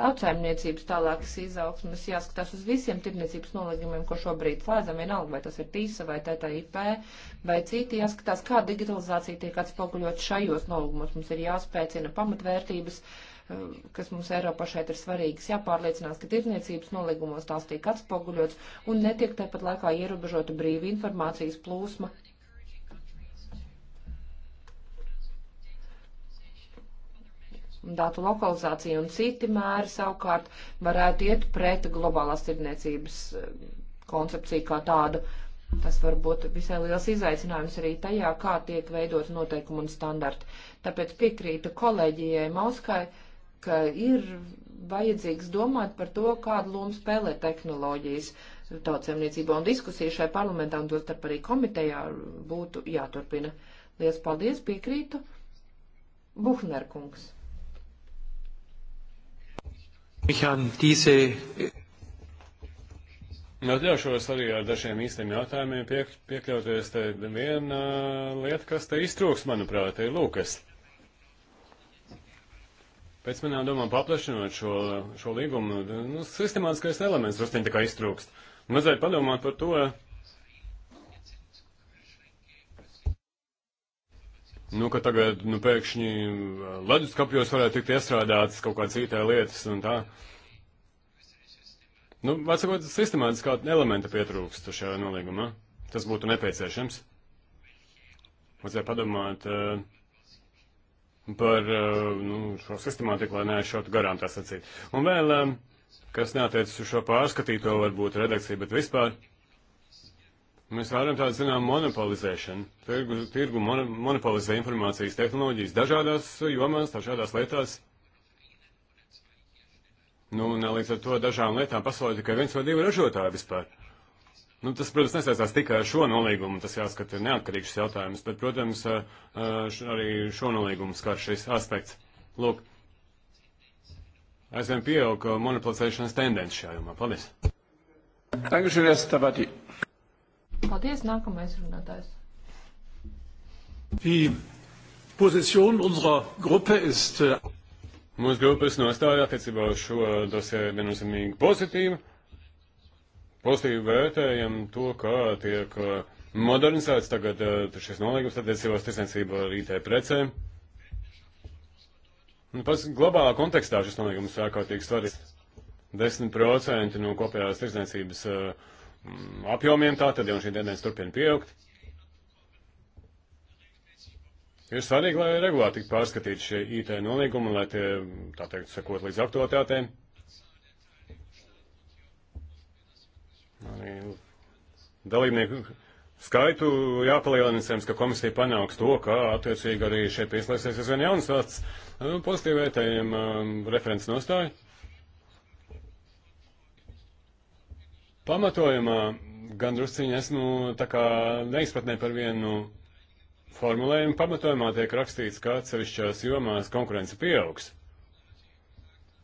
tautsēmniecības tālākas izaugsmes. Jāskatās uz visiem tirniecības nolīgumiem, ko šobrīd slēdzam, vienalga, vai tas ir TISA vai TTIP vai citi. Jāskatās, kā digitalizācija tiek atspoguļot šajos nolīgumos. Mums ir jāspēcina pamatvērtības. Uh, Um, kas mums Eiropā šeit ir svarīgas. Jāpārliecinās, ka tirniecības nolīgumos tās tiek atspoguļots un netiek tāpat laikā ierobežota brīva informācijas plūsma. Datu lokalizācija un citi mēri savukārt varētu iet pret globālās tirniecības um, koncepciju kā tādu. Tas var būt visai liels izaicinājums arī tajā, kā tiek veidot noteikumi un standarti. Tāpēc piekrītu kolēģijai Mauskai, uh, ka ir vajadzīgs domāt par to, kādu lomu spēlē tehnoloģijas tautsēmniecībā un diskusija šai parlamentā un tostarp arī komitejā būtu jāturpina. Lielas paldies, piekrītu. Buhner kungs. Mihan, tīsē. Atļaušos arī ar dažiem īstiem jautājumiem piek, piekļauties te viena lieta, kas te iztrūks, manuprāt, ir Lūkas. Pēc manām domām paplašinot šo, šo līgumu, nu, sistemātiskais elements drusciņ tā kā iztrūkst. Un vajadzēja padomāt par to, nu, ka tagad, nu, pēkšņi uh, leduskapjos varētu tikt iestrādātas kaut kādas IT lietas un tā. Nu, vecākot, sistemātiskā elementa pietrūkst šajā nolīgumā. Tas būtu nepieciešams. Vajadzēja padomāt, uh, par eh, nu, šo sistemātiku, lai neaizšautu garām tā sacīt. Un vēl, eh, kas neatiecas uz šo pārskatīto varbūt redakciju, bet vispār, mēs varam tādu zinām monopolizēšanu. Tirgu, tirgu mon, monopolizē informācijas tehnoloģijas dažādās jomās, dažādās lietās. Nu, un eh, līdz ar to dažām lietām pasaulē tikai viens vai divi ražotāji vispār. Nu, tas, protams, nesaistās tikai ar šo nolīgumu, tas jāskata ir neatkarīgs jautājums, bet, protams, arī šo nolīgumu skar šis aspekts. Lūk, aizvien pieaug monopolizēšanas tendence šajā jomā. Paldies! Tagad tabati. Paldies, nākamais runātājs. Die Position unserer Gruppe ist. Mūsu grupas nostāja attiecībā uz šo dosē viennozīmīgi pozitīva. Pozitīvi vērtējam to, kā tiek uh, modernizēts tagad uh, šis nolīgums attiecībās tirsniecība ar IT precēm. Nu, pats globālā kontekstā šis nolīgums ir ārkārtīgi svarīgs. 10% no kopējās tirsniecības uh, mm, apjomiem tātad, ja un šī tendence turpina pieaugt. Ir svarīgi, lai regulāri tiktu pārskatīti šie IT nolīgumi, lai tie, tā teikt, sekot līdz aktualitātēm. arī dalībnieku skaitu jāpalielina, cerams, ka komisija panāks to, ka attiecīgi arī šeit pieslēgsies aizvien jaunas valsts nu, pozitīvētējiem um, referents nostāja. Pamatojumā gan drusciņi esmu tā kā neizpratnē par vienu formulējumu. Pamatojumā tiek rakstīts, ka atsevišķās jomās konkurence pieaugs.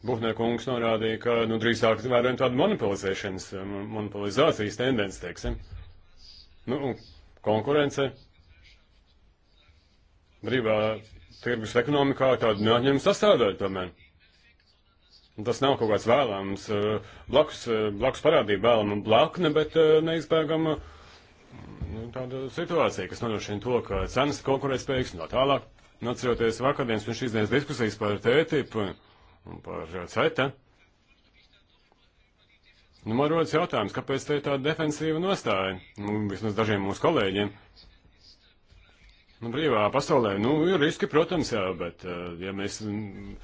Buhnerkungs norādīja, ka nu, drīzāk vērojam tādu monopolizēšanas, monopolizācijas tendenci, teiksim. Nu, konkurence brīvā tirgus ekonomikā tādu neatņem sastādāt tomēr. Un tas nav kaut kāds vēlams eh, blakus, eh, blakus parādība vēlama blakne, bet eh, neizbēgama nu, tāda situācija, kas nodrošina to, ka cenas konkurētspējīgas un nu, tā tālāk. Nacēloties nu, vakardienas un šīs dienas diskusijas par tētipu un par eh, CETA. Nu, man rodas jautājums, kāpēc te ir tāda defensīva nostāja, nu, vismaz dažiem mūsu kolēģiem. Nu, brīvā pasaulē, nu, ir riski, protams, jā, bet, eh, ja mēs, mm,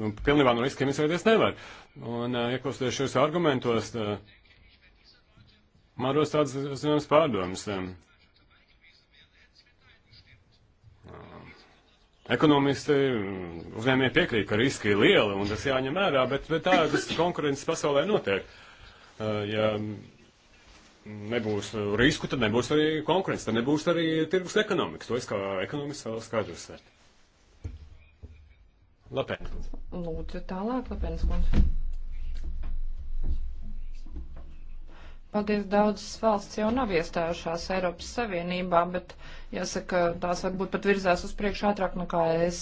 nu, pilnībā no riskiem izvairīties nevar. Un, eh, ieklausoties šos argumentos, tā, man rodas tāds, zināms, pārdomas. Ekonomisti mm, uzņēmēji piekrīt, ka riski ir lieli un tas jāņem vērā, bet, bet tādas konkurences pasaulē notiek. Uh, ja nebūs risku, tad nebūs arī konkurence, tad nebūs arī tirgus ekonomikas. To es kā ekonomists vēl skaidrs. Lapēns. Lūdzu, tālāk, Lapēns kundze. Paldies, daudzas valsts jau nav iestājušās Eiropas Savienībā, bet jāsaka, tās varbūt pat virzās uz priekšu ātrāk nekā es.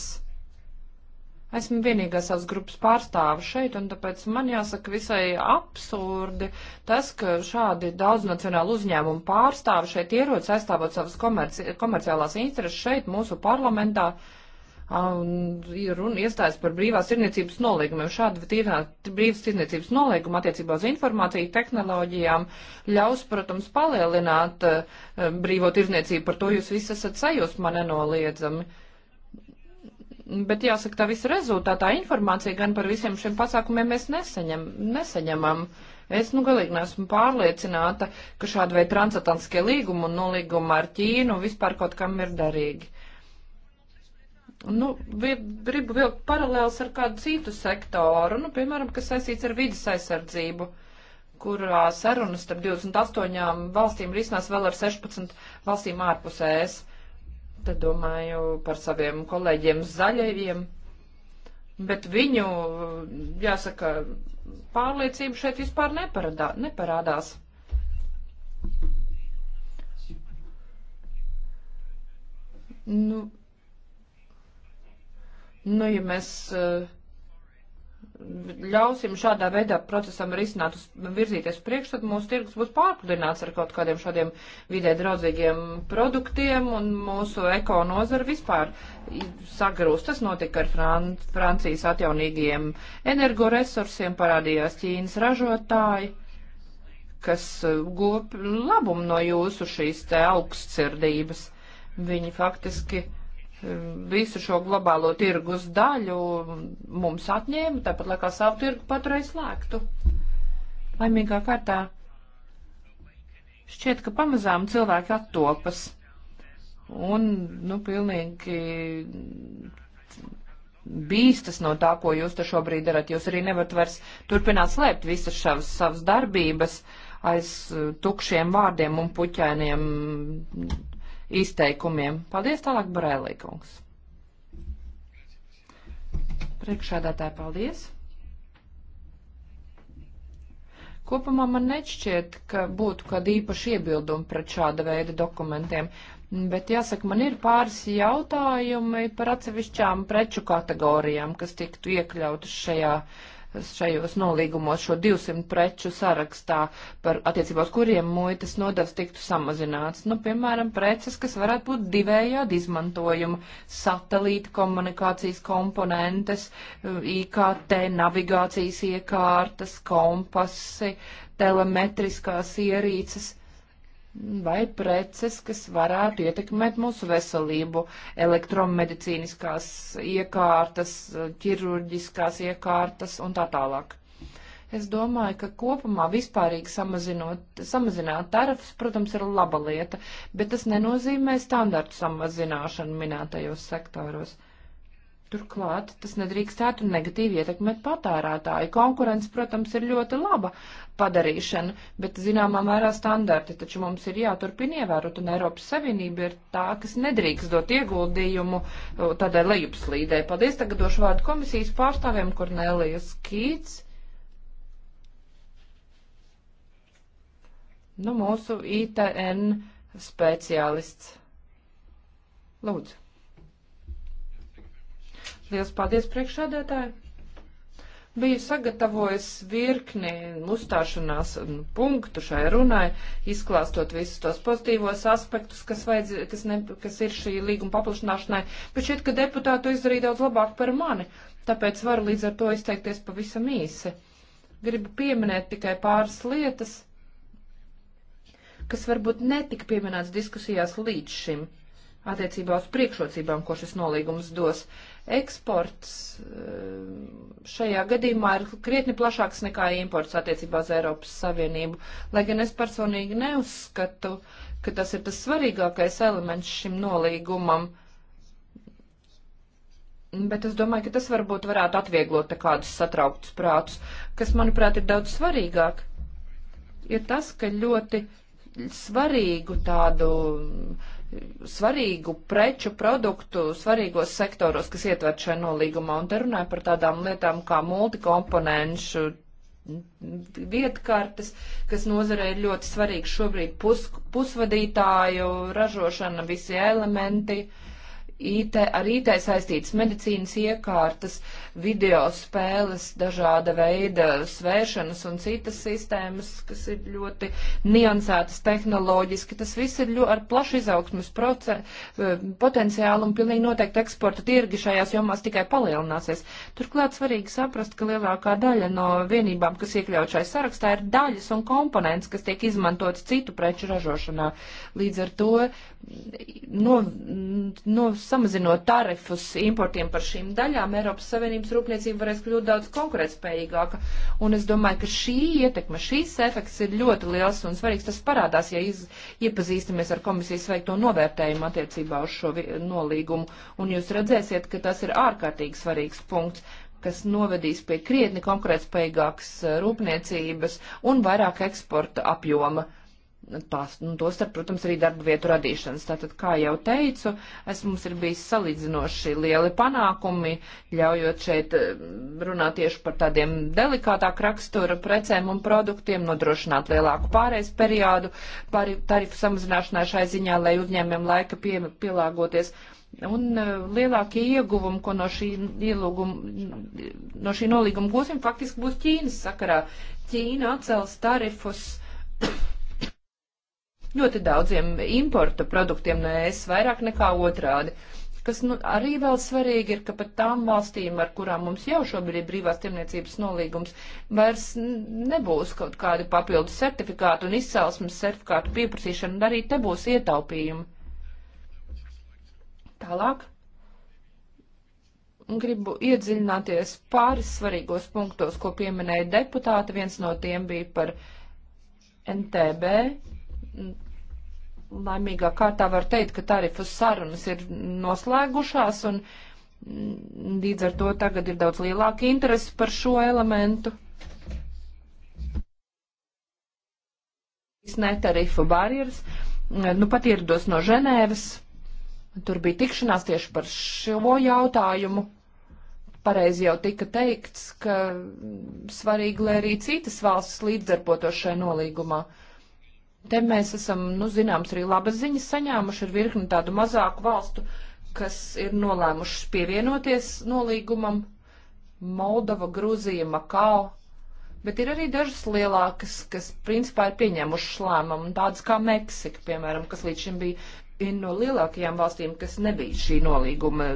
Esmu vienīgā savas grupas pārstāve šeit, un tāpēc man jāsaka visai absurdi tas, ka šādi daudznacionāli uzņēmumu pārstāvi šeit ierodas aizstāvot savas komerci komerciālās intereses šeit, mūsu parlamentā. Uh, un ir runa iestājas par brīvās tirniecības nolīgumiem. Šāda tīrā brīvas tirniecības nolīguma attiecībā uz informāciju tehnoloģijām ļaus, protams, palielināt e, brīvo tirniecību. Par to jūs visi esat sajūsmā nenoliedzami. Bet jāsaka, tā visa rezultātā informācija gan par visiem šiem pasākumiem mēs nesaņem, nesaņemam. Es nu galīgi neesmu pārliecināta, ka šāda veida transatlantiskie līgumi un nolīgumi ar Ķīnu vispār kaut kam ir darīgi. Uh, Nu, gribu vilkt paralēls ar kādu citu sektoru, nu, piemēram, kas saistīts ar vidas aizsardzību, kurā sarunas starp 28 valstīm risinās vēl ar 16 valstīm ārpus ES. Te domāju par saviem kolēģiem zaļajiem, bet viņu, jāsaka, pārliecība šeit vispār neparadā, neparādās. Nu, Nu, ja mēs eh, ļausim šādā veidā procesam risināt, uz, virzīties priekš, tad mūsu tirgus būs pārpludināts ar kaut kādiem šādiem vidē draudzīgiem produktiem un mūsu eko nozara vispār sagrūs. Tas notika ar Fran Francijas atjaunīgiem energoresursiem, parādījās Ķīnas ražotāji kas eh, guva labumu no jūsu šīs te augstsirdības. Viņi faktiski uh, visu šo globālo tirgus daļu mums atņēma, tāpat laikā savu tirgu paturēja slēgtu. Laimīgā kārtā šķiet, ka pamazām cilvēki attopas un, nu, pilnīgi bīstas no tā, ko jūs te šobrīd darat. Jūs arī nevarat vairs turpināt slēpt visas šavas, savas darbības aiz tukšiem vārdiem un puķainiem izteikumiem. Paldies tālāk, Barēlīkungs. Priekšādātāji, paldies. Kopumā man nešķiet, ka būtu kāda īpaša iebilduma pret šāda veida dokumentiem, bet jāsaka, man ir pāris jautājumi par atsevišķām preču kategorijām, kas tiktu iekļautas šajā uh, šajos nolīgumos šo 200 preču sarakstā, par attiecībās kuriem muitas nodevs tiktu samazināts. Nu, piemēram, preces, kas varētu būt divējādi izmantojuma - satelīta komunikācijas komponentes, IKT, navigācijas iekārtas, kompasi, telemetriskās ierīces vai preces, kas varētu ietekmēt mūsu veselību, elektromedicīniskās iekārtas, ķirurģiskās iekārtas un tā tālāk. Es domāju, ka kopumā vispārīgi samazinot, samazināt tarifus, protams, ir laba lieta, bet tas nenozīmē standartu samazināšanu minētajos sektoros. Uh, Turklāt tas nedrīkstētu negatīvi ietekmēt patērētāju. Konkurence, protams, ir ļoti laba padarīšana, bet zināmā mērā standarti taču mums ir jāturpina ievērot, un Eiropas Savienība ir tā, kas nedrīkst dot ieguldījumu tādai lejupslīdē. Paldies, tagad došu vārdu komisijas pārstāvjiem, kur Nelijas Kīts. Nu, mūsu ITN speciālists. Lūdzu. Liels paldies priekšādētāji! Biju sagatavojis virkni uzstāšanās punktu šai runai, izklāstot visus tos pozitīvos aspektus, kas, vajadz, kas, ne, kas ir šī līguma paplašanāšanai, bet šķiet, ka deputātu izdarīja daudz labāk par mani, tāpēc varu līdz ar to izteikties pavisam īsi. Gribu pieminēt tikai pāris lietas, kas varbūt netika pieminēts diskusijās līdz šim attiecībā uz priekšrocībām, ko šis nolīgums dos. Uh, eksports eh, šajā gadījumā ir krietni plašāks nekā imports attiecībā uz Eiropas Savienību. Lai gan es personīgi neuzskatu, ka tas ir tas svarīgākais elements šim nolīgumam. Bet es domāju, ka tas varbūt varētu atvieglot kādus satrauktus prātus, kas, manuprāt, ir daudz svarīgāk. Ir tas, ka ļoti svarīgu tādu svarīgu preču, produktu svarīgos sektoros, kas ietver šajā nolīgumā. Un te runāja par tādām lietām kā multikomponenšu vietkartes, kas nozarei ir ļoti svarīgs šobrīd pus, pusvadītāju ražošana, visi elementi. Uh, IT, ar IT saistītas medicīnas iekārtas, video spēles, dažāda veida svēršanas un citas sistēmas, kas ir ļoti niansētas tehnoloģiski. Tas viss ir ļoti ar plašu izaugsmas eh, potenciālu un pilnīgi noteikti eksporta tirgi šajās jomās tikai palielināsies. Turklāt svarīgi saprast, ka lielākā daļa no vienībām, kas iekļaut šai sarakstā, ir daļas un komponents, kas tiek izmantots citu preču ražošanā. Līdz ar to mm, no, mm, no samazinot tarifus importiem par šīm daļām, Eiropas Savienības rūpniecība varēs kļūt daudz konkurētspējīgāka. Un es domāju, ka šī ietekme, šīs efekts ir ļoti liels un svarīgs. Tas parādās, ja iz, iepazīstamies ar komisijas veikto novērtējumu attiecībā uz šo nolīgumu. Un jūs redzēsiet, ka tas ir ārkārtīgi svarīgs punkts kas novedīs pie krietni konkurētspējīgākas eh, rūpniecības un vairāk eksporta apjoma Pas, nu, Tostarp, protams, arī darba vietu radīšanas. Tātad, kā jau teicu, es mums ir bijis salīdzinoši lieli panākumi, ļaujot šeit eh, runāt tieši par tādiem delikātāk rakstura precēm un produktiem, nodrošināt lielāku pārējais periodu, pāri, tarifu samazināšanā šai ziņā, lai uzņēmiem laika pie, pielāgoties. Un eh, lielākie ieguvumi, ko no šī, ielūguma, no šī nolīguma gūsim, faktiski būs Ķīnas sakarā. Ķīna atcels tarifus ļoti daudziem importa produktiem no ES vairāk nekā otrādi. Kas nu, arī vēl svarīgi ir, ka pat tām valstīm, ar kurām mums jau šobrīd ir brīvās tirniecības nolīgums, vairs nebūs kaut kādi papildus certifikāti un izcelsmes certifikātu pieprasīšana, un arī te būs ietaupījumi. Tālāk gribu iedziļināties pāris svarīgos punktos, ko pieminēja deputāti. Viens no tiem bija par NTB, laimīgā kārtā var teikt, ka tarifas sarunas ir noslēgušās un mm, līdz ar to tagad ir daudz lielāka interese par šo elementu. Netarifu barjeras, mm, nu pat ierados no Ženēvas, tur bija tikšanās tieši par šo jautājumu. Pareizi jau tika teikts, ka svarīgi, lai arī citas valstis līdzdarbotos šai nolīgumā. Uh, Te mēs esam, nu, zināms, arī labas ziņas saņēmuši ar virkni tādu mazāku valstu, kas ir nolēmušas pievienoties nolīgumam - Moldova, Grūzija, Makao. Bet ir arī dažas lielākas, kas principā ir pieņēmušas lēmumu, tādas kā Meksika, piemēram, kas līdz šim bija viena no lielākajām valstīm, kas nebija šī nolīguma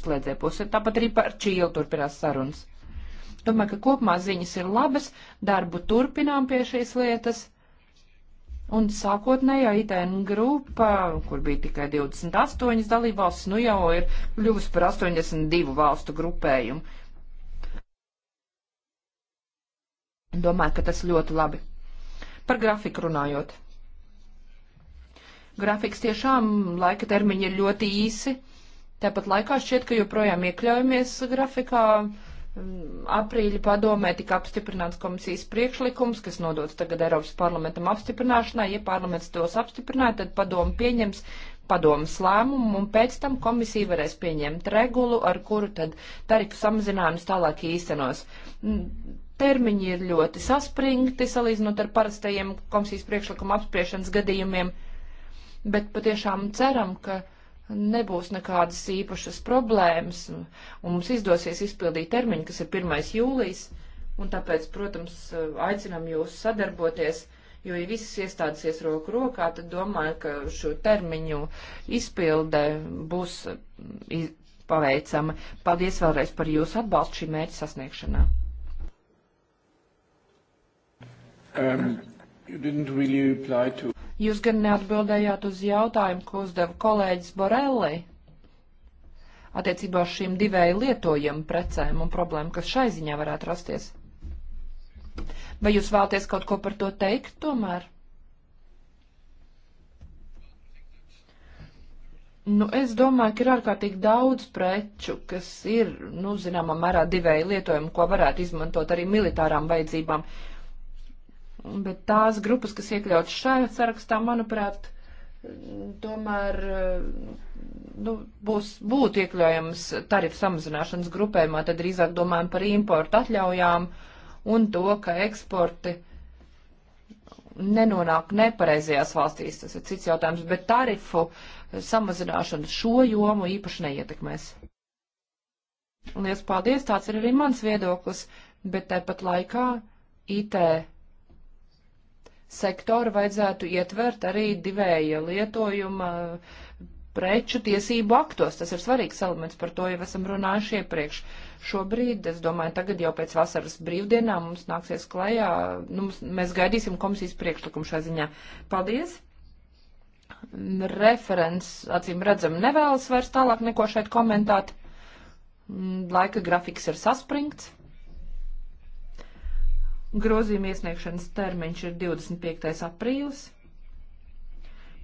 slēdzē pusē. Tāpat arī par Čīlu turpinās sarunas. Domāju, ka kopumā ziņas ir labas, darbu turpinām pie šīs lietas Un sākotnējā ITN grupa, kur bija tikai 28 dalībvalstis, nu jau ir kļuvusi par 82 valstu grupējumu. Domāju, ka tas ļoti labi. Par grafiku runājot. Grafiks tiešām laika termiņi ir ļoti īsi. Tāpat laikā šķiet, ka joprojām iekļaujamies grafikā. Uh, aprīļa padomē tika apstiprināts komisijas priekšlikums, kas nodots tagad Eiropas parlamentam apstiprināšanai. Ja parlaments tos apstiprināja, tad padomu pieņems padomas lēmumu un pēc tam komisija varēs pieņemt regulu, ar kuru tad tarifu samazinājumus tālāk īstenos. Termiņi ir ļoti saspringti salīdzinot ar parastajiem komisijas priekšlikuma apspriešanas gadījumiem, bet patiešām ceram, ka nebūs nekādas īpašas problēmas, un mums izdosies izpildīt termiņu, kas ir 1. jūlijas, un tāpēc, protams, aicinam jūs sadarboties, jo, ja visas iestādsies roku rokā, tad domāju, ka šo termiņu izpilde būs paveicama. Paldies vēlreiz par jūsu atbalstu šī mērķa sasniegšanā. Um, you didn't really reply to Jūs gan neatbildējāt uz jautājumu, ko uzdeva kolēģis Borelli attiecībā uz šīm divēju lietojamu precēm un problēmu, kas šai ziņā varētu rasties. Vai jūs vēlaties kaut ko par to teikt tomēr? Nu, es domāju, ka ir ārkārtīgi daudz preču, kas ir, nu, zināmā mērā divēju lietojumu, ko varētu izmantot arī militārām vajadzībām. Uh, Bet tās grupas, kas iekļautas šajā sarakstā, manuprāt, tomēr nu, būs, būtu iekļaujams tarifu samazināšanas grupējumā, tad drīzāk domājam par importu atļaujām un to, ka eksporti nenonāk nepareizajās valstīs. Tas ir cits jautājums, bet tarifu samazināšana šo jomu īpaši neietekmēs. Lielas paldies, tāds ir arī mans viedoklis, bet tāpat laikā IT sektoru vajadzētu ietvert arī divēja lietojuma preču tiesību aktos. Tas ir svarīgs elements, par to jau esam runājuši iepriekš. Šobrīd, es domāju, tagad jau pēc vasaras brīvdienām mums nāksies klajā, nu, mēs gaidīsim komisijas priekšlikumu šai ziņā. Paldies! Referents, acīm redzam, nevēlas vairs tālāk neko šeit komentēt. Laika grafiks ir saspringts. Grozījuma iesniegšanas termiņš ir 25. aprīlis.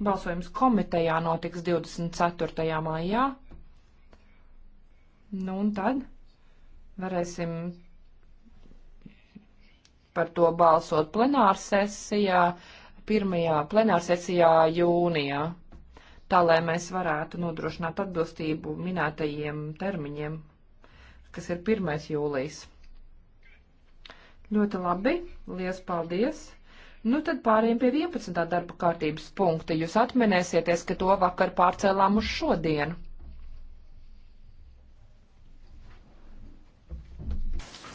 Balsojums komitejā notiks 24. maijā. Nu un tad varēsim par to balsot plenārsesijā, pirmajā plenārsesijā jūnijā, tā lai mēs varētu nodrošināt atbilstību minētajiem termiņiem, kas ir 1. jūlijas. Ļoti labi, liels paldies! Nu tad pārējiem pie 11. darba kārtības punkta. Jūs atminēsieties, ka to vakar pārcēlām uz šodienu.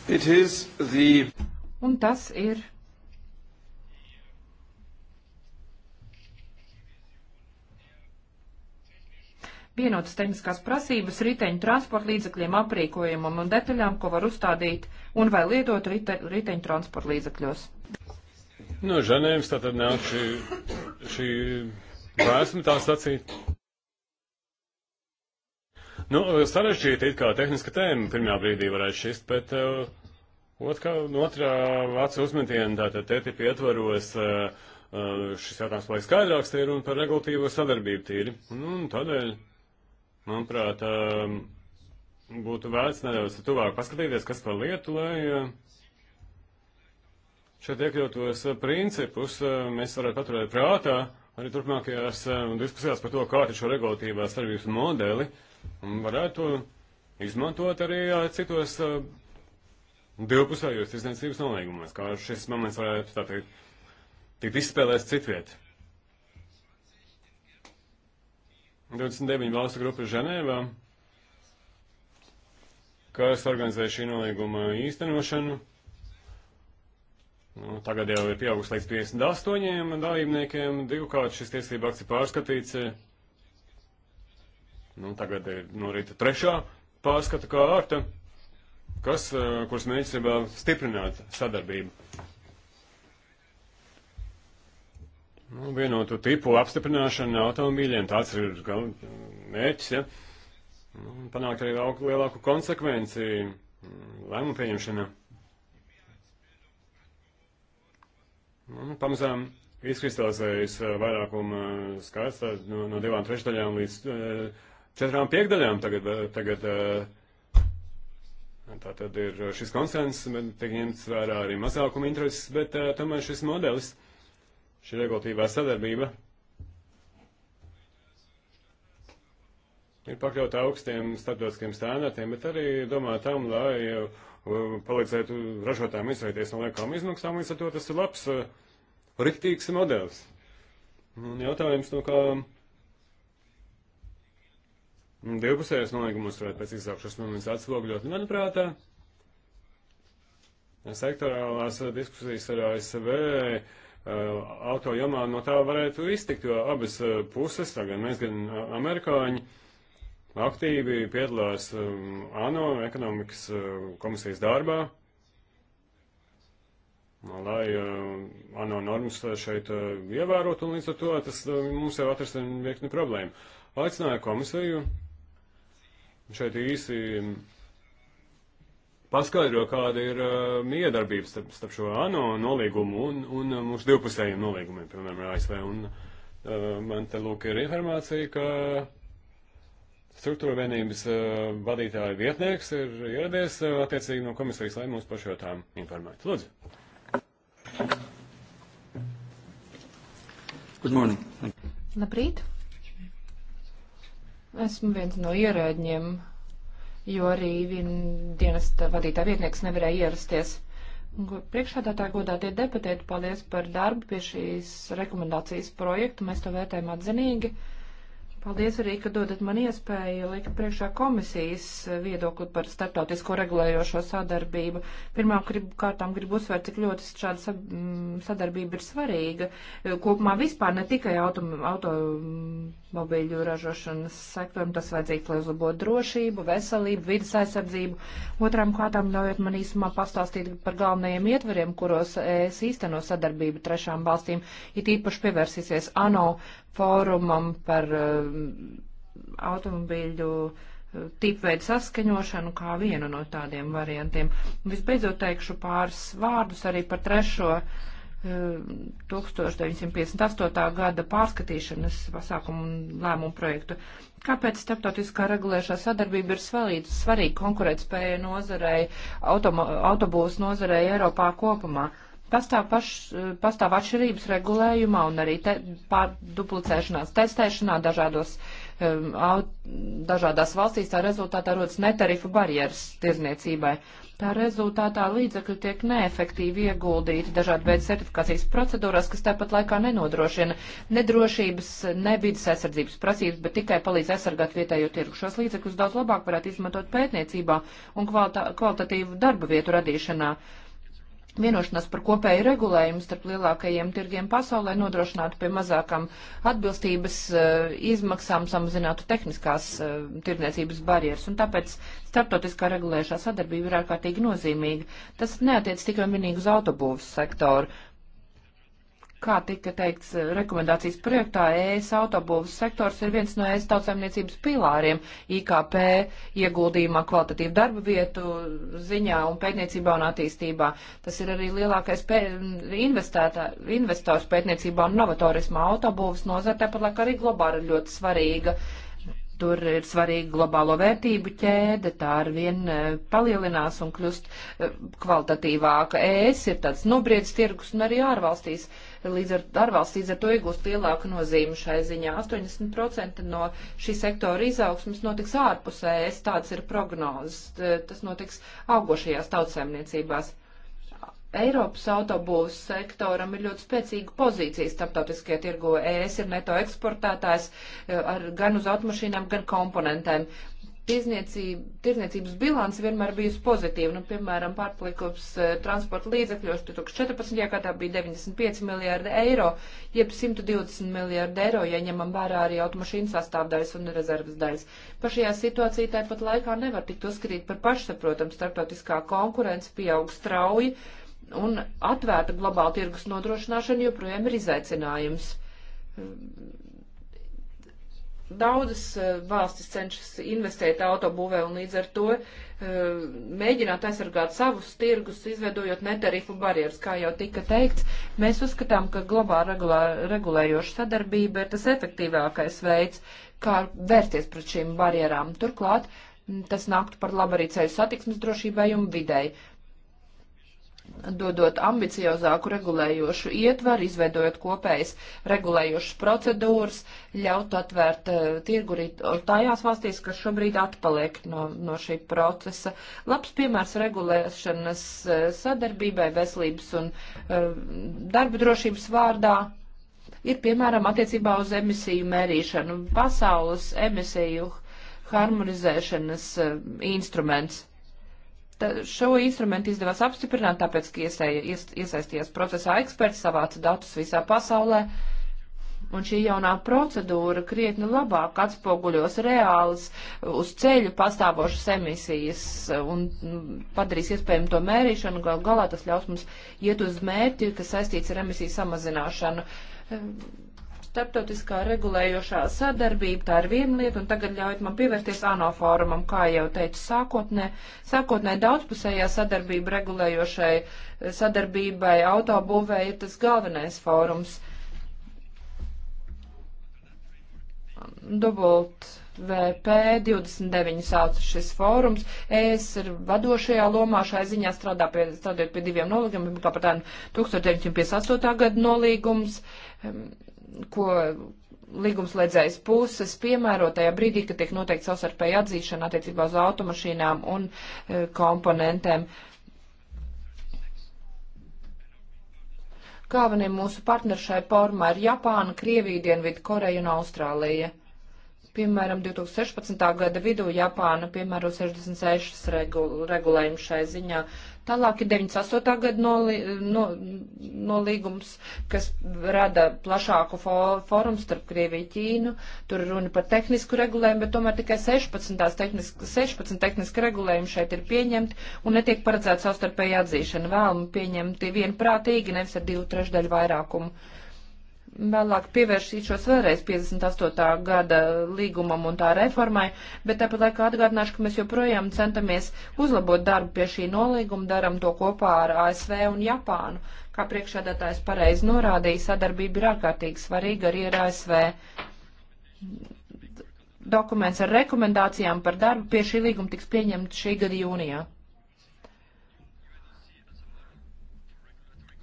The... Un tas ir vienotas tehniskās prasības riteņu transporta līdzekļiem, aprīkojumam un detaļām, ko var uzstādīt un vai lietot rite, riteņu transporta līdzekļos. No nu, Ženēmas tātad nāk šī, šī vēstuma tā sacīt. Nu, sarežģīta it kā tehniska tēma pirmā brīdī varētu šist, bet uh, otrā, no nu, otrā vācu uzmetiena tātad TTIP ietvaros uh, Uh, šis jautājums paliek skaidrāks, tie ir runa par regulatīvo sadarbību tīri. Un, nu, un tādēļ Manuprāt, ehm, būtu vērts nedaudz tuvāk paskatīties, kas par lietu, lai eh, šeit iekļautos eh, principus eh, mēs varētu paturēt prātā arī turpmākajās diskusijās par to, kāda ir šo regulatīvā starpības modeli, un varētu izmantot arī citos divpusējos izniecības nolīgumos, kā šis moments varētu tā teikt, tikt izspēlēts citviet. 29 valstu grupa Ženēvā, kas organizē šī nolīguma īstenošanu. Nu, tagad jau ir pieaugusi līdz 58 dalībniekiem. Divkārt šis tiesība akts ir pārskatīts. Nu, tagad ir no rīta trešā pārskata kārta, kas, eh, kuras mēģinās stiprināt sadarbību. Nu, vienotu tipu apstiprināšana automobīļiem, tāds ir gal, mērķis, ja? Nu, panākt arī lielāku konsekvenci mm, lēmumu pieņemšanā. Nu, nu pamazām izkristalizējas eh, vairākuma eh, skaits no, no divām trešdaļām līdz eh, četrām piekdaļām tagad, tagad tā tad ir šis konsens, bet tiek ņemts vērā arī mazākuma intereses, bet tomēr šis modelis Šī regulatīvā sadarbība ir pakļauta augstiem starptautiskiem standartiem, bet arī domā tam, lai uh, palīdzētu ražotājiem izvairīties no liekām izmaksām, līdz ar to tas ir labs, uh, riktīgs modelis. Un jautājums, no kā divpusējos nolīgumus varētu pēc izsaukšanas moments atspoguļot, manuprāt, uh, sektorālās diskusijas ar ASV Eh, auto jomā no tā varētu iztikt, jo abas eh, puses, tā gan mēs, gan eh, amerikāņi, aktīvi piedalās ANO ekonomikas komisijas darbā, lai ANO normas šeit ievērot, un līdz ar to tas mums jau atrast virkni problēmu. Aicināju komisiju šeit īsi paskaidro, kāda ir uh, eh, miedarbība starp, starp šo ANO nolīgumu un, un eh, mūsu divpusējiem nolīgumiem, piemēram, ar ASV. Un uh, man te lūk ir informācija, ka struktūra vienības uh, vadītāja vietnieks ir ieradies uh, attiecīgi no komisijas, lai mūs par šo tām informētu. Lūdzu. Good morning. Labrīt. Esmu viens no ierēģiem jo arī vien dienas vadītā vietnieks nevarēja ierasties. Priekšādātāji godātie deputēti, paldies par darbu pie šīs rekomendācijas projektu. Mēs to vērtējam atzinīgi. Paldies arī, ka dodat man iespēju likt priekšā komisijas eh, viedokli par starptautisko regulējošo sadarbību. Pirmā grib, kārtām gribu uzsvērt, cik ļoti šāda mm, sadarbība ir svarīga. Eh, kopumā vispār ne tikai auto, automobīļu ražošanas sektoram tas vajadzīgs, lai uzlabotu drošību, veselību, vidas aizsardzību. Otrām kārtām ļaujiet man īsumā pastāstīt par galvenajiem ietveriem, kuros es īsteno sadarbību trešām valstīm, it īpaši pievērsīsies ANO fórumam par eh, automobīļu eh, tipveidu saskaņošanu kā vienu no tādiem variantiem. Visbeidzot teikšu pāris vārdus arī par trešo 1958. Eh, gada pārskatīšanas pasākumu un lēmumu projektu. Kāpēc starptautiskā regulēšā sadarbība ir svarīga konkurētspēja nozarei, autobūs nozarei Eiropā kopumā? Pastāv, paš, eh, pastāv atšķirības regulējumā un arī te, pārduplicēšanās testēšanā dažādos, um, aut, dažādās valstīs. Tā rezultātā rodas netarifu barjeras tirzniecībai. Tā rezultātā līdzekļi tiek neefektīvi ieguldīti dažādu veidu certifikācijas procedūras, kas tāpat laikā nenodrošina nedrošības, nevidas aizsardzības prasības, bet tikai palīdz aizsargāt vietējo tirgu. Šos līdzekļus daudz labāk varētu izmantot pētniecībā un kvalitatīvu darba vietu radīšanā. Uh, Vienošanās par kopēju regulējumu starp lielākajiem tirgiem pasaulē nodrošinātu pie mazākām atbilstības eh, izmaksām samazinātu tehniskās eh, tirdzniecības barjeras, un tāpēc starptautiskā regulējušā sadarbība ir ārkārtīgi nozīmīga. Tas neatiec tikai un vienīgi uz autobūvas sektoru. Kā tika teikts eh, rekomendācijas projektā, ES autobūvas sektors ir viens no ES tautsēmniecības pilāriem IKP ieguldījumā kvalitatīvu darba vietu ziņā un pētniecībā un attīstībā. Tas ir arī lielākais pē investors pētniecībā un novatorismā autobūvas nozara, tāpat laikā arī globāli ir ļoti svarīga. Tur ir svarīga globālo vērtību ķēde, tā ar vien eh, palielinās un kļūst eh, kvalitatīvāka. ES ir tāds nobriedz tirgus un arī ārvalstīs. Uh, līdz ar ārvalsts līdz ar to iegūst lielāku nozīmi šai ziņā. 80% no šī sektora izaugsmas notiks ārpus ES, tāds ir prognozes. Tas notiks augošajās tautsēmniecībās. Eiropas autobūvas sektoram ir ļoti spēcīga pozīcija starptautiskajā tirgu. ES ir neto eksportētājs e, ar, gan uz automašīnām, gan komponentēm tirzniecības bilants vienmēr bijusi pozitīva. Nu, piemēram, pārpalikums eh, transporta līdzekļos 2014. gadā bija 95 miljārdi eiro, jeb 120 miljārdi eiro, ja ņemam vērā arī automašīnu sastāvdaļas un rezervas daļas. Pašajā situācijā tāpat laikā nevar tikt uzskatīt par pašsaprotamu. Startautiskā konkurence pieaug strauji un atvērta globāla tirgus nodrošināšana joprojām ir izaicinājums Daudzas eh, valstis cenšas investēt autobūvē un līdz ar to eh, mēģināt aizsargāt savus tirgus, izveidojot netarifu barjeras. Kā jau tika teikts, mēs uzskatām, ka globāla regulējoša sadarbība ir tas efektīvākais veids, kā vērsties pret šīm barjerām. Turklāt tas nāktu par labu arī ceļu satiksmes drošībai un videi dodot ambiciozāku regulējošu ietvaru, izveidojot kopējas regulējošas procedūras, ļaut atvērt uh, tirgu arī tajās valstīs, kas šobrīd atpaliek no, no šī procesa. Labs piemērs regulēšanas uh, sadarbībai veselības un uh, darba drošības vārdā ir, piemēram, attiecībā uz emisiju mērīšanu, pasaules emisiju harmonizēšanas uh, instruments šo instrumentu izdevās apstiprināt, tāpēc, ka iesēja, ies, iesaistījās procesā eksperts, savāca datus visā pasaulē, un šī jaunā procedūra krietni labāk atspoguļos reālas uz ceļu pastāvošas emisijas un nu, padarīs iespējami to mērīšanu, gal galā tas ļaus mums iet uz mērķi, kas saistīts ar emisiju samazināšanu starptautiskā regulējošā sadarbība, tā ir viena lieta, un tagad ļaujiet man pievērsties ANO fórumam, kā jau teicu sākotnē. Sākotnē daudzpusējā sadarbība regulējošai eh, sadarbībai autobūvē ir tas galvenais fórums. Dubult VP 29 sauc šis fórums. Es ir vadošajā lomā šai ziņā strādā pie, strādājot pie diviem nolīgumiem, kā par tādu 1958. gadu nolīgums ko līgumslēdzējas puses piemēro tajā brīdī, kad tiek noteikti savstarpēja atzīšana attiecībā uz automašīnām un e, komponentēm. Galvenie mūsu partneri šai formā ir Japāna, Krievija, Dienvidu Koreja un Austrālija. Piemēram, 2016. gada vidū Japāna piemēro 66 regul regulējumu šai ziņā. Uh, Tālāk ir 98. gada noli, no, nolīgums, kas rada plašāku fórumu starp Krieviju un Ķīnu. Tur runa par tehnisku regulējumu, bet tomēr tikai 16, tehniski, 16 tehniski regulējumi šeit ir pieņemti un netiek paredzēta savstarpēja atzīšana. Vēlmi pieņemti vienprātīgi, nevis ar divu trešdaļu vairākumu vēlāk pievērsīšos vēlreiz 58. gada līgumam un tā reformai, bet tāpat laikā atgādināšu, ka mēs joprojām centamies uzlabot darbu pie šī nolīguma, daram to kopā ar ASV un Japānu. Kā priekšādātājs pareizi norādīja, sadarbība ir ārkārtīgi svarīga arī ar ASV. Dokuments ar rekomendācijām par darbu pie šī līguma tiks pieņemts šī gada jūnijā.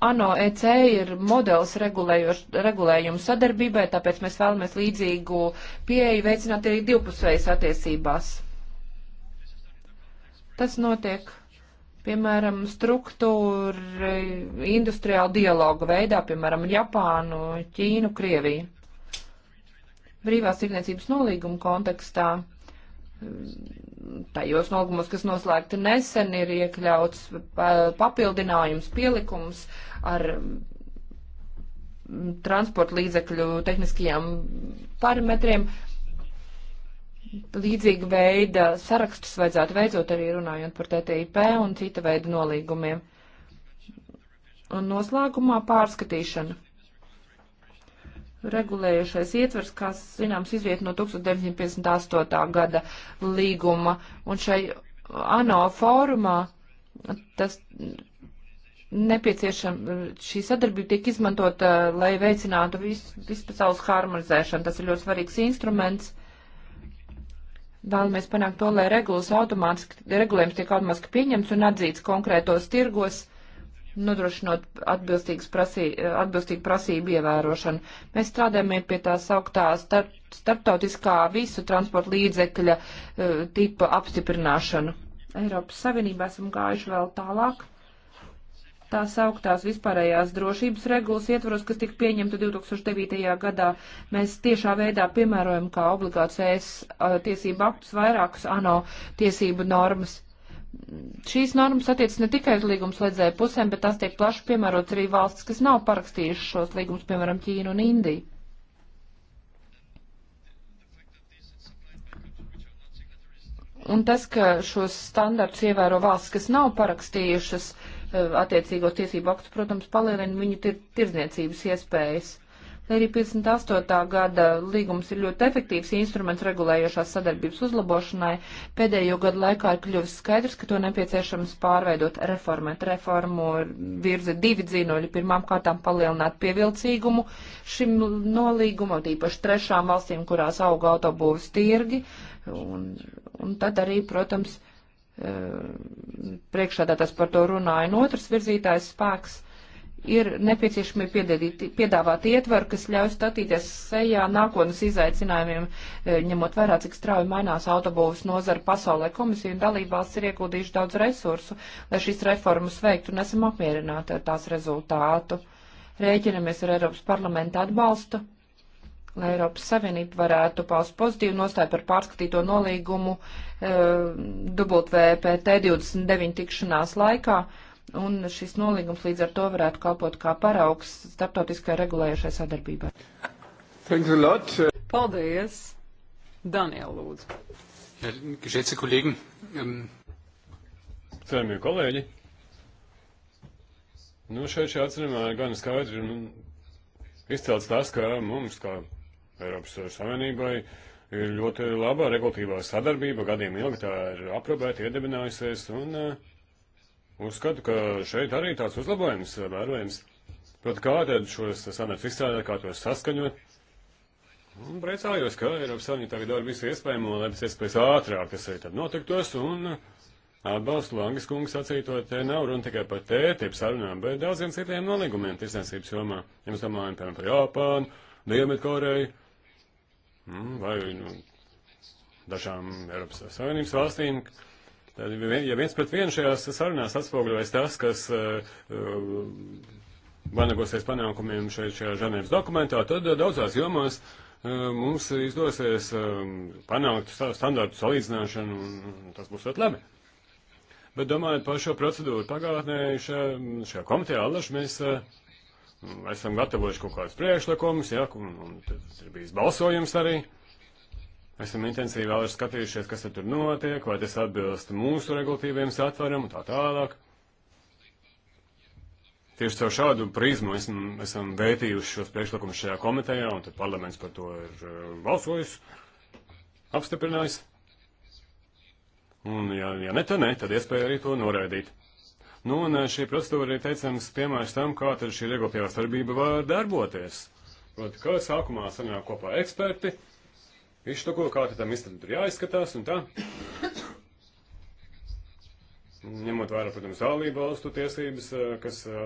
ANO EC ir modelis regulējumu sadarbībai, tāpēc mēs vēlamies līdzīgu pieeju veicināt arī divpusējas attiecībās. Tas notiek, piemēram, struktūra industriāla dialoga veidā, piemēram, Japānu, Ķīnu, Krieviju. Brīvās tirniecības nolīguma kontekstā tajos nolgumos, kas noslēgti nesen, ir iekļauts papildinājums, pielikums ar mm, transporta līdzekļu tehniskajiem parametriem. Līdzīga veida sarakstus vajadzētu veidot arī runājot par TTIP un cita veida nolīgumiem. Un noslēgumā pārskatīšana regulējušais ietvers, kas, zināms, izriet no 1958. gada līguma. Un šai ANO fórumā tas nepieciešama šī sadarbība tiek izmantota, lai veicinātu vis, vispasaules harmonizēšanu. Tas ir ļoti svarīgs instruments. Vēlamies panākt to, lai regulas automātiski, regulējums tiek automātiski pieņemts un atzīts konkrētos tirgos nodrošinot prasī, atbilstīgu prasību ievērošanu. Mēs strādājam pie tā sauktā starp, starptautiskā visu transporta līdzekļa uh, tipa apstiprināšanu. Eiropas Savienībā esam gājuši vēl tālāk. Tā sauktās vispārējās drošības regulas ietvaros, kas tika pieņemta 2009. gadā, mēs tiešā veidā piemērojam kā obligāts ES tiesību aktus vairākus ANO tiesību normas šīs normas attiec ne tikai uz līgumslēdzēju pusēm, bet tās tiek plaši piemērots arī valsts, kas nav parakstījušas šos līgumus, piemēram, Ķīnu un Indiju. Un tas, ka šos standartus ievēro valsts, kas nav parakstījušas eh, attiecīgos tiesību aktus, protams, palielina viņu tir tirzniecības iespējas. Uh, Arī 58. gada līgums ir ļoti efektīvs instruments regulējošās sadarbības uzlabošanai. Pēdējo gadu laikā ir kļuvis skaidrs, ka to nepieciešams pārveidot, reformēt. Reformu virza divi dzīnoļi. Pirmām kārtām palielināt pievilcīgumu šim nolīgumam, tīpaši trešām valstīm, kurās auga autobūvas tirgi. Un, un tad arī, protams, eh, priekšādātās par to runāja. Un otrs virzītājs spēks ir nepieciešami piedāvāt ietvaru, kas ļauj statīties sejā nākotnes izaicinājumiem, e, ņemot vērā, cik strauji mainās autobūvas nozara pasaulē. Komisija un dalībvalsts ir ieguldījuši daudz resursu, lai šīs reformas veiktu un esam apmierināti ar tās rezultātu. Rēķinamies ar Eiropas parlamenta atbalstu, lai Eiropas Savienība varētu paust pozitīvu nostāju par pārskatīto nolīgumu e, WPT 29 tikšanās laikā un šis nolīgums līdz ar to varētu kalpot kā paraugs starptautiskai regulējušai sadarbībai. Paldies! Daniela lūdzu. Ja, Geschätzte Kollegen, um... Cienījamie kolēģi, nu šeit šī atcerumā ir gan skaidri un izcelts tas, ka mums, kā Eiropas Savienībai, ir ļoti laba regulatīvā sadarbība, gadiem ilgi tā ir aprobēta, iedibinājusies, un uh, Uzskatu, ka šeit arī tāds uzlabojums eh, vērojams. Pat kā tad šos standartus izstrādāt, kā tos saskaņot. Un priecājos, ka Eiropas Savienība tagad dara visu iespējamo, lai pēc iespējas ātrāk tas arī tad notiktos. Un atbalstu Langas kungs sacīto, te nav runa tikai par tētību sarunām, bet daudziem citiem nolīgumiem tirsniecības jomā. Ja mēs domājam, piemēram, par Japānu, Dienvidkoreju mm, vai nu, dažām Eiropas Savienības valstīm, Tad, ja viens pret vienu šajās sarunās atspoguļojas tas, kas uh, vanagosies panākumiem šeit šajā Ženēvas dokumentā, tad uh, daudzās jomās uh, mums izdosies panākt standārtu salīdzināšanu, un tas būs ļoti labi. Bet domājot par šo procedūru pagātnē, šajā, šajā komitejā allaž mēs esam gatavojuši kaut kādus priekšlikumus, ja, un, un tad ir bijis balsojums arī. Uh, Esam intensīvi vēl ir skatījušies, kas tur notiek, vai tas atbilst mūsu regulatīviem satvaram un tā tālāk. Tieši caur šādu prizmu esam, esam vērtījuši šos priekšlikumus šajā komitejā, un tad parlaments par to ir eh, balsojis, apstiprinājis. Un, ja, ja ne, tad ne, tad iespēja arī to noraidīt. Nu, un eh, šī procedūra ir teicams piemērs tam, kā tad šī regulatīvā starpība var darboties. Proti, ka sākumā sanāk kopā eksperti, izštuko, kā tam istabi tur jāizskatās un tā. Ņemot vērā, protams, dalību valstu tiesības, eh, kas eh,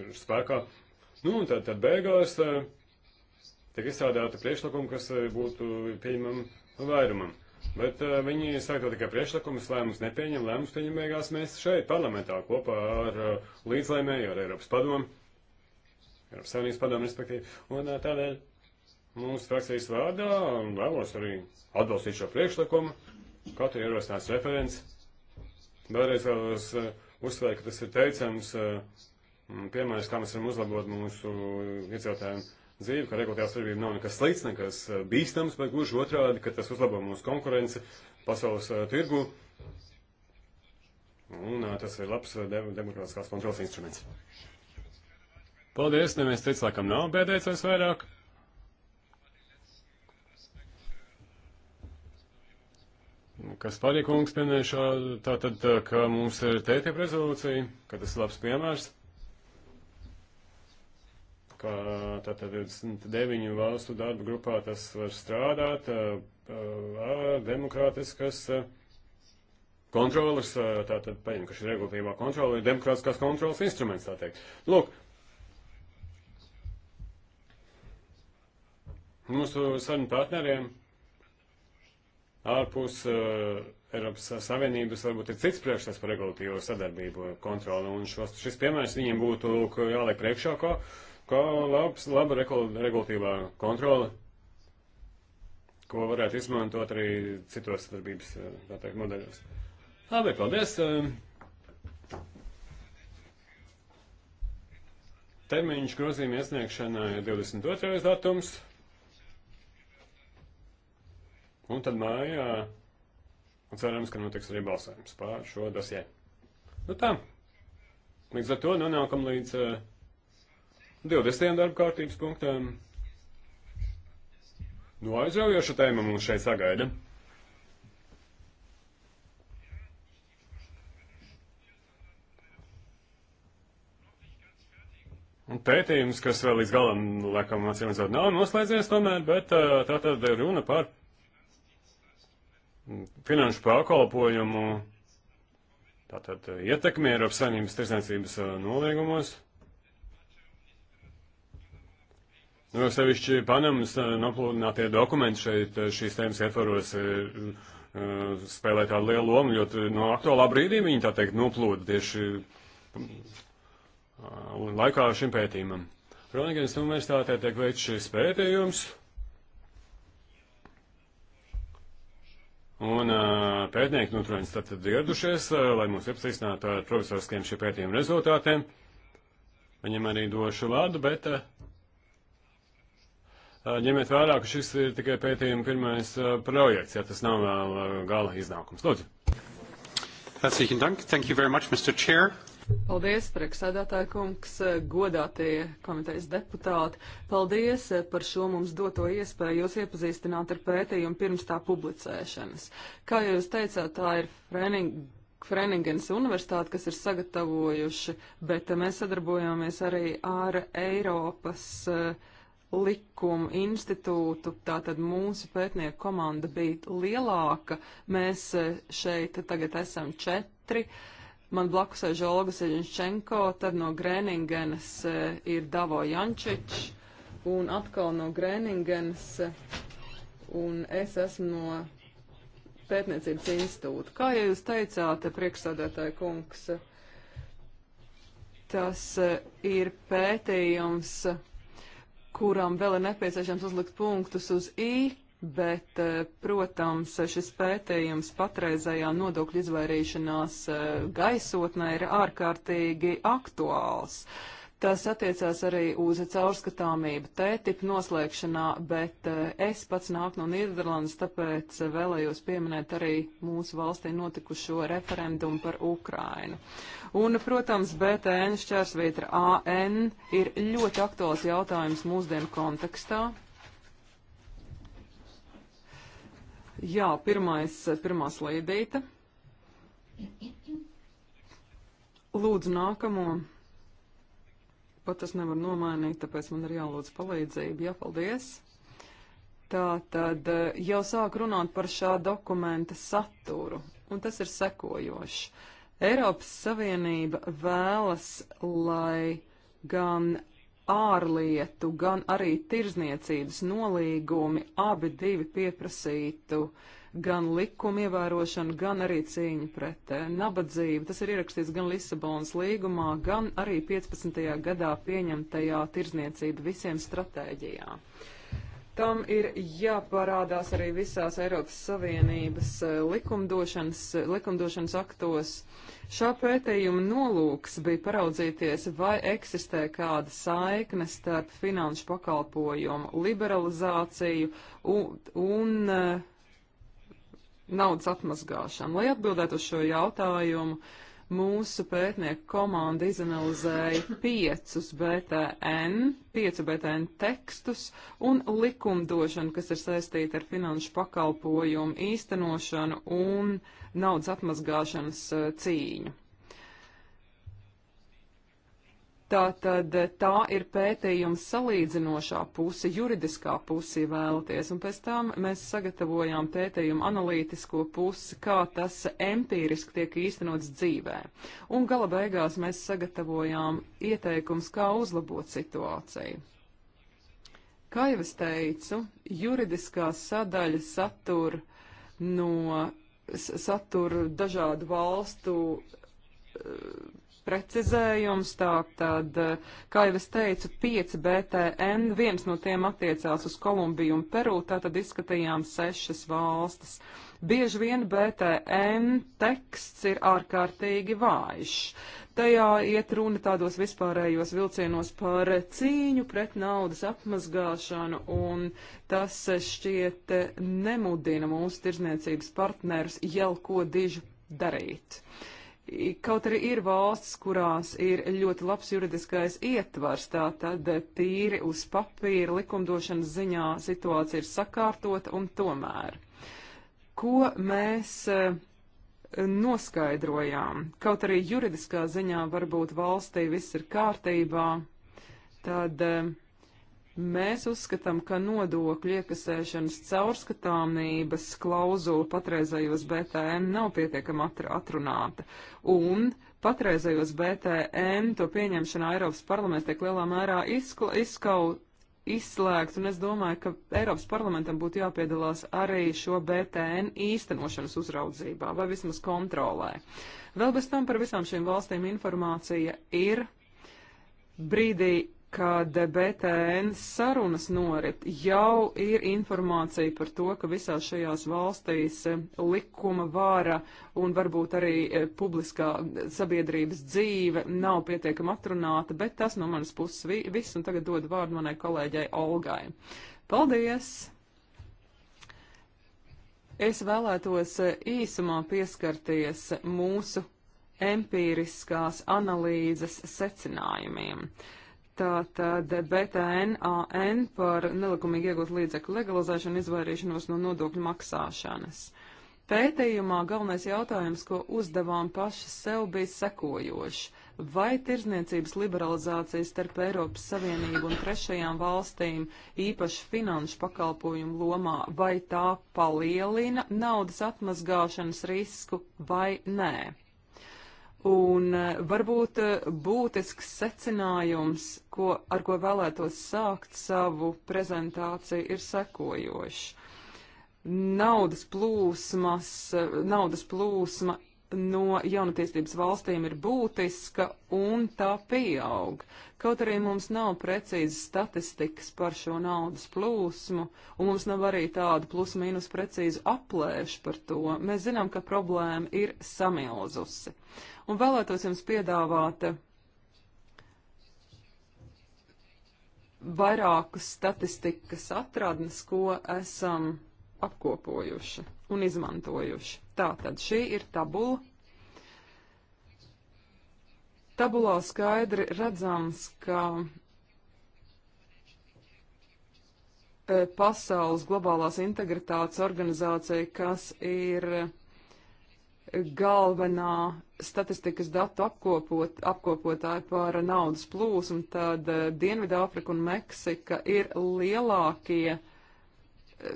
ir spēkā. Nu, un tad, tad beigās eh, tiek izstrādāta priekšlikuma, kas būtu pieņemama vairumam. Bet uh, viņi saka tikai priekšlikumus, lēmumus nepieņem, lēmumus pieņem beigās mēs šeit parlamentā kopā ar uh, līdzlēmēju, ar Eiropas padomu, Eiropas Savienības padomu, respektīvi. Un uh, tādēļ Mūsu frakcijas vārdā vēlos arī atbalstīt šo priekšlikumu, katru ierosinās referents. Vēlreiz vēlos uh, uzsvērt, ka tas ir teicams uh, piemērs, kā mēs varam uzlabot mūsu iedzīvotājiem dzīvi, ka regulējā sadarbība nav nekas slikts, nekas eh, bīstams, bet gluži otrādi, ka tas uzlabo mūsu konkurenci pasaules uh, tirgu. Un uh, tas ir labs uh, demokrātiskās kontrols instruments. Paldies, neviens cits laikam nav bēdējies vairāk. kas pārīkums pieminēja šā, tātad, ka mums ir tētiep rezolūcija, ka tas ir labs piemērs, ka tātad 29 valstu darba grupā tas var strādāt, ar demokrātiskas kontrolas, tātad, paņem, ka šī regulatīvā kontrola ir demokrātiskās kontrolas instruments, tā teikt. Lūk, mūsu sarunu partneriem ārpus uh, Eiropas Savienības varbūt ir cits priekšstats par regulatīvo sadarbību kontroli, un šos, šis piemērs viņiem būtu lūk, jāliek priekšā, ko, ko labs, laba regulatīvā kontrola, ko varētu izmantot arī citos sadarbības, eh, tā teikt, modeļos. Labi, paldies! Eh. Termiņš grozījuma iesniegšanai ir 22. datums. Un tad mājā cerams, ka notiks arī balsojums pār šo dosē. Nu tā. Līdz ar to nonākam līdz uh, eh, 20. darba kārtības punktam. Nu, aizraujoša tēma mums šeit sagaida. Un pētījums, kas vēl līdz galam, laikam, atcīm redzot, nav noslēdzies tomēr, bet uh, eh, tā tad runa par finanšu pakalpojumu tātad uh, ietekmi Eiropas saimnības tirsniecības uh, nolīgumos. Nu, jo sevišķi Panamas uh, noplūdinātie dokumenti šeit šīs tēmas ietvaros spēlē tādu lielu lomu, jo no aktuālā brīdī viņi tā teikt noplūda tieši mm, laikā šim pētījumam. Kronikens universitātē tiek veikts šis pētījums. Un pētnieki, nu, protams, tad ieradušies, lai mūs iepazīstinātu ar profesoriskiem šī pētījuma rezultātiem. Viņam arī došu vārdu, bet ņemiet vērā, ka šis ir tikai pētījuma pirmais projekts, ja tas nav vēl gala iznākums. Lūdzu. Herzlichen Dank. Thank you very much, Mr. Chair. Paldies, prieksēdētāja kungs, godātie komitejas deputāti. Paldies par šo mums doto iespēju jūs iepazīstināt ar pētījumu pirms tā publicēšanas. Kā jūs teicāt, tā ir Frening, Freningens universitāte, kas ir sagatavojuši, bet mēs sadarbojāmies arī ar Eiropas uh, likumu institūtu, tātad mūsu pētnieku komanda bija lielāka. Mēs eh, šeit tagad esam četri. Uh, Man blakus sēž Olga Seļņšenko, tad no Grēningenes eh, ir Davo Jančič, un atkal no Grēningenes, un es esmu no Pētniecības institūta. Kā jau jūs teicāt, priekšsādātāja kungs, tas eh, ir pētījums, kuram vēl ir nepieciešams uzlikt punktus uz I Bet, eh, protams, šis pētījums patreizējā nodokļu izvairīšanās eh, gaisotnē ir ārkārtīgi aktuāls. Tas attiecās arī uz caurskatāmību tētipu noslēgšanā, bet eh, es pats nāku no Nīderlandes, tāpēc vēlējos pieminēt arī mūsu valstī notikušo referendumu par Ukrainu. Un, protams, BTN šķērsvietra AN ir ļoti aktuāls jautājums mūsdienu kontekstā, Jā, pirmais, pirmā slīdīte. Lūdzu nākamo. Pat es nevaru nomainīt, tāpēc man ir jālūdz palīdzību. Jā, paldies. Tā tad eh, jau sāk runāt par šā dokumenta saturu, un tas ir sekojošs. Eiropas Savienība vēlas, lai gan ārlietu, gan arī tirzniecības nolīgumi abi divi pieprasītu gan likumu ievērošanu, gan arī cīņu pret eh, nabadzību. Tas ir ierakstīts gan Lisabonas līgumā, gan arī 15. gadā pieņemtajā tirzniecība visiem stratēģijā. Uh, Tam ir jāparādās arī visās Eiropas Savienības eh, likumdošanas, eh, likumdošanas aktos. Šā pētījuma nolūks bija paraudzīties, vai eksistē kāda saikne starp finanšu pakalpojumu liberalizāciju un, un eh, naudas atmazgāšanu. Lai atbildētu uz šo jautājumu, uh, Mūsu pētnieku komanda izanalizēja piecus BTN, piecu BTN tekstus un likumdošanu, kas ir saistīta ar finanšu pakalpojumu īstenošanu un naudas atmazgāšanas eh, cīņu. Tātad eh, tā ir pētījuma salīdzinošā puse, juridiskā puse, ja vēlaties, un pēc tam mēs sagatavojām pētījumu analītisko pusi, kā tas empīriski tiek īstenots dzīvē. Un gala beigās mēs sagatavojām ieteikums, kā uzlabot situāciju. Kā jau es teicu, juridiskā sadaļa satur no satur dažādu valstu uh, precizējums. Tātad, kā jau es teicu, 5 BTN, viens no tiem attiecās uz Kolumbiju un Peru, tātad izskatījām sešas valstis. Bieži vien BTN teksts ir ārkārtīgi vājš. Tajā iet runa tādos vispārējos vilcienos par cīņu pret naudas apmazgāšanu, un tas šķiet nemudina mūsu tirzniecības partnerus jau ko diži darīt. Uh, Kaut arī ir valsts, kurās ir ļoti labs juridiskais ietvars, tā tad tīri uz papīra likumdošanas ziņā situācija ir sakārtota un tomēr. Ko mēs eh, noskaidrojām? Kaut arī juridiskā ziņā varbūt valstī viss ir kārtībā, tad eh, Mēs uzskatām, ka nodokļu iekasēšanas caurskatāmības klauzula patreizējos BTN nav pietiekama atrunāta, un patreizējos BTN to pieņemšanā Eiropas parlaments tiek lielā mērā izkla, izkau, izslēgts, un es domāju, ka Eiropas parlamentam būtu jāpiedalās arī šo BTN īstenošanas uzraudzībā vai vismaz kontrolē. Vēl bez tam par visām šīm valstīm informācija ir brīdī kad BTN sarunas norit, jau ir informācija par to, ka visās šajās valstīs e, likuma vāra un varbūt arī e, publiskā sabiedrības dzīve nav pietiekami atrunāta, bet tas no manas puses viss, un tagad dodu vārdu manai kolēģai Olgai. Paldies! Es vēlētos e, īsumā pieskarties mūsu empīriskās analīzes secinājumiem. Uh, Tātad BTNAN par nelikumīgi iegūt līdzekļu legalizēšanu, izvairīšanos no nodokļu maksāšanas. Pētījumā galvenais jautājums, ko uzdevām paši sev, bija sekojošs. Vai tirzniecības liberalizācijas starp Eiropas Savienību un trešajām valstīm, īpaši finanšu pakalpojumu lomā, vai tā palielina naudas atmazgāšanas risku vai nē? Un eh, varbūt eh, būtisks secinājums, ko, ar ko vēlētos sākt savu prezentāciju, ir sekojošs. Naudas plūsmas, eh, naudas plūsma no jaunatīstības valstīm ir būtiska un tā pieaug. Kaut arī mums nav precīzas statistikas par šo naudas plūsmu, un mums nav arī tādu plus-mínus precīzu aplēšu par to, mēs zinām, ka problēma ir samilzusi. Uh, un vēlētos jums piedāvāt vairākas statistikas atradnes, ko esam apkopojuši un izmantojuši. Tātad šī ir tabula. Tabulā skaidri redzams, ka e, pasaules globālās integritātes organizācija, kas ir galvenā statistikas datu apkopot, apkopotāja par naudas plūsmu, tad eh, Dienvidāfrika un Meksika ir lielākie eh,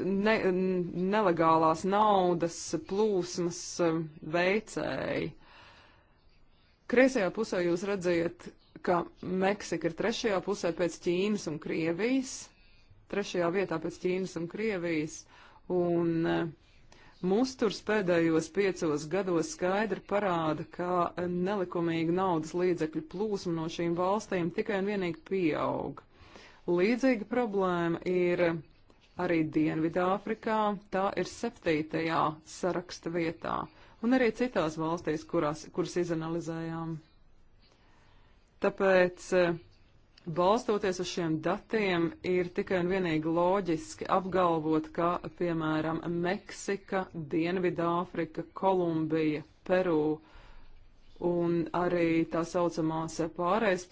ne, nelegālās naudas plūsmas eh, veicēji. Kreisajā pusē jūs redzat, ka Meksika ir trešajā pusē pēc Ķīnas un Krievijas, trešajā vietā pēc Ķīnas un Krievijas, un uh, Musturs pēdējos piecos gados skaidri parāda, ka nelikumīga naudas līdzekļu plūsma no šīm valstīm tikai un vienīgi pieaug. Līdzīga problēma ir arī Dienvidāfrikā, tā ir septītajā saraksta vietā, un arī citās valstīs, kurās, kuras izanalizējām. Tāpēc Balstoties uz šiem datiem, ir tikai un vienīgi loģiski apgalvot, ka, piemēram, Meksika, Dienvidāfrika, Kolumbija, Peru un arī tā saucamās pārējais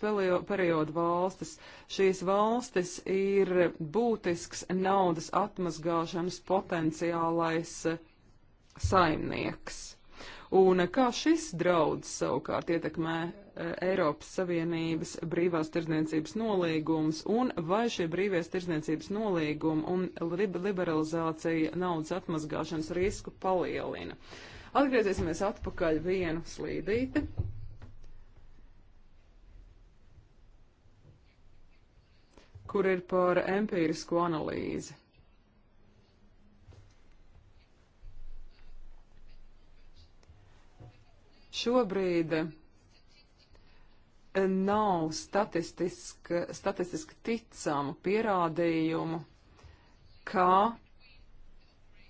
periodu valstis, šīs valstis ir būtisks naudas atmazgāšanas potenciālais saimnieks un kā šis draudz savukārt ietekmē eh, Eiropas Savienības brīvās tirdzniecības nolīgums un vai šie brīvās tirdzniecības nolīgumi un liberalizācija naudas atmazgāšanas risku palielina. Atgriezīsimies atpakaļ vienu slīdīti. kur ir par empīrisko analīzi. Šobrīd eh, nav statistiski, statistiski ticamu pierādījumu, kā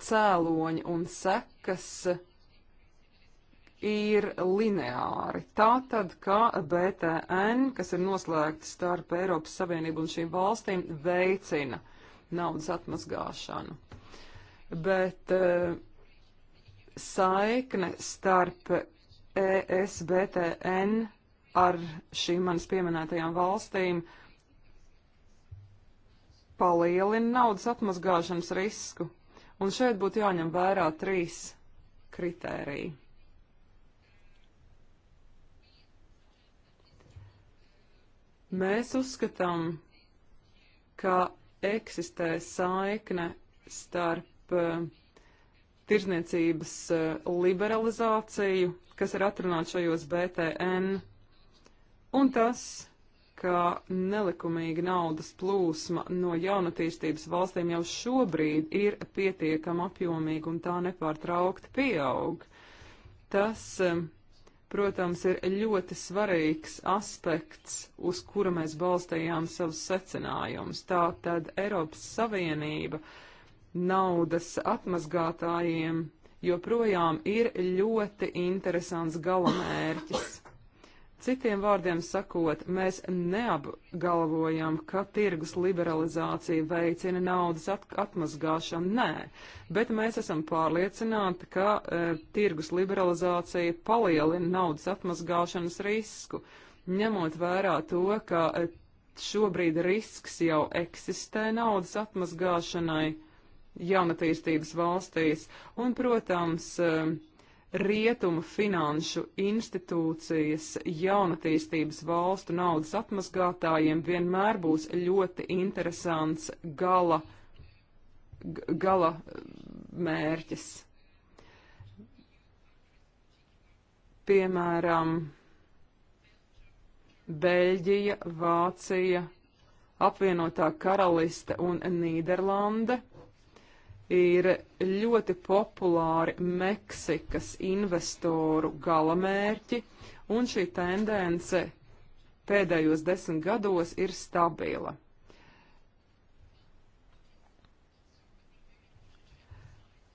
cēloņi un sekas ir lineāri. Tā tad, ka BTN, kas ir noslēgts starp Eiropas Savienību un šīm valstīm, veicina naudas atmazgāšanu. Bet e, saikne starp ESBTN ar šīm manas pieminētajām valstīm palielina naudas atmazgāšanas risku. Un šeit būtu jāņem vērā trīs kritēriji. Mēs uzskatām, ka eksistē saikne starp uh, tirzniecības uh, liberalizāciju kas ir atrunāts šajos BTN, un tas, ka nelikumīga naudas plūsma no jaunatīstības valstīm jau šobrīd ir pietiekama apjomīga un tā nepārtraukti pieaug. Tas, protams, ir ļoti svarīgs aspekts, uz kura mēs balstījām savus secinājumus. Tā tad Eiropas Savienība naudas atmazgātājiem joprojām ir ļoti interesants galamērķis. Citiem vārdiem sakot, mēs neapgalvojam, ka tirgus liberalizācija veicina naudas at atmazgāšanu, nē, bet mēs esam pārliecināti, ka e, tirgus liberalizācija palielina naudas atmazgāšanas risku, ņemot vērā to, ka e, šobrīd risks jau eksistē naudas atmazgāšanai jaunatīstības valstīs. Un, protams, eh, rietumu finanšu institūcijas jaunatīstības valstu naudas atmazgātājiem vienmēr būs ļoti interesants gala, gala eh, mērķis. Piemēram, Beļģija, Vācija, apvienotā karaliste un Nīderlande ir ļoti populāri Meksikas investoru galamērķi, un šī tendence pēdējos desmit gados ir stabila.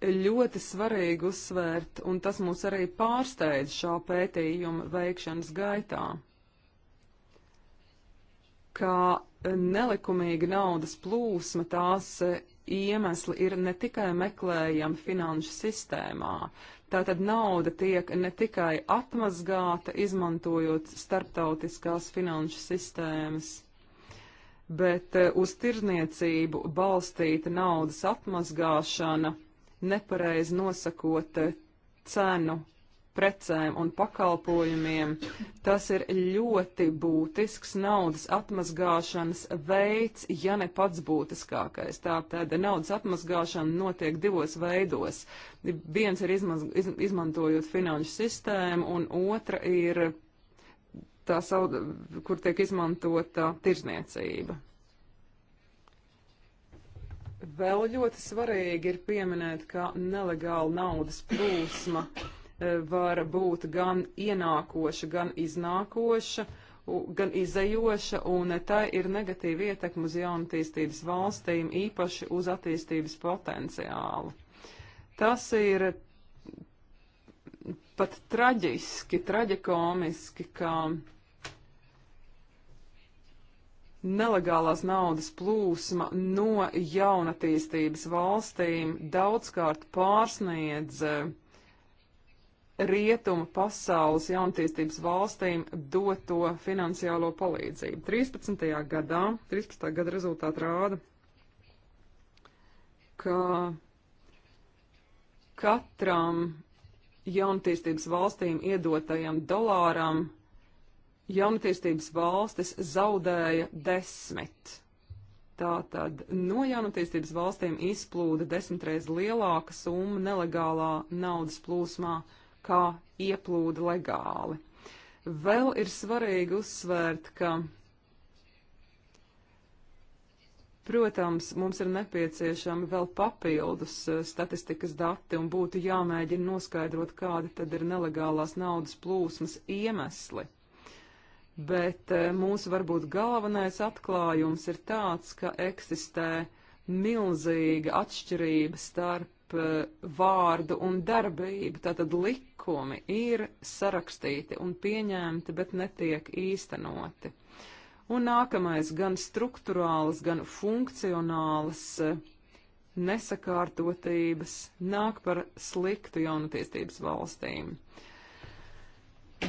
Ļoti svarīgi uzsvērt, un tas mūs arī pārsteidz šā pētījuma veikšanas gaitā, ka nelikumīga naudas plūsma tās iemesli ir ne tikai meklējami finanšu sistēmā. Tātad nauda tiek ne tikai atmazgāta, izmantojot starptautiskās finanšu sistēmas bet eh, uz tirzniecību balstīta naudas atmazgāšana, nepareizi nosakot eh, cenu precēm un pakalpojumiem. Tas ir ļoti būtisks naudas atmazgāšanas veids, ja ne pats būtiskākais. Tātad naudas atmazgāšana notiek divos veidos. Viens ir izmaz, iz, izmantojot finanšu sistēmu, un otra ir tā sauda, kur tiek izmantota tirzniecība. Vēl ļoti svarīgi ir pieminēt, ka nelegāla naudas plūsma E, var būt gan ienākoša, gan iznākoša, gan izajoša, un tā ir negatīva ietekma uz jaunatīstības valstīm, īpaši uz attīstības potenciālu. Tas ir pat traģiski, traģikomiski, ka nelegālās naudas plūsma no jaunatīstības valstīm daudzkārt pārsniedz uh, rietumu pasaules jaunatīstības valstīm doto finansiālo palīdzību. 13. gadā, 13. gada rezultāti rāda, ka katram jaunatīstības valstīm iedotajam dolāram jaunatīstības valstis zaudēja desmit. Tātad no jaunatīstības valstīm izplūda desmitreiz lielāka summa nelegālā naudas plūsmā kā ieplūda legāli. Vēl ir svarīgi uzsvērt, ka, protams, mums ir nepieciešami vēl papildus eh, statistikas dati un būtu jāmēģina noskaidrot, kāda tad ir nelegālās naudas plūsmas iemesli. Bet eh, mūsu varbūt galvenais atklājums ir tāds, ka eksistē milzīga atšķirība starp starp eh, vārdu un darbību. Tātad likumi ir sarakstīti un pieņemti, bet netiek īstenoti. Un nākamais gan struktūrāls, gan funkcionāls eh, nesakārtotības nāk par sliktu jaunatīstības valstīm.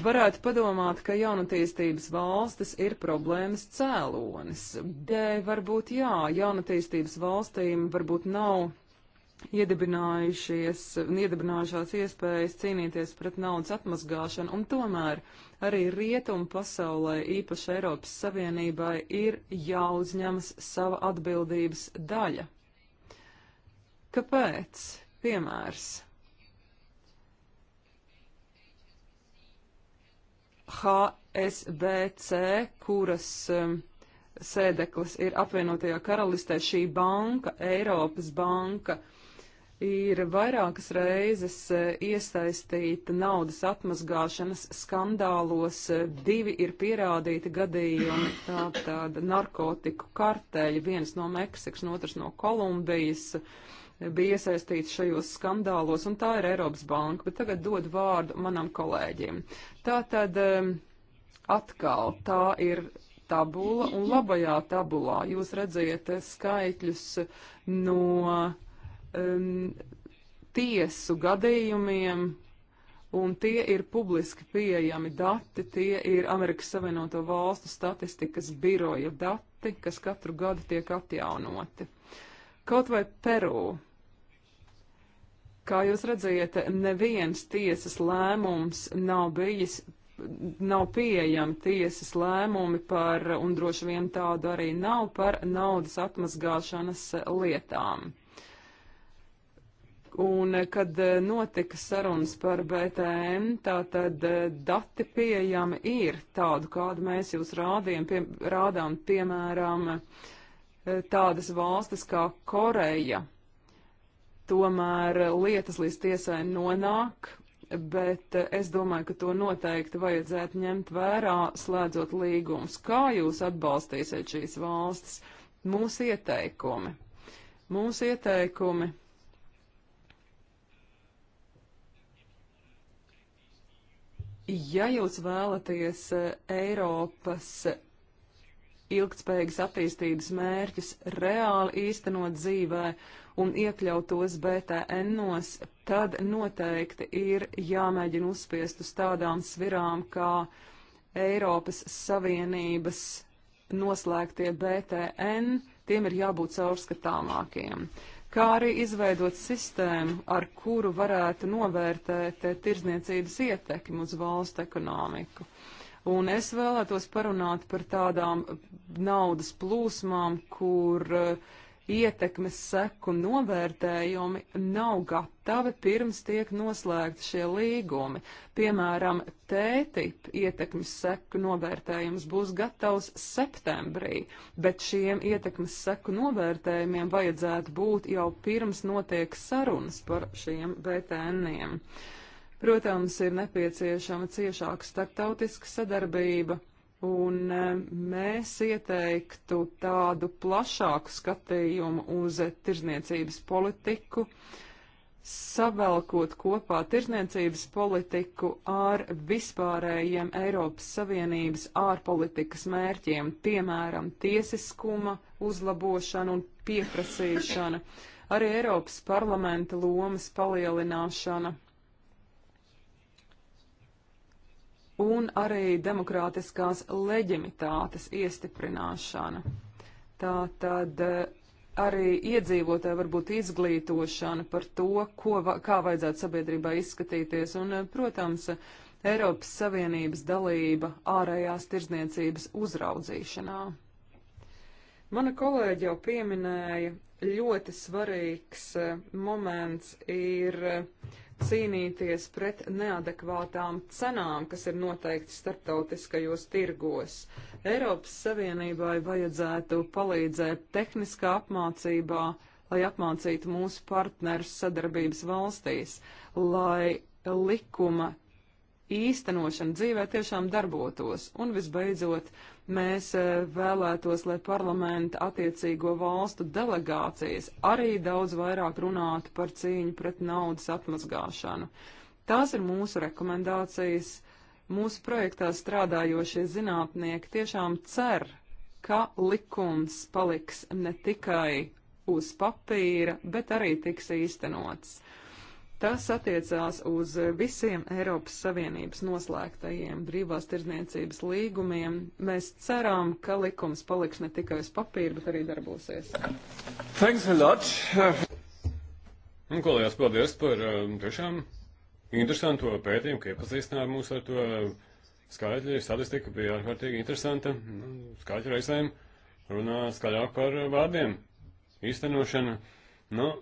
Varētu padomāt, ka jaunatīstības valstis ir problēmas cēlonis. Dēļ varbūt jā, jaunatīstības valstīm varbūt nav iedibinājušies un iedibinājušās iespējas cīnīties pret naudas atmazgāšanu, un tomēr arī rietumu pasaulē, īpaši Eiropas Savienībai, ir jāuzņemas sava atbildības daļa. Kāpēc? Piemērs. HSBC, kuras um, sēdeklis ir apvienotajā karalistē, šī banka, Eiropas banka, uh, ir vairākas reizes eh, iesaistīta naudas atmazgāšanas skandālos. Divi ir pierādīti gadījumi - tā tāda narkotiku karteļa, viens no Meksikas un otrs no Kolumbijas bija iesaistīts šajos skandālos, un tā ir Eiropas Banka, bet tagad dod vārdu manam kolēģim. Tā tad eh, atkal tā ir tabula, un labajā tabulā jūs redziet eh, skaitļus no um, tiesu gadījumiem, un tie ir publiski pieejami dati, tie ir Amerikas Savienoto Valstu statistikas biroja dati, kas katru gadu tiek atjaunoti. Kaut vai Peru. Kā jūs redzējat, neviens tiesas lēmums nav bijis, nav pieejami tiesas lēmumi par, un droši vien tādu arī nav, par naudas atmazgāšanas lietām. Un, eh, kad eh, notika sarunas par BTM, tātad eh, dati pieejami ir tādu, kādu mēs jūs rādījām, pie, rādām, piemēram, tādas valstis kā Koreja. Tomēr lietas līdz tiesai nonāk, bet es domāju, ka to noteikti vajadzētu ņemt vērā, slēdzot līgumus. Kā jūs atbalstīsiet šīs valstis? Mūsu ieteikumi. Mūsu ieteikumi Ja jūs vēlaties eh, Eiropas ilgtspējīgas attīstības mērķus reāli īstenot dzīvē un iekļaut tos BTN-os, tad noteikti ir jāmēģina uzspiest uz tādām svirām kā Eiropas Savienības noslēgtie BTN, tiem ir jābūt caurskatāmākiem kā arī izveidot sistēmu, ar kuru varētu novērtēt tirzniecības ietekmi uz valstu ekonomiku. Un es vēlētos parunāt par tādām naudas plūsmām, kur uh, ietekmes seku novērtējumi nav gatavi pirms tiek noslēgti šie līgumi. Piemēram, TTIP ietekmes seku novērtējums būs gatavs septembrī, bet šiem ietekmes seku novērtējumiem vajadzētu būt jau pirms notiek sarunas par šiem BTN-iem. Protams, ir nepieciešama ciešāka starptautiska sadarbība Un e, mēs ieteiktu tādu plašāku skatījumu uz tirzniecības politiku, savelkot kopā tirzniecības politiku ar vispārējiem Eiropas Savienības ārpolitikas mērķiem, piemēram, tiesiskuma uzlabošana un pieprasīšana, arī Eiropas parlamenta lomas palielināšana un arī demokrātiskās leģimitātes iestiprināšana. Tā tad eh, arī iedzīvotāji varbūt izglītošana par to, ko, kā vajadzētu sabiedrībā izskatīties, un, eh, protams, Eiropas Savienības dalība ārējās tirzniecības uzraudzīšanā. Mana kolēģi jau pieminēja, ļoti svarīgs eh, moments ir uh, cīnīties pret neadekvātām cenām, kas ir noteikti starptautiskajos tirgos. Eiropas Savienībai vajadzētu palīdzēt tehniskā apmācībā, lai apmācītu mūsu partnerus sadarbības valstīs, lai likuma īstenošana dzīvē tiešām darbotos. Un visbeidzot, mēs eh, vēlētos, lai parlamenta attiecīgo valstu delegācijas arī daudz vairāk runātu par cīņu pret naudas atmazgāšanu. Tās ir mūsu rekomendācijas. Mūsu projektā strādājošie zinātnieki tiešām cer, ka likums paliks ne tikai uz papīra, bet arī tiks īstenots. Uh, Tas attiecās uz visiem Eiropas Savienības noslēgtajiem brīvās tirdzniecības līgumiem. Mēs ceram, ka likums paliks ne tikai uz papīra, bet arī darbosies. Thanks a lot. Un, kolēģis, paldies par um, tiešām interesantu pētījumu, ka iepazīstināja mūs ar to skaitļi, statistika bija ārkārtīgi interesanta. Nu, skaitļi reizēm runā skaļāk par vārdiem. Īstenošana. Nu, no,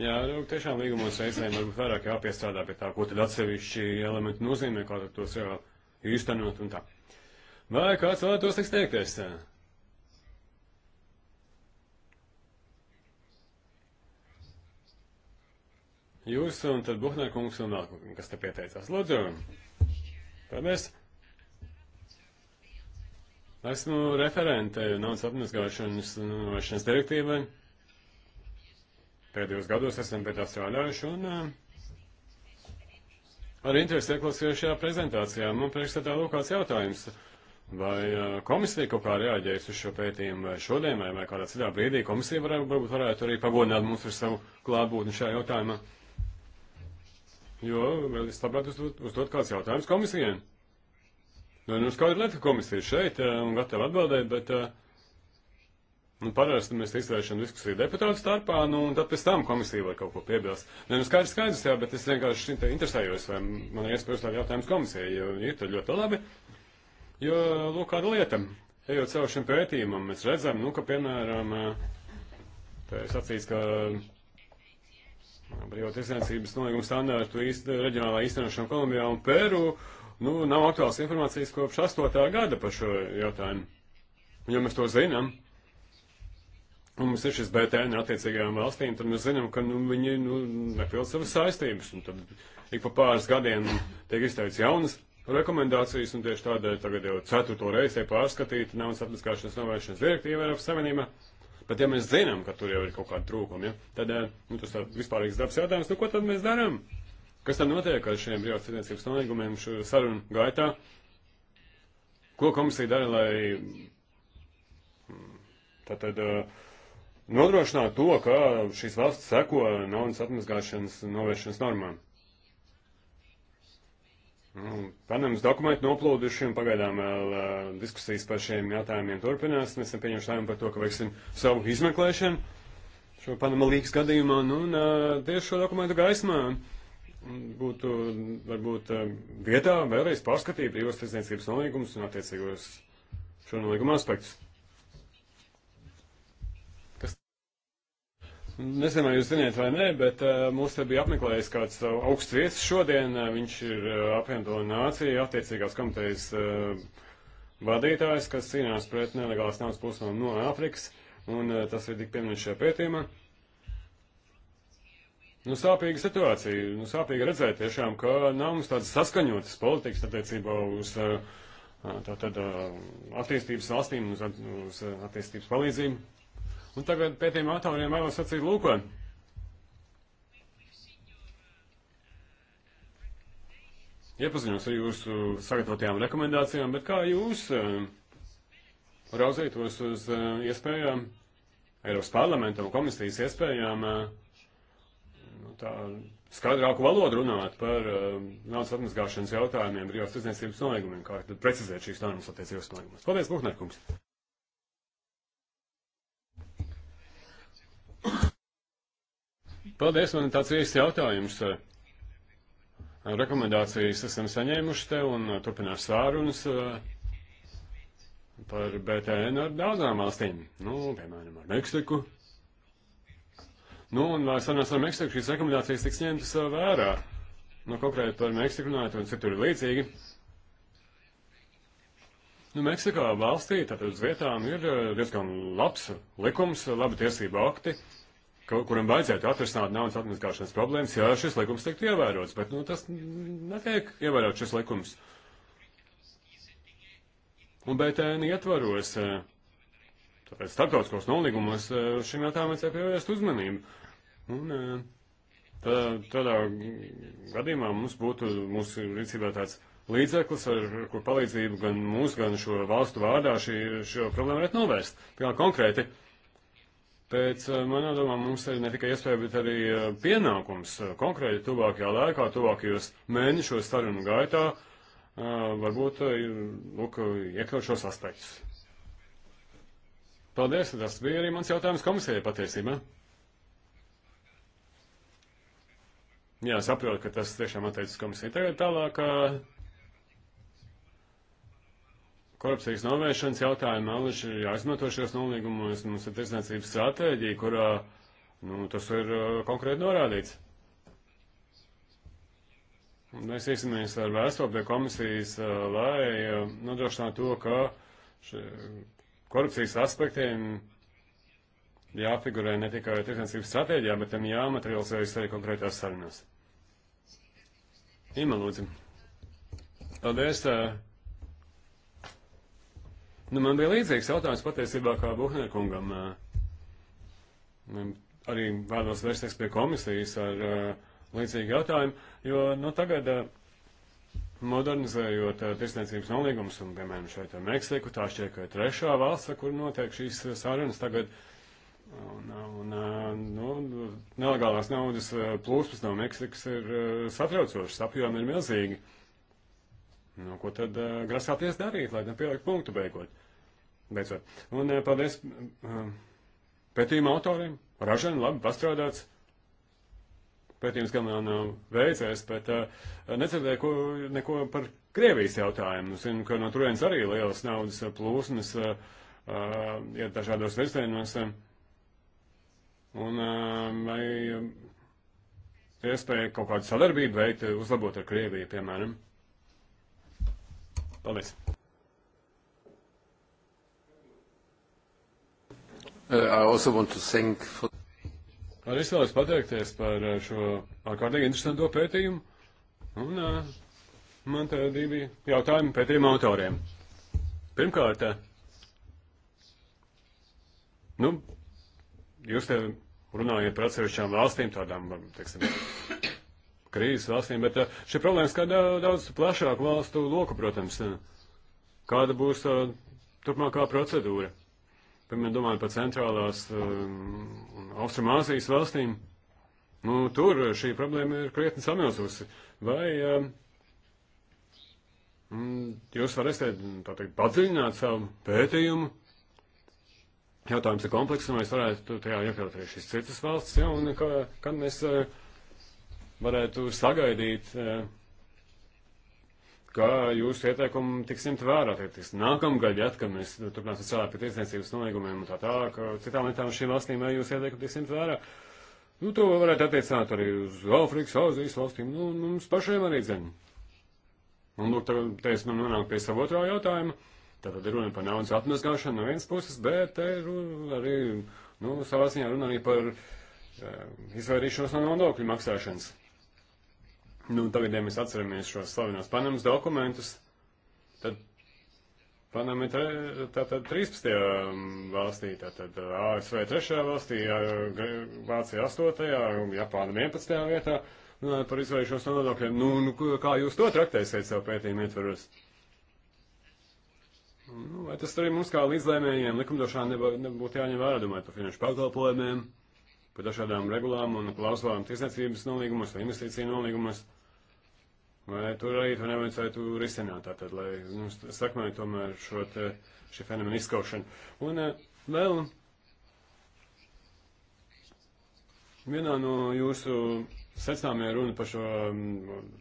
Jā, nu, tiešām līgumos reizēm varbūt vairāk jāpiestrādā pie tā, ko tad atsevišķi elementi nozīmē, kā tad tos jau īstenot un tā. Vai kāds vēlētos izteikties? Jūs un tad Buhnērkungs un vēl kas te pieteicās. Lūdzu, paldies. Esmu referente naudas apmazgāšanas direktīvai pēdējos gados esam pie tā strādājuši un eh, ar interesi ieklausījos šajā prezentācijā. Man priekšstādā eh, lūk kāds jautājums. Vai eh, komisija kaut kā reaģējas uz šo pētījumu vai šodien vai, vai kādā citā brīdī komisija varētu, varbūt varētu arī pagodināt mums ar savu klātbūtni šajā jautājumā? Jo, vēl es labprāt uzdot, uzdot kāds jautājums komisijai. Nu, nu skaidra lieta, ka komisija ir šeit un gatava atbildēt, bet uh, Nu, parasti mēs izvēršam diskusiju deputātu starpā, nu, un tad pēc tam komisija vai kaut ko piebilst. Nē, nu, skaidrs, skaidrs, jā, bet es vienkārši interesējos, vai man ir iespēja uzdot jautājumus komisijai, jo ir tad ļoti labi. Jo, lūk, kāda lieta. Ejot caur šim pētījumam, mēs redzam, nu, ka, piemēram, tā ir sacīts, ka brīvotiesniecības nolīguma standārtu īst, reģionālā īstenošana Kolumbijā un Peru, nu, nav aktuāls informācijas kopš 8. gada par šo jautājumu. Un, ja mēs to zinām, Un mums ir šis BTN attiecīgajām valstīm, tad mēs zinām, ka nu, viņi nu, nepild savas saistības. Un tad ik pa pāris gadiem tiek izteikts jaunas rekomendācijas, un tieši tādēļ tagad jau ceturto reizi tiek pārskatīta naudas atmaskāšanas novēršanas direktīva Eiropas Savienībā. Bet ja mēs zinām, ka tur jau ir kaut kāda trūkuma, ja, tad eh, nu, tas ir vispārīgs darbs jautājums, nu ko tad mēs darām? Kas tad notiek ar šiem brīvās cilvēcības nolīgumiem šo sarunu gaitā? Ko komisija dara, lai mm, tātad. Uh, eh, nodrošināt to, ka šīs valsts seko naudas atmazgāšanas novēršanas normām. Nu, Panamas dokumentu noplūdušiem pagaidām vēl uh, diskusijas par šiem jautājumiem turpinās. Mēs esam pieņemši lēmumu par to, ka veiksim savu izmeklēšanu šo Panama līgas gadījumā. Nu, un uh, tieši šo dokumentu gaismā būtu varbūt uh, vietā vēlreiz pārskatīt brīvos tirdzniecības nolīgumus un attiecīgos šo nolīgumu aspektus. Nesen vai jūs ziniet vai nē, bet uh, mūs te bija apmeklējis kāds uh, augsts viesis šodien. Uh, viņš ir uh, apvienoto nāciju attiecīgās komitejas uh, vadītājs, kas cīnās pret nelegālas naudas plūsmām no Āfrikas, un uh, tas ir tik pieminēts šajā pētījumā. Nu, sāpīga situācija. Nu, sāpīgi redzēt tiešām, ka nav mums tādas saskaņotas politikas attiecībā uz uh, tātad, uh, attīstības valstīm, uz, uz uh, attīstības palīdzību. Un tagad pētījuma autoriem vēlos sacīt lūko. Iepazinos ar jūsu sagatavotajām rekomendācijām, bet kā jūs eh, rauzētos uz eh, iespējām, Eiropas parlamenta un komisijas iespējām eh, nu, tā skaidrāku valodu runāt par uh, naudas atmazgāšanas jautājumiem, brīvās tirdzniecības nolīgumiem, kā tad precizēt šīs normas attiecības nolīgumus. Paldies, Buhnerkungs! Paldies, man tāds īsts jautājums. Rekomendācijas esam saņēmuši te un turpinās sārunas eh, par BTN ar daudzām valstīm. Nu, piemēram, ar Meksiku. Nu, un vai sarunās ar Meksiku šīs rekomendācijas tiks ņemtas eh, vērā? Nu, konkrēti par Meksiku runājot un citur līdzīgi. Nu, Meksikā valstī, tātad uz vietām, ir eh, diezgan labs likums, labi tiesība akti. Uh, kuram vajadzētu atrisināt naudas atmaskāšanas problēmas, ja šis likums tiktu ievērots, bet nu, tas netiek ievērots šis likums. Un BTN ietvaros, eh, tāpēc starptautiskos nolīgumos eh, šim jautājumam tiek pievērst uzmanību. Un eh, tādā, tādā gadījumā mums būtu mūsu rīcībā tāds līdzeklis, ar kur palīdzību gan mūsu, gan šo valstu vārdā šī, šo problēmu varētu novērst. Piemēram, konkrēti Pēc eh, manā domā mums ir ne tikai iespēja, bet arī eh, pienākums eh, konkrēti tuvākajā laikā, tuvākajos mēnešos sarunu gaitā, varbūt lūk, iekļaut šos aspektus. Paldies, tas bija arī mans jautājums komisijai patiesībā. Jā, saprotu, ka tas tiešām attiecas komisijai. Tagad tālāk korupcijas novēršanas jautājumi alaži ir jāizmanto šajos nolīgumos. Mums ir tirsniecības stratēģija, kurā nu, tas ir uh, konkrēti norādīts. Mēs iesimies ar vēstuli pie komisijas, uh, lai uh, nodrošinātu to, ka šie korupcijas aspektiem jāfigurē ne tikai tirsniecības stratēģijā, bet tam jāmaterializējas arī konkrētās sarunās. Ima lūdzu. Paldies. Tā. Nu, man bija līdzīgs jautājums patiesībā kā Buhnerkungam. Arī vēlos vērsties pie komisijas ar līdzīgu jautājumu, jo nu, tagad modernizējot tirsniecības nolīgumus, un, piemēram, šeit ar Meksiku, tā šķiet, ka ir trešā valsts, kur notiek šīs sarunas tagad, un, un nu, nelegālās naudas plūsmas no Meksikas ir satraucošas, apjomi ir milzīgi. Nu, ko tad uh, grasāties darīt, lai nepieliktu punktu beigot? beidzot. Un eh, paldies eh, pētījuma autoriem. Ražani labi pastrādāts. Pētījums gan nav veicies, bet eh, nedzirdēju ko, neko par Krievijas jautājumu. Zinu, ka no turienes arī lielas naudas plūsmas iet dažādos virzienos. Un vai iespēja kaut kādu sadarbību veikt, uzlabot ar Krieviju, piemēram? Paldies! Uh, for... Arī es vēlos pateikties par uh, šo ārkārtīgi interesanto pētījumu. Un uh, man te divi jautājumi pētījuma autoriem. Pirmkārt, nu, jūs te runājat par atsevišķām valstīm, tādām, um, teiksim, krīzes valstīm, bet šī problēma skar daudz plašāku valstu loku, protams. Kāda būs turpmākā procedūra? piemēram, domājot par centrālās um, Austrumāzijas valstīm, nu, tur šī problēma ir krietni samilzusi. Vai um, mm, jūs varēsiet, mm, tā teikt, padziļināt savu pētījumu? Jautājums ir komplekss, un mēs varētu tajā iekļaut arī šīs citas valsts, ja, un kā, kad mēs uh, varētu sagaidīt uh, ka jūsu ieteikumi tiks ņemt vērā, tie tiks nākamgad, ja, kad mēs turpināsim strādāt pie tiesniecības nolīgumiem un tā tā, ka citām lietām šīm valstīm, ja jūs ieteikumi tiks ņemt vērā, nu, to varētu attiecināt arī uz Āfrikas, Āzijas valstīm, nu, mums pašiem arī zem. Un, lūk, tagad, te es nu nonāku pie savu otrā jautājuma, tātad ir runa par naudas atmazgāšanu no vienas puses, bet te ir arī, nu, savā ziņā runa arī par uh, izvairīšanos no nodokļu maksāšanas. Nu, tagad, ja mēs atceramies šos slavenos Panamas dokumentus, tad Panama ir tātad 13. Um, valstī, tātad uh, ASV 3. valstī, Vācija 8. Japāna 11. vietā nu, par izvairīšanos no nodokļiem. Nu, nu, kā jūs to traktēsiet savu pētījumu ietveros? Nu, vai tas arī mums kā līdzlēmējiem likumdošā nebūtu jāņem vērā, domājot par finanšu pakalpojumiem, par dažādām regulām un klauzulām tiesniecības nolīgumus vai investīciju nolīgumus? Vai tur arī to nevajadzētu risināt, tātad, lai nu, sakmēju tomēr šo te, šī fenomena izskaušanu. Un eh, vēl vienā no jūsu secinājumiem runa par šo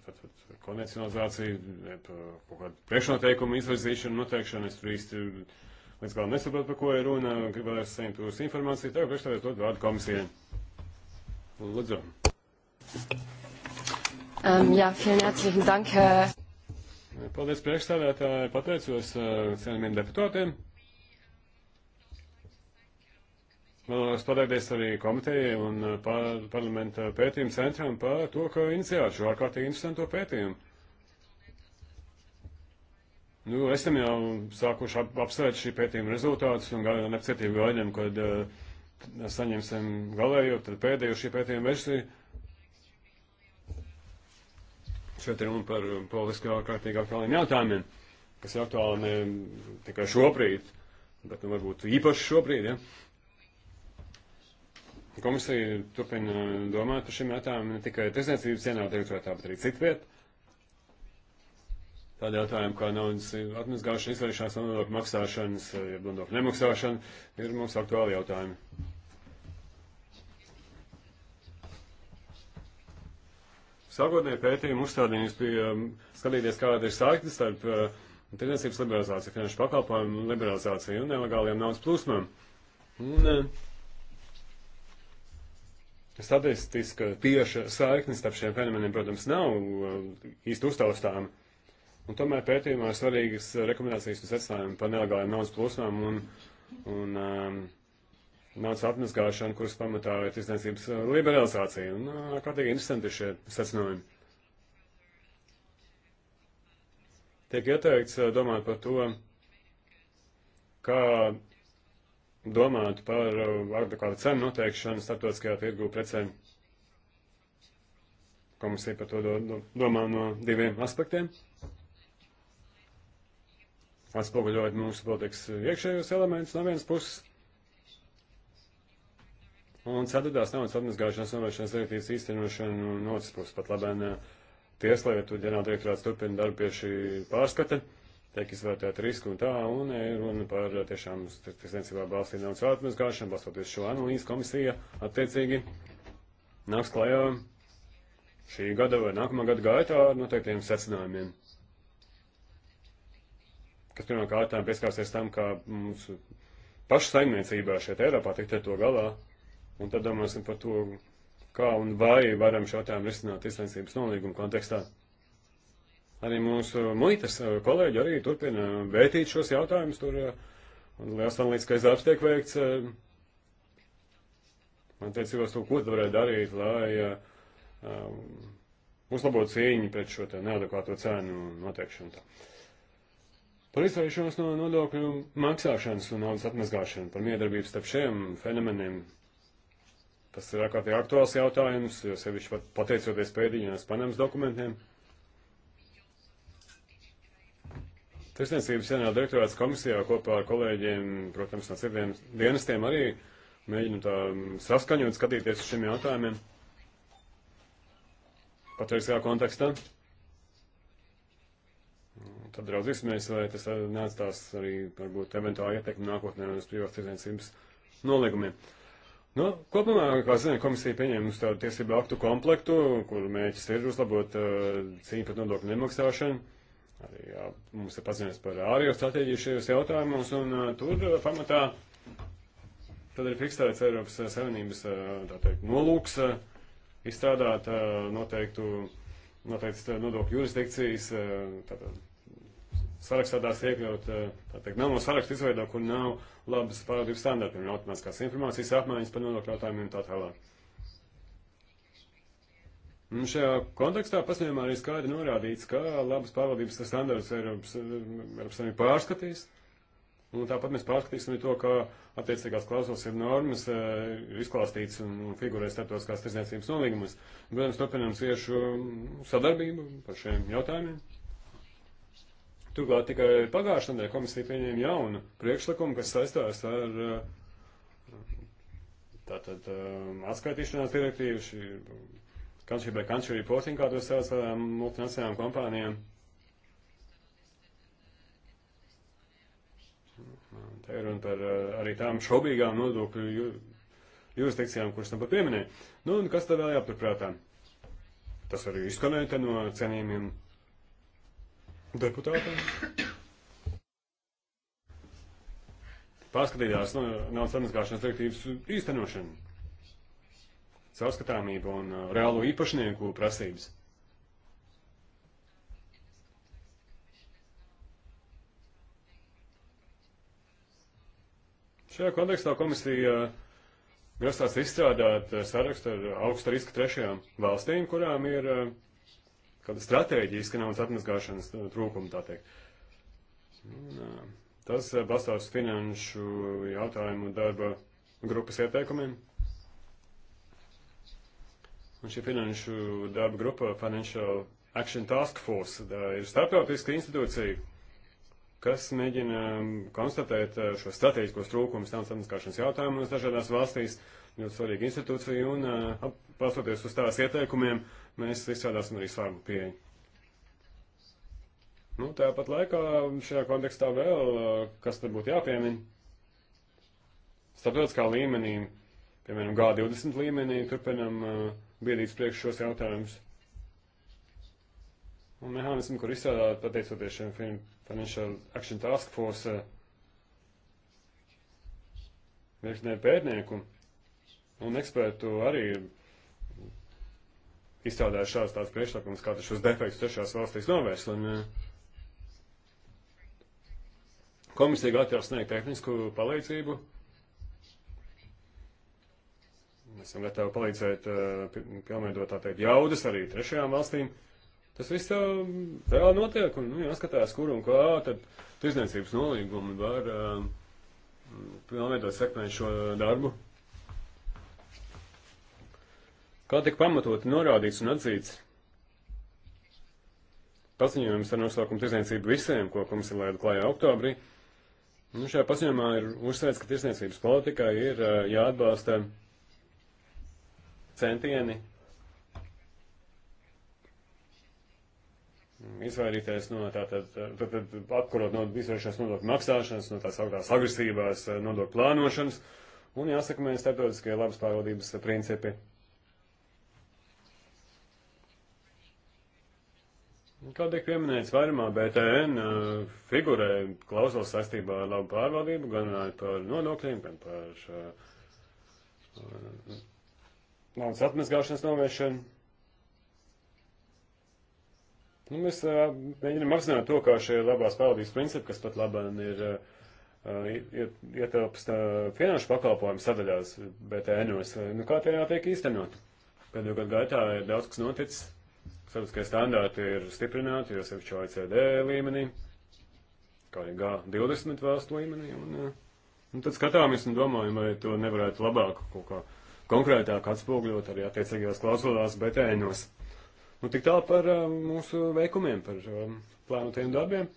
tātad, mm, konvencionalizāciju, kaut kādu priekšnoteikumu izvirzīšanu, noteikšanu. Es tur īsti līdz galam nesaprotu, par ko ir runa. Gribētu saņemt jūsu informāciju. Tev priekšstādāt dot vārdu komisijai. Lūdzu. Um, ähm, jā, vielen herzlichen Dank. Paldies priekšstādātāji, pateicos cienījumiem deputātiem. Vēlos pateikties arī komitejai un par, parlamenta pētījumu centram par to, ka iniciētu šo ārkārtīgi interesanto pētījumu. Nu, esam jau sākuši ap, apsvērt šī pētījuma rezultātus un gan nepacietību gaidām, kad uh, saņemsim galējo, tad pēdējo šī pētījuma versiju. Šeit ir runa par um, politiski ārkārtīgi aktuāliem jautājumiem, kas ir aktuāli ne um, tikai šobrīd, bet nu, varbūt īpaši šobrīd. Ja? Komisija turpina domāt par šiem jautājumiem ne tikai tirsniecības cienā teritorijā, bet arī citviet. Tādi jautājumi kā naudas atmazgāšana, izvairīšanās no nodokļu maksāšanas, ja eh, nodokļu nemaksāšana, ir mums aktuāli jautājumi. Sākotnēji pētījumi uzstādījums bija um, skatīties, kāda ir saikne starp uh, tirdzniecības liberalizāciju, finanšu pakalpojumu liberalizāciju un nelegāliem naudas plūsmām. Un, uh, statistiska tieša saikne starp šiem fenomeniem, protams, nav uh, īsti uztaustāma. Un tomēr pētījumā ir svarīgas rekomendācijas un secinājumi par nelegāliem naudas plūsmām un, un um, uh, naudas atmaskāšana, kuras pamatā ir tirdzniecības eh, liberalizācija. Un eh, ārkārtīgi interesanti ir šie secinājumi. Tiek ieteikts eh, domāt par to, kā domāt par kādu, kādu cenu noteikšanu starptautiskajā tirgu precēm. Komisija par to do, do, domā no diviem aspektiem atspoguļojot mūsu politikas iekšējos elementus no vienas puses, Un ceturtās naudas atmazgāšanas novēršanas direktīvas īstenošana no otras puses pat labēn tieslietu ģenerāldirektorāts turpina darbu pie šī pārskata, tiek izvērtēta riska un tā, un runa par tiešām tiesniecībā balstīt naudas atmazgāšanu, balstoties šo analīzes komisija attiecīgi nāks klajā šī gada vai nākamā gada gaitā ar noteiktiem secinājumiem kas pirmām kārtām pieskārsies tam, kā mūsu pašu saimniecībā šeit Eiropā tikt ar to galā, un tad domāsim par to, kā un vai varam šo tēmu risināt izlaicības nolīguma kontekstā. Arī mūsu muitas eh, kolēģi arī turpina vētīt šos jautājumus, tur un eh, liels analītiskais darbs tiek veikts. Man eh, teica, to, ko varētu darīt, lai um, uzlabotu cīņu pret šo te neadekvāto cēnu noteikšanu. Tā. Par izvairīšanos no nodokļu maksāšanas un naudas atmazgāšanu, par miedarbību starp šiem fenomeniem Tas ir ārkārtīgi aktuāls jautājums, jo sevišķi pateicoties pēdējiem Panamas dokumentiem. Tirsniecības senā direktorāts komisijā kopā ar kolēģiem, protams, no citiem dienestiem arī mēģinu tā um, saskaņot, skatīties uz šiem jautājumiem. Patreizajā kontekstā. Tad raudzīsimies, vai tas neatstās arī, varbūt, eventuāli ietekmi nākotnē uz privātas tirsniecības noliegumiem. Nu, kopumā, kā zinām, komisija pieņēma tādu tiesību aktu komplektu, kur mēģis ir uzlabot uh, cīņu pret nodokļu nemaksāšanu. Arī jā, mums ir paziņas par ārējo stratēģiju šajos jautājumos, un uh, tur uh, pamatā tad ir fiksēts Eiropas Savienības uh, teikt, nolūks uh, izstrādāt uh, noteiktu, noteiktas nodokļu jurisdikcijas. Uh, tātad, sarakstā tās iekļaut, eh, tā teikt, nav no saraksta izveido, kur nav labas pārvaldības standarti, piemēram, automātiskās informācijas apmaiņas par nodokļu jautājumiem un tā tālāk. Un šajā kontekstā paziņojumā arī skaidri norādīts, ka labas pārvaldības standarts Eiropas, Eiropas Savienība pārskatīs. Un tāpat mēs pārskatīsim to, kā attiecīgās klausulas ir normas, ir eh, izklāstīts un figurē starptautiskās tirdzniecības nolīgumus. Protams, turpinām ciešu sadarbību par šiem jautājumiem. Turklāt tikai pagājušajā nedēļā komisija pieņēma jaunu priekšlikumu, kas saistās ar eh, tātad eh, atskaitīšanās direktīvu, šī country by country reporting, kā to sauc tādām eh, multinacionālām kompānijām. Te ir runa par arī tām šaubīgām nodokļu jurisdikcijām, kuras tam pat pieminēja. Nu, un kas tad vēl jāpaturprātā? Tas arī izskanēja te no cenījumiem deputātiem. Pārskatījās nu, naudas atmaskāšanas direktīvas īstenošanu, caurskatāmību un uh, reālo īpašnieku prasības. Šajā kontekstā komisija grasās uh, izstrādāt uh, sarakstu ar augsta riska trešajām valstīm, kurām ir uh, kāda stratēģiska naudas atmazgāšanas uh, trūkuma, tā teikt. Un, uh, tas uh, balstās finanšu jautājumu darba grupas ieteikumiem. Un šī finanšu darba grupa Financial Action Task Force ir starptautiska institūcija, kas mēģina um, konstatēt šo strateģiskos trūkumus naudas atmaskāšanas jautājumos dažādās valstīs. Ļoti svarīga institūcija un, ap, pasoties uz tās ieteikumiem, uh, mēs izstrādāsim arī savu pieeju. Nu, tāpat laikā šajā kontekstā vēl, kas tad būtu jāpiemina, starptautiskā līmenī, piemēram, G20 līmenī, turpinam uh, biedīt priekš šos jautājumus. Un mehānismi, kur izstrādāt, pateicoties šiem Financial Action Task Force uh, virknē pētnieku un ekspertu arī izstrādāt šāds tāds priekšlikums, kā šos defektus trešās valstīs novērst. Un eh, komisija gatava sniegt tehnisku palīdzību. Mēs esam gatavi palīdzēt eh, pilnveidot tā teikt jaudas arī trešajām valstīm. Tas viss jau reāli notiek, un nu, jāskatās, kur un kā tad tirzniecības nolīgumi var eh, pilnveidot sekmēt šo darbu. Kā tik pamatoti norādīts un atzīts, paziņojums ar nosaukumu tirzniecību visiem, ko komisija laida klājā oktobrī, nu, šajā paziņojumā ir uzsvērts, ka tirzniecības politikā ir eh, jāatbalsta centieni izvairīties no tātad, tātad apkarot no izvairīšanās nodokļu maksāšanas, no tās augstās agresīvās eh, nodokļu plānošanas, un jāsaka, mēs starptautiskie labas pārvaldības principi. Kā tiek pieminēts vairumā, BTN uh, figurē klausos saistībā ar labu pārvaldību, gan uh, par nodokļiem, gan par uh, uh, naudas atmazgāšanas novēršanu. Nu, mēs uh, mēģinām apzināt to, kā šie labās pārvaldības principi, kas pat labāk ir uh, ietilpst finanšu pakalpojumu sadaļās BTN-os, nu, kā tie jātiek īstenot. Pēdējo gadu gaitā ir daudz kas noticis Starptautiskie standārti ir stiprināti, jo sevišķi OECD līmenī, kā arī G20 valstu līmenī. Un, eh, un tad skatāmies un domājam, vai to nevarētu labāk kaut kā konkrētāk atspūgļot arī attiecīgajās klausulās betēnos. Nu, tik tālu par uh, mūsu veikumiem, par uh, plānotiem darbiem.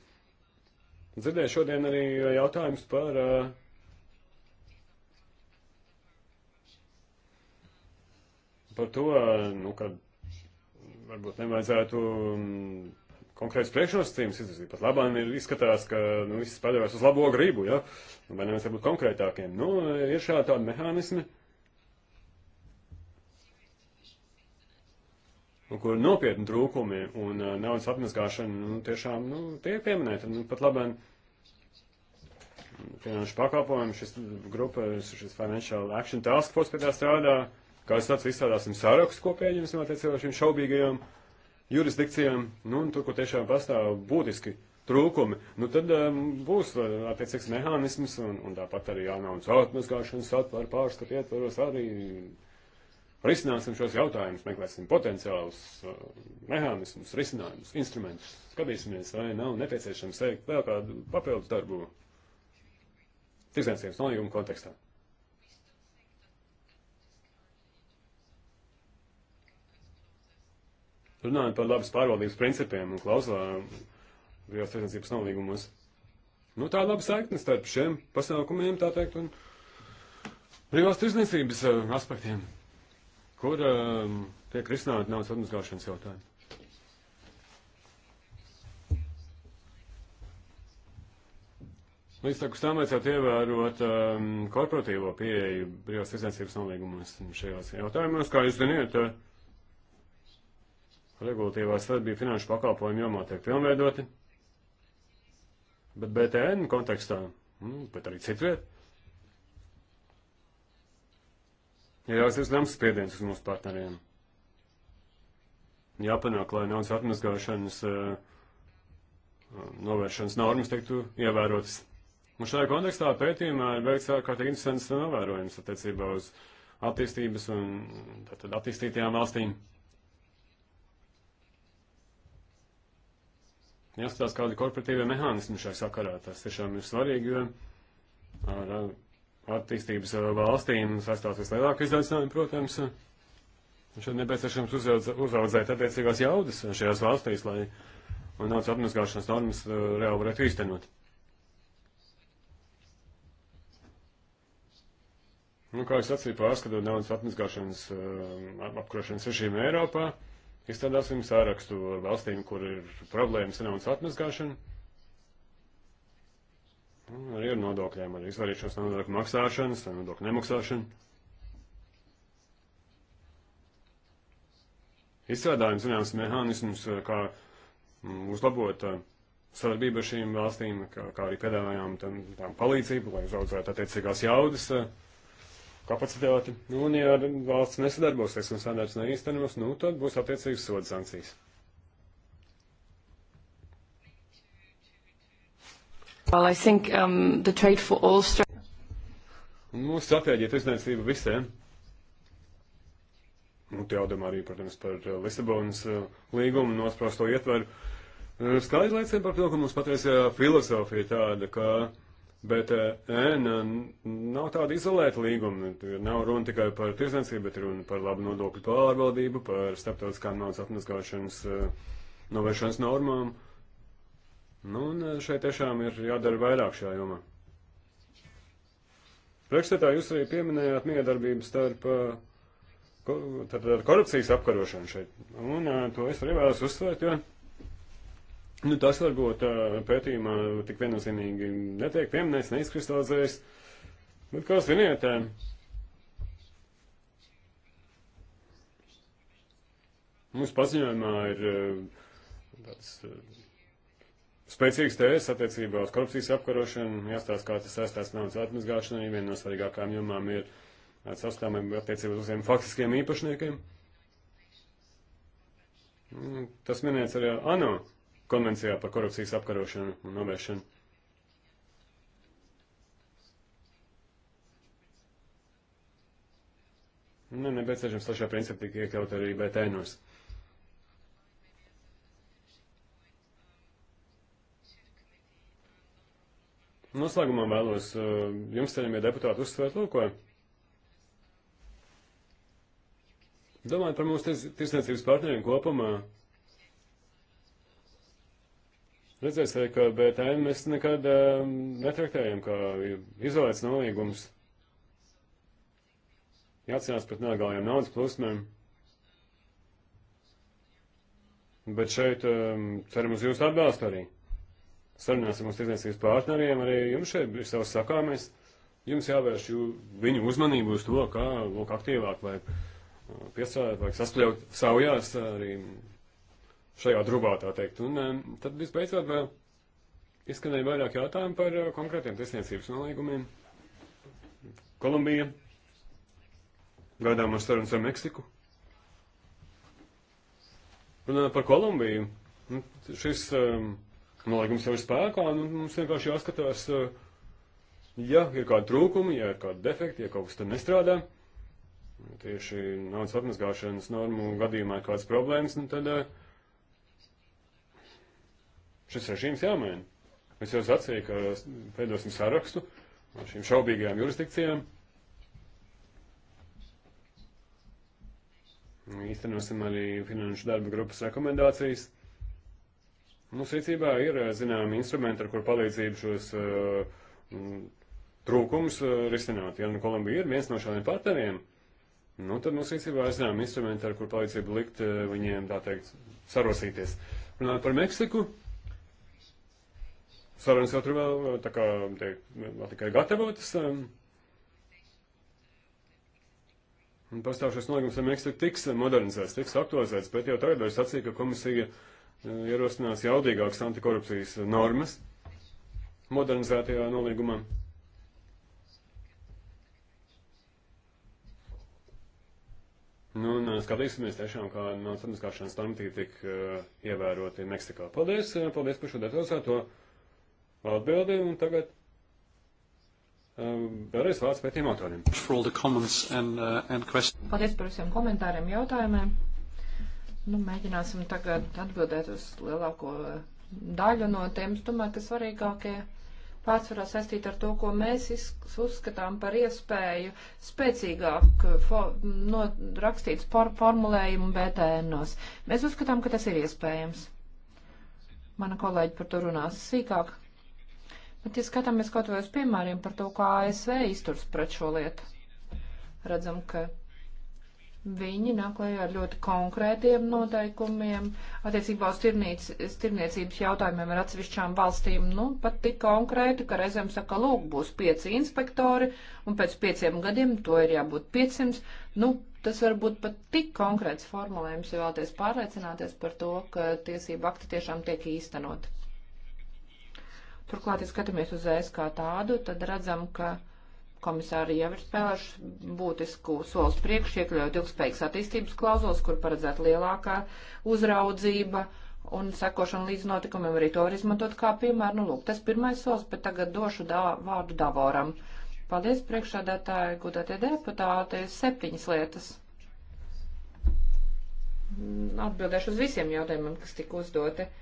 Dzirdēju šodien arī jautājums par uh, par to, nu, kad varbūt nevajadzētu mm, konkrēts priekšnosacījums izvirzīt. Pat labāk ir izskatās, ka nu, viss paļaujas uz labo gribu, ja? vai neviens varbūt konkrētākiem. Nu, ir šādi tādi mehānismi, nu, kur nopietni trūkumi un uh, naudas apmazgāšana nu, tiešām nu, tiek pieminēta. Nu, pat labāk mm, finanšu pakalpojumu, šis grupa, šis Financial Action Task Force pie tā strādā. Uh, kāds tāds izstrādāsim sarakstu kopējiem, attiecībā šīm šaubīgajām jurisdikcijām, nu, un tur, kur tiešām pastāv būtiski trūkumi, nu, tad um, būs uh, attiecīgs mehānisms, un, un tāpat arī jānaudas atmazgāšanas atvaru pārskatu ietvaros arī risināsim šos jautājumus, meklēsim potenciālus uh, mehānismus, risinājumus, instrumentus, skatīsimies, vai nav nepieciešams veikt vēl kādu papildus darbu tirdzniecības nolīgumu kontekstā. Runājot par labas pārvaldības principiem un klauzulām brīvās tiesniecības nolīgumos. Nu, tā ir laba saikne starp šiem pasākumiem, tā teikt, un brīvās tiesniecības uh, eh, aspektiem, kur uh, tiek risināti naudas atmazgāšanas jautājumi. Līdz tekus tam vajadzētu ievērot um, korporatīvo pieeju brīvās tiesniecības nolīgumos šajās jautājumos. Kā jūs ziniet, uh, regulatīvā sadarbība finanšu pakalpojumu jomā tiek pilnveidoti, bet BTN kontekstā, mm, bet arī citviet, ir jāuzsver zināms spiediens uz mūsu partneriem. Jāpanāk, lai naudas atmazgāšanas eh, um, novēršanas normas tiktu ievērotas. Un šajā kontekstā pētījumā ir veikts ārkārtīgi interesants novērojums attiecībā uz attīstības un tātad attīstītajām valstīm. jāskatās, kādi korporatīvie mehānismi šajā sakarā. Tas tiešām ir svarīgi, jo ar uh, attīstības uh, valstīm saistās vislielākie izaicinājumi, protams. Šeit nepieciešams uzraudz, uzraudzēt attiecīgās jaudas šajās valstīs, lai naudas atmaskāšanas normas uh, reāli varētu īstenot. Nu, kā es sacīju, pārskatot naudas atmaskāšanas apkarošanas režīmu Eiropā, uh, Izstrādāsim sārakstu ar valstīm, kur ir problēmas ar naudas atmazgāšanu. Un arī ar nodokļiem, arī izvairīšos no nodokļu maksāšanas, nodokļu nemaksāšanu. Izstrādājam zināms mehānismus, eh, kā mm, uzlabot eh, sadarbību ar šīm valstīm, kā, kā arī piedāvājām tam, tam palīdzību, lai uzaudzētu attiecīgās jaudas. Uh, kapacitāti, nu, un ja valsts nesadarbosies un standarts neīstenos, nu tad būs attiecīgas soda sankcijas. Well, I think um, the trade for all Mūsu nu, stratēģija ir izniecība visiem. Nu, te jādomā arī, protams, par uh, Lisabonas uh, līgumu nosprosto ietveru. Uh, skaidrs liecina par to, ka mums patreizajā filozofija tāda, ka Bet eh, ēna nav tāda izolēta līguma. Nav runa tikai par tirdzniecību, bet runa par labu nodokļu pārvaldību, par starptautiskām naudas atmaskāšanas eh, novēršanas normām. Nu, un eh, šeit tiešām ir jādara vairāk šajā jomā. Priekšstādā jūs arī pieminējāt miedarbību starp tātad, korupcijas apkarošanu šeit. Un to es arī vēlos uzsvērt, jo. Ja? Nu, tas varbūt pētījumā tik viennozīmīgi netiek pieminēts, neizkristalizējas. Bet kā ziniet, mūsu paziņojumā ir tāds spēcīgs tēzes attiecībā uz korupcijas apkarošanu, jāstāsta, kā tas saistās naudas atmazgāšanai. Viena no svarīgākām jomām ir sastāvība attiecībā uz tiem faktiskiem īpašniekiem. Nu, tas minēts arī ANO. Ar konvencijā par korupcijas apkarošanu un novēršanu. Nu, nepieciešams pašā principā tika iekļaut arī BTNOS. Noslēgumā vēlos uh, jums, ceļamie deputāti, uzsvērt lūko. Domājot par mūsu tirsniecības partneriem kopumā, Redzēs arī, ka BTN mēs nekad uh, netraktējam kā izolēts nolīgums. Jāatcerās pret nelegāliem naudas plūsmēm. Bet šeit um, ceram uz jūsu atbalstu arī. Sarunāsim uz tirdzniecības partneriem, arī jums šeit ir savs sakāmais. Jums jāvērš jū, viņu uzmanību uz to, kā lūk aktīvāk vai uh, piestrādāt, vai saspļaut savjās arī šajā drubā, tā teikt. Un tad visbeidzot vēl izskanēja vairāk jautājumu par eh, konkrētiem tiesniecības nolīgumiem. Kolumbija, gaidāmas sarunas ar Meksiku. Runājot par Kolumbiju, nu, šis um, nolīgums jau ir spēkā, un mums vienkārši jāskatās, uh, ja ir kādi trūkumi, ja ir kādi defekti, ja kaut kas tur nestrādā, tieši naudas atmazgāšanas normu gadījumā ir kādas problēmas, nu tad uh, Šis režīms jāmaina. Es jau sacīju, ka veidosim sarakstu ar šīm šaubīgajām jurisdikcijām. Īstenosim arī finanšu darba grupas rekomendācijas. Mums nu, rīcībā ir eh, zināmi instrumenti, ar kur palīdzību šos uh, eh, trūkumus uh, eh, risināt. Ja nu Kolumbija ir viens no šādiem partneriem, nu tad mums nu, rīcībā ir zināmi instrumenti, ar kur palīdzību likt uh, viņiem, tā teikt, sarosīties. Runājot par Meksiku. Uh, sarunas jau tur vēl, tā kā, tiek vēl tikai gatavotas. Um, un pastāvšais nolīgums ar Meksiku tiks modernizēts, tiks aktualizēts, bet jau tagad var sacīt, ka komisija uh, ierosinās jaudīgākas antikorupcijas normas modernizētajā nolīgumā. Nu, un uh, skatīsimies tiešām, kā no samaskāšanas normatīvi tik uh, ievēroti Meksikā. Paldies, uh, paldies par šo detalizēto atbildi, un tagad um, vēlreiz vārds pētījiem autoriem. Uh, Paldies par visiem komentāriem, jautājumiem. Nu, mēģināsim tagad atbildēt uz lielāko daļu no tiem, tomēr, kas svarīgākie pārsvarā saistīta ar to, ko mēs uzskatām par iespēju spēcīgāk no, rakstīt par formulējumu BTNos. Mēs uzskatām, ka tas ir iespējams. Mana kolēģi par to runās sīkāk. Bet, ja skatāmies kaut vai uz piemēriem par to, kā ASV izturs pret šo lietu, redzam, ka Viņi nāk klajā ar ļoti konkrētiem noteikumiem attiecībā uz tirniec, tirniecības jautājumiem ar atsevišķām valstīm. Nu, pat tik konkrēti, ka reizēm saka, lūk, būs pieci inspektori, un pēc pieciem gadiem to ir jābūt 500. Nu, tas varbūt pat tik konkrēts formulējums, ja vēlaties pārliecināties par to, ka tiesība akti tiešām tiek īstenot. Turklāt, ja skatāmies uz ES kā tādu, tad redzam, ka komisāri jau ir spēlējuši būtisku solis priekš, iekļaujot ilgspējīgas attīstības klauzulas, kur paredzēta lielākā uzraudzība un sekošana līdz notikumiem arī to var izmantot kā piemēru. Nu, lūk, tas pirmais solis, bet tagad došu dā, vārdu Davoram. Paldies, priekšādātāji, gudātie deputāti, septiņas lietas. Atbildēšu uz visiem jautājumiem, kas tika uzdoti. Uh,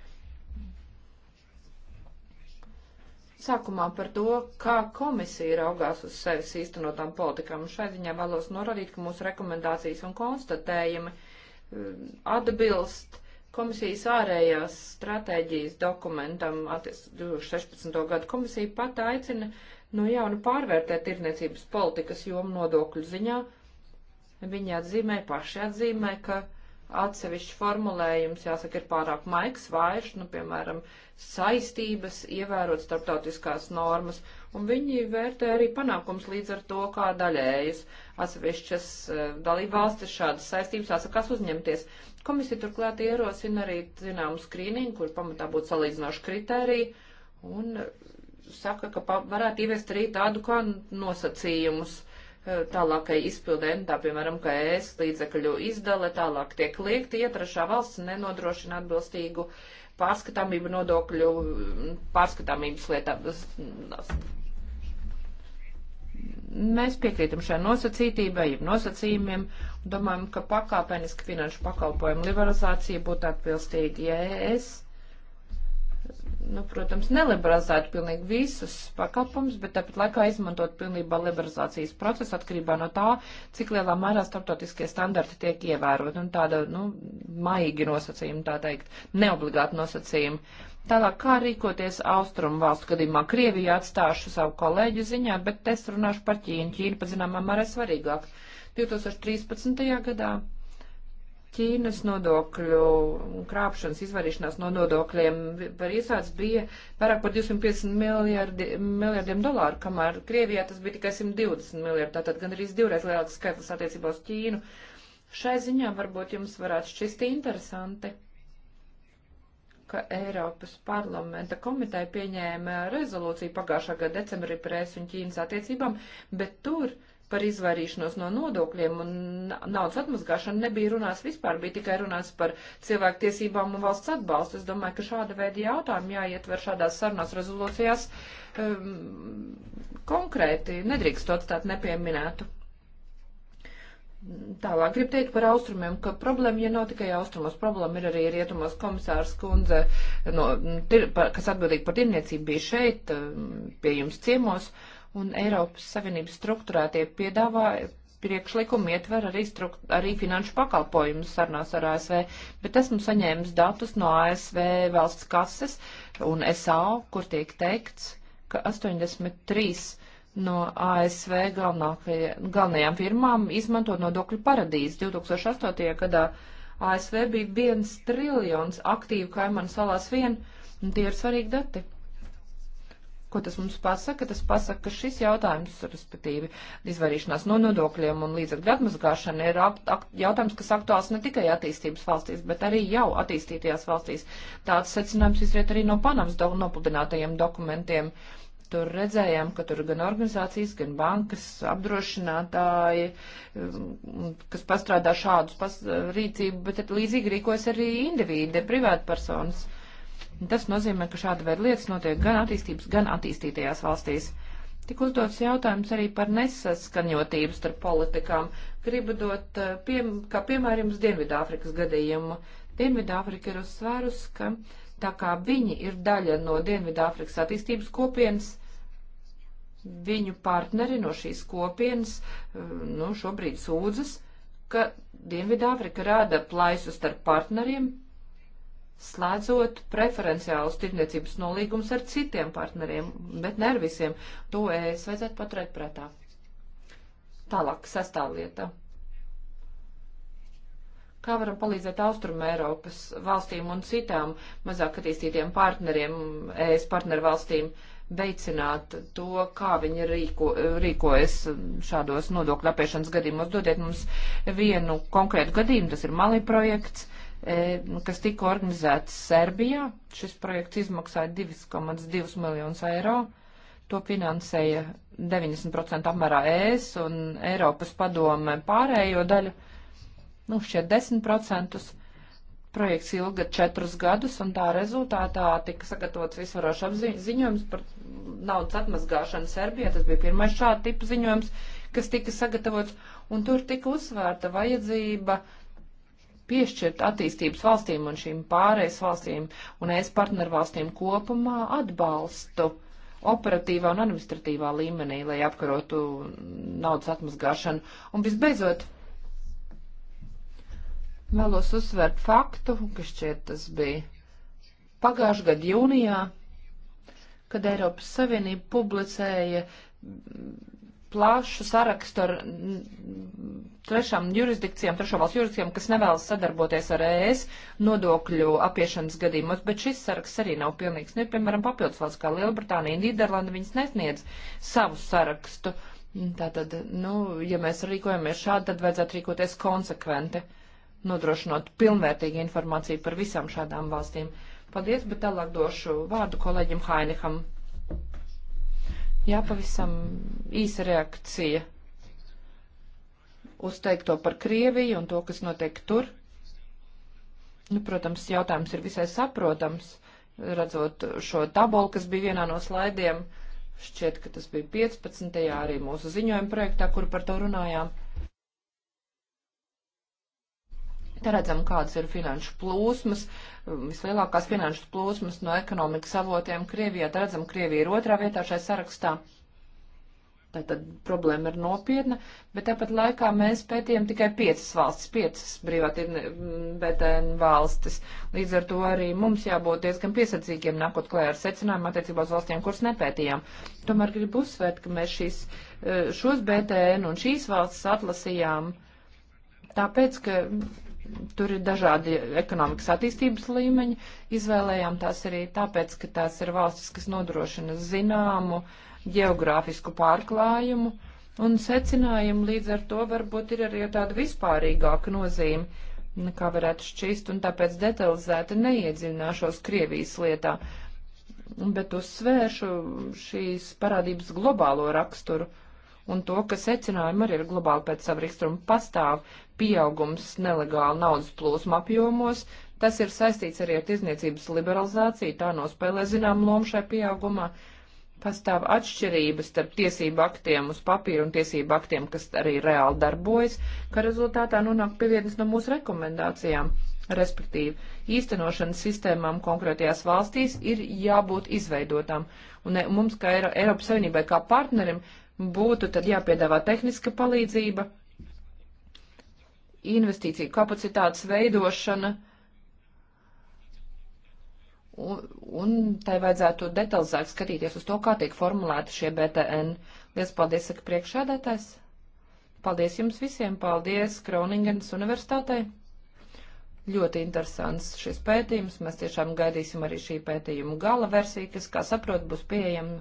Sākumā par to, kā komisija raugās uz sevis īstenotām politikām. Šai ziņā vēlos norādīt, ka mūsu rekomendācijas un konstatējumi um, atbilst komisijas ārējās stratēģijas dokumentam 2016. gadu. Komisija pat aicina no jauna pārvērtēt tirniecības politikas jomu nodokļu ziņā. Viņi atzīmē, paši atzīmē, ka atsevišķi formulējums, jāsaka, ir pārāk maigs, vairs, nu, piemēram, saistības, ievērot starptautiskās normas, un viņi vērtē arī panākums līdz ar to, kā daļējas atsevišķas eh, dalībvalstis šādas saistības atsakās uzņemties. Komisija turklāt ierosina arī zināmu skrīningu, kur pamatā būtu salīdzinoši kritēriji, un saka, ka varētu ieviest arī tādu kā nosacījumus eh, tālākai izpildēm, nu, tā piemēram, ka ēst līdzekļu izdale tālāk tiek liekti, ja trešā valsts nenodrošina atbilstīgu uh, pārskatāmība nodokļu pārskatāmības lietā. Mēs piekrītam šai nosacītībai, jeb nosacījumiem, un domājam, ka pakāpeniski finanšu pakalpojumu liberalizācija būtu atbilstīga, ja es. Ja nu, protams, nelibrazētu pilnīgi visus pakalpumus, bet tāpat laikā izmantot pilnībā liberalizācijas procesu atkarībā no tā, cik lielā mērā starptautiskie standarti tiek ievērot un tāda, nu, maigi nosacījumi, tā teikt, neobligāti nosacījumi. Tālāk, kā rīkoties austrumu valstu gadījumā, Krievija atstāšu savu kolēģu ziņā, bet es runāšu par Ķīnu. Ķīna, pazināmā, mērā svarīgāk. 2013. gadā Ķīnas nodokļu krāpšanas, izvarīšanās no nodokļiem par iesāds bija vairāk par 250 miljardi, miljardiem dolāru, kamēr Krievijā tas bija tikai 120 miljardi, tātad gan arī divreiz lielāks skaitlis attiecībā uz Ķīnu. Šai ziņā varbūt jums varētu šķist interesanti, ka Eiropas parlamenta komiteja pieņēma rezolūciju pagājušā gada decembrī par ES un Ķīnas attiecībām, bet tur par izvairīšanos no nodokļiem un naudas atmazgāšanu nebija runās vispār, bija tikai runās par cilvēktiesībām un valsts atbalstu. Es domāju, ka šāda veida jautājumi jāietver šādās sarunās rezolūcijās um, konkrēti, nedrīkst to atstāt nepieminētu. Tālāk gribu teikt par austrumiem, ka problēma, ja nav tikai austrumos, problēma ir arī rietumos komisārs kundze, no, tir, par, kas atbildīgi par tirniecību, bija šeit, um, pie jums ciemos. Uh, un Eiropas Savienības struktūrētie piedāvā priekšlikumi ietver arī, strukt, arī finanšu pakalpojumus sarunās ar ASV, bet esmu saņēmis datus no ASV valsts kases un SAO, kur tiek teikts, ka 83 no ASV galvenajām firmām izmanto nodokļu paradīzes. 2008. gadā ASV bija viens triljons aktīvu kaimanu salās vien, un tie ir svarīgi dati. Ko tas mums pasaka? Tas pasaka, ka šis jautājums, respektīvi, izvairīšanās no nodokļiem un līdzekļu atmazgāšana ir ap, ak, jautājums, kas aktuāls ne tikai attīstības valstīs, bet arī jau attīstītajās valstīs. Tāds secinājums izriet arī no Panamas do, nopludinātajiem dokumentiem. Tur redzējām, ka tur gan organizācijas, gan bankas, apdrošinātāji, um, kas pastrādā šādus pas, rīcību, bet līdzīgi rīkojas arī indivīdi, privātpersonas. personas Tas nozīmē, ka šāda veida lietas notiek gan attīstības, gan attīstītajās valstīs. Tik uzdots jautājums arī par nesaskaņotību starp politikām. Gribu dot, eh, pie, kā piemēram, uz Dienvidāfrikas gadījumu. Dienvidāfrika ir uzsvērus, ka tā kā viņi ir daļa no Dienvidāfrikas attīstības kopienas, viņu partneri no šīs kopienas, eh, nu, šobrīd sūdzas, ka Dienvidāfrika rāda plaisu starp partneriem slēdzot preferenciālus tirdzniecības nolīgumus ar citiem partneriem, bet ne ar visiem. To es vajadzētu paturēt prātā. Tālāk, sestā lieta. Kā varam palīdzēt Austruma Eiropas valstīm un citām mazāk attīstītiem partneriem, ES partneru valstīm, veicināt to, kā viņi rīko, rīkojas šādos nodokļu apiešanas gadījumos? Dodiet mums vienu konkrētu gadījumu, tas ir Mali projekts E, nu, kas tika organizēts Serbijā. Šis projekts izmaksāja 2,2 miljonus eiro. To finansēja 90% apmērā ES un Eiropas padome pārējo daļu, nu, šie 10%. Projekts ilga četrus gadus, un tā rezultātā tika sagatavots visvarošs apziņojums par naudas atmazgāšanu Serbijā. Tas bija pirmais šāda tipa ziņojums, kas tika sagatavots, un tur tika uzsvērta vajadzība uh, piešķirt attīstības valstīm un šīm pārējais valstīm un es partnervalstīm kopumā atbalstu operatīvā un administratīvā līmenī, lai apkarotu naudas atmazgāšanu. Un visbeidzot, vēlos uzsvērt faktu, ka šķiet tas bija pagājušajā gadā jūnijā, kad Eiropas Savienība publicēja plašu sarakstu ar trešām jurisdikcijām, trešo valstu jurisdikcijām, kas nevēlas sadarboties ar ES nodokļu apiešanas gadījumos, bet šis saraksts arī nav pilnīgs. Nu, piemēram, papildus valsts kā Lielbritānija, Nīderlanda, viņas nesniedz savu sarakstu. Tātad, nu, ja mēs rīkojamies šādi, tad vajadzētu rīkoties konsekventi, nodrošinot pilnvērtīgu informāciju par visām šādām valstīm. Paldies, bet tālāk došu vārdu kolēģim Hainiham. Jā, pavisam īsa reakcija uz teikto par Krieviju un to, kas notiek tur. Nu, protams, jautājums ir visai saprotams. Redzot šo tabulu, kas bija vienā no slaidiem, šķiet, ka tas bija 15. arī mūsu ziņojuma projektā, kur par to runājām. Uh, Te redzam, kādas ir finanšu plūsmas, um, vislielākās finanšu plūsmas no ekonomikas avotiem Krievijā. Te redzam, Krievija ir otrā vietā šai sarakstā. Tātad problēma ir nopietna, bet tāpat laikā mēs pētījām tikai piecas valstis, piecas brīvātirniecības mm, valstis. Līdz ar to arī mums jābūt diezgan piesardzīgiem nākot klē ar secinājumu attiecībā uz valstīm, kuras nepētījām. Tomēr gribu uzsvērt, ka mēs šīs, eh, šos BTN un šīs valstis atlasījām tāpēc, ka Tur ir dažādi ekonomikas attīstības līmeņi. Izvēlējām tās arī tāpēc, ka tās ir valstis, kas nodrošina zināmu geogrāfisku pārklājumu un secinājumu līdz ar to varbūt ir arī tāda vispārīgāka nozīme, kā varētu šķist, un tāpēc detalizēti neiedziļināšos Krievijas lietā, bet uzsvēršu šīs parādības globālo raksturu un to, ka secinājumi arī ir globāli pēc sava raksturuma pastāv pieaugums nelegāli naudas plūsmu apjomos. Tas ir saistīts arī ar tirzniecības liberalizāciju, tā nospēlē zinām lomu šai pieaugumā. Pastāv atšķirības starp tiesību aktiem uz papīra un tiesību aktiem, kas arī reāli darbojas, ka rezultātā nonāk pie vienas no mūsu rekomendācijām. Respektīvi, īstenošanas sistēmām konkrētajās valstīs ir jābūt izveidotām. Un e, mums, kā Eiropas Savienībai, kā partnerim, būtu tad jāpiedāvā tehniska palīdzība, investīcija kapacitātes veidošana, un, un tai vajadzētu detalizāk skatīties uz to, kā tiek formulēti šie BTN. Liels paldies, saka priekšādātājs. Paldies jums visiem, paldies Kroningenas universitātei. Ļoti interesants šis pētījums. Mēs tiešām gaidīsim arī šī pētījuma gala versiju, kas, kā saprot, būs pieejama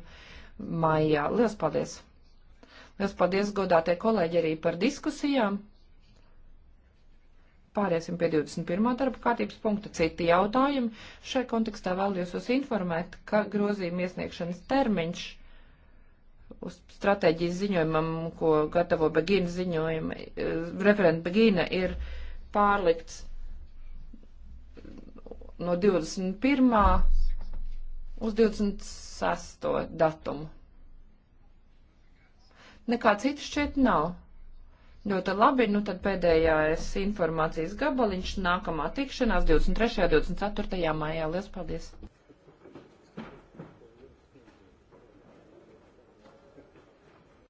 maijā. Lielas paldies! Jūs paldies, godātie kolēģi, arī par diskusijām. Pāriesim pie 21. darba kārtības punkta citi jautājumi. Šai kontekstā vēlos jūs informēt, ka grozījuma iesniegšanas termiņš uz stratēģijas ziņojumam, ko gatavo Begīna ziņojuma, eh, referenta Begīna ir pārlikts no 21. uz 26. datumu. Nekā cita šķiet nav. Ļoti labi, nu tad pēdējais informācijas gabaliņš nākamā tikšanās 23. un 24. maijā. Lielas paldies!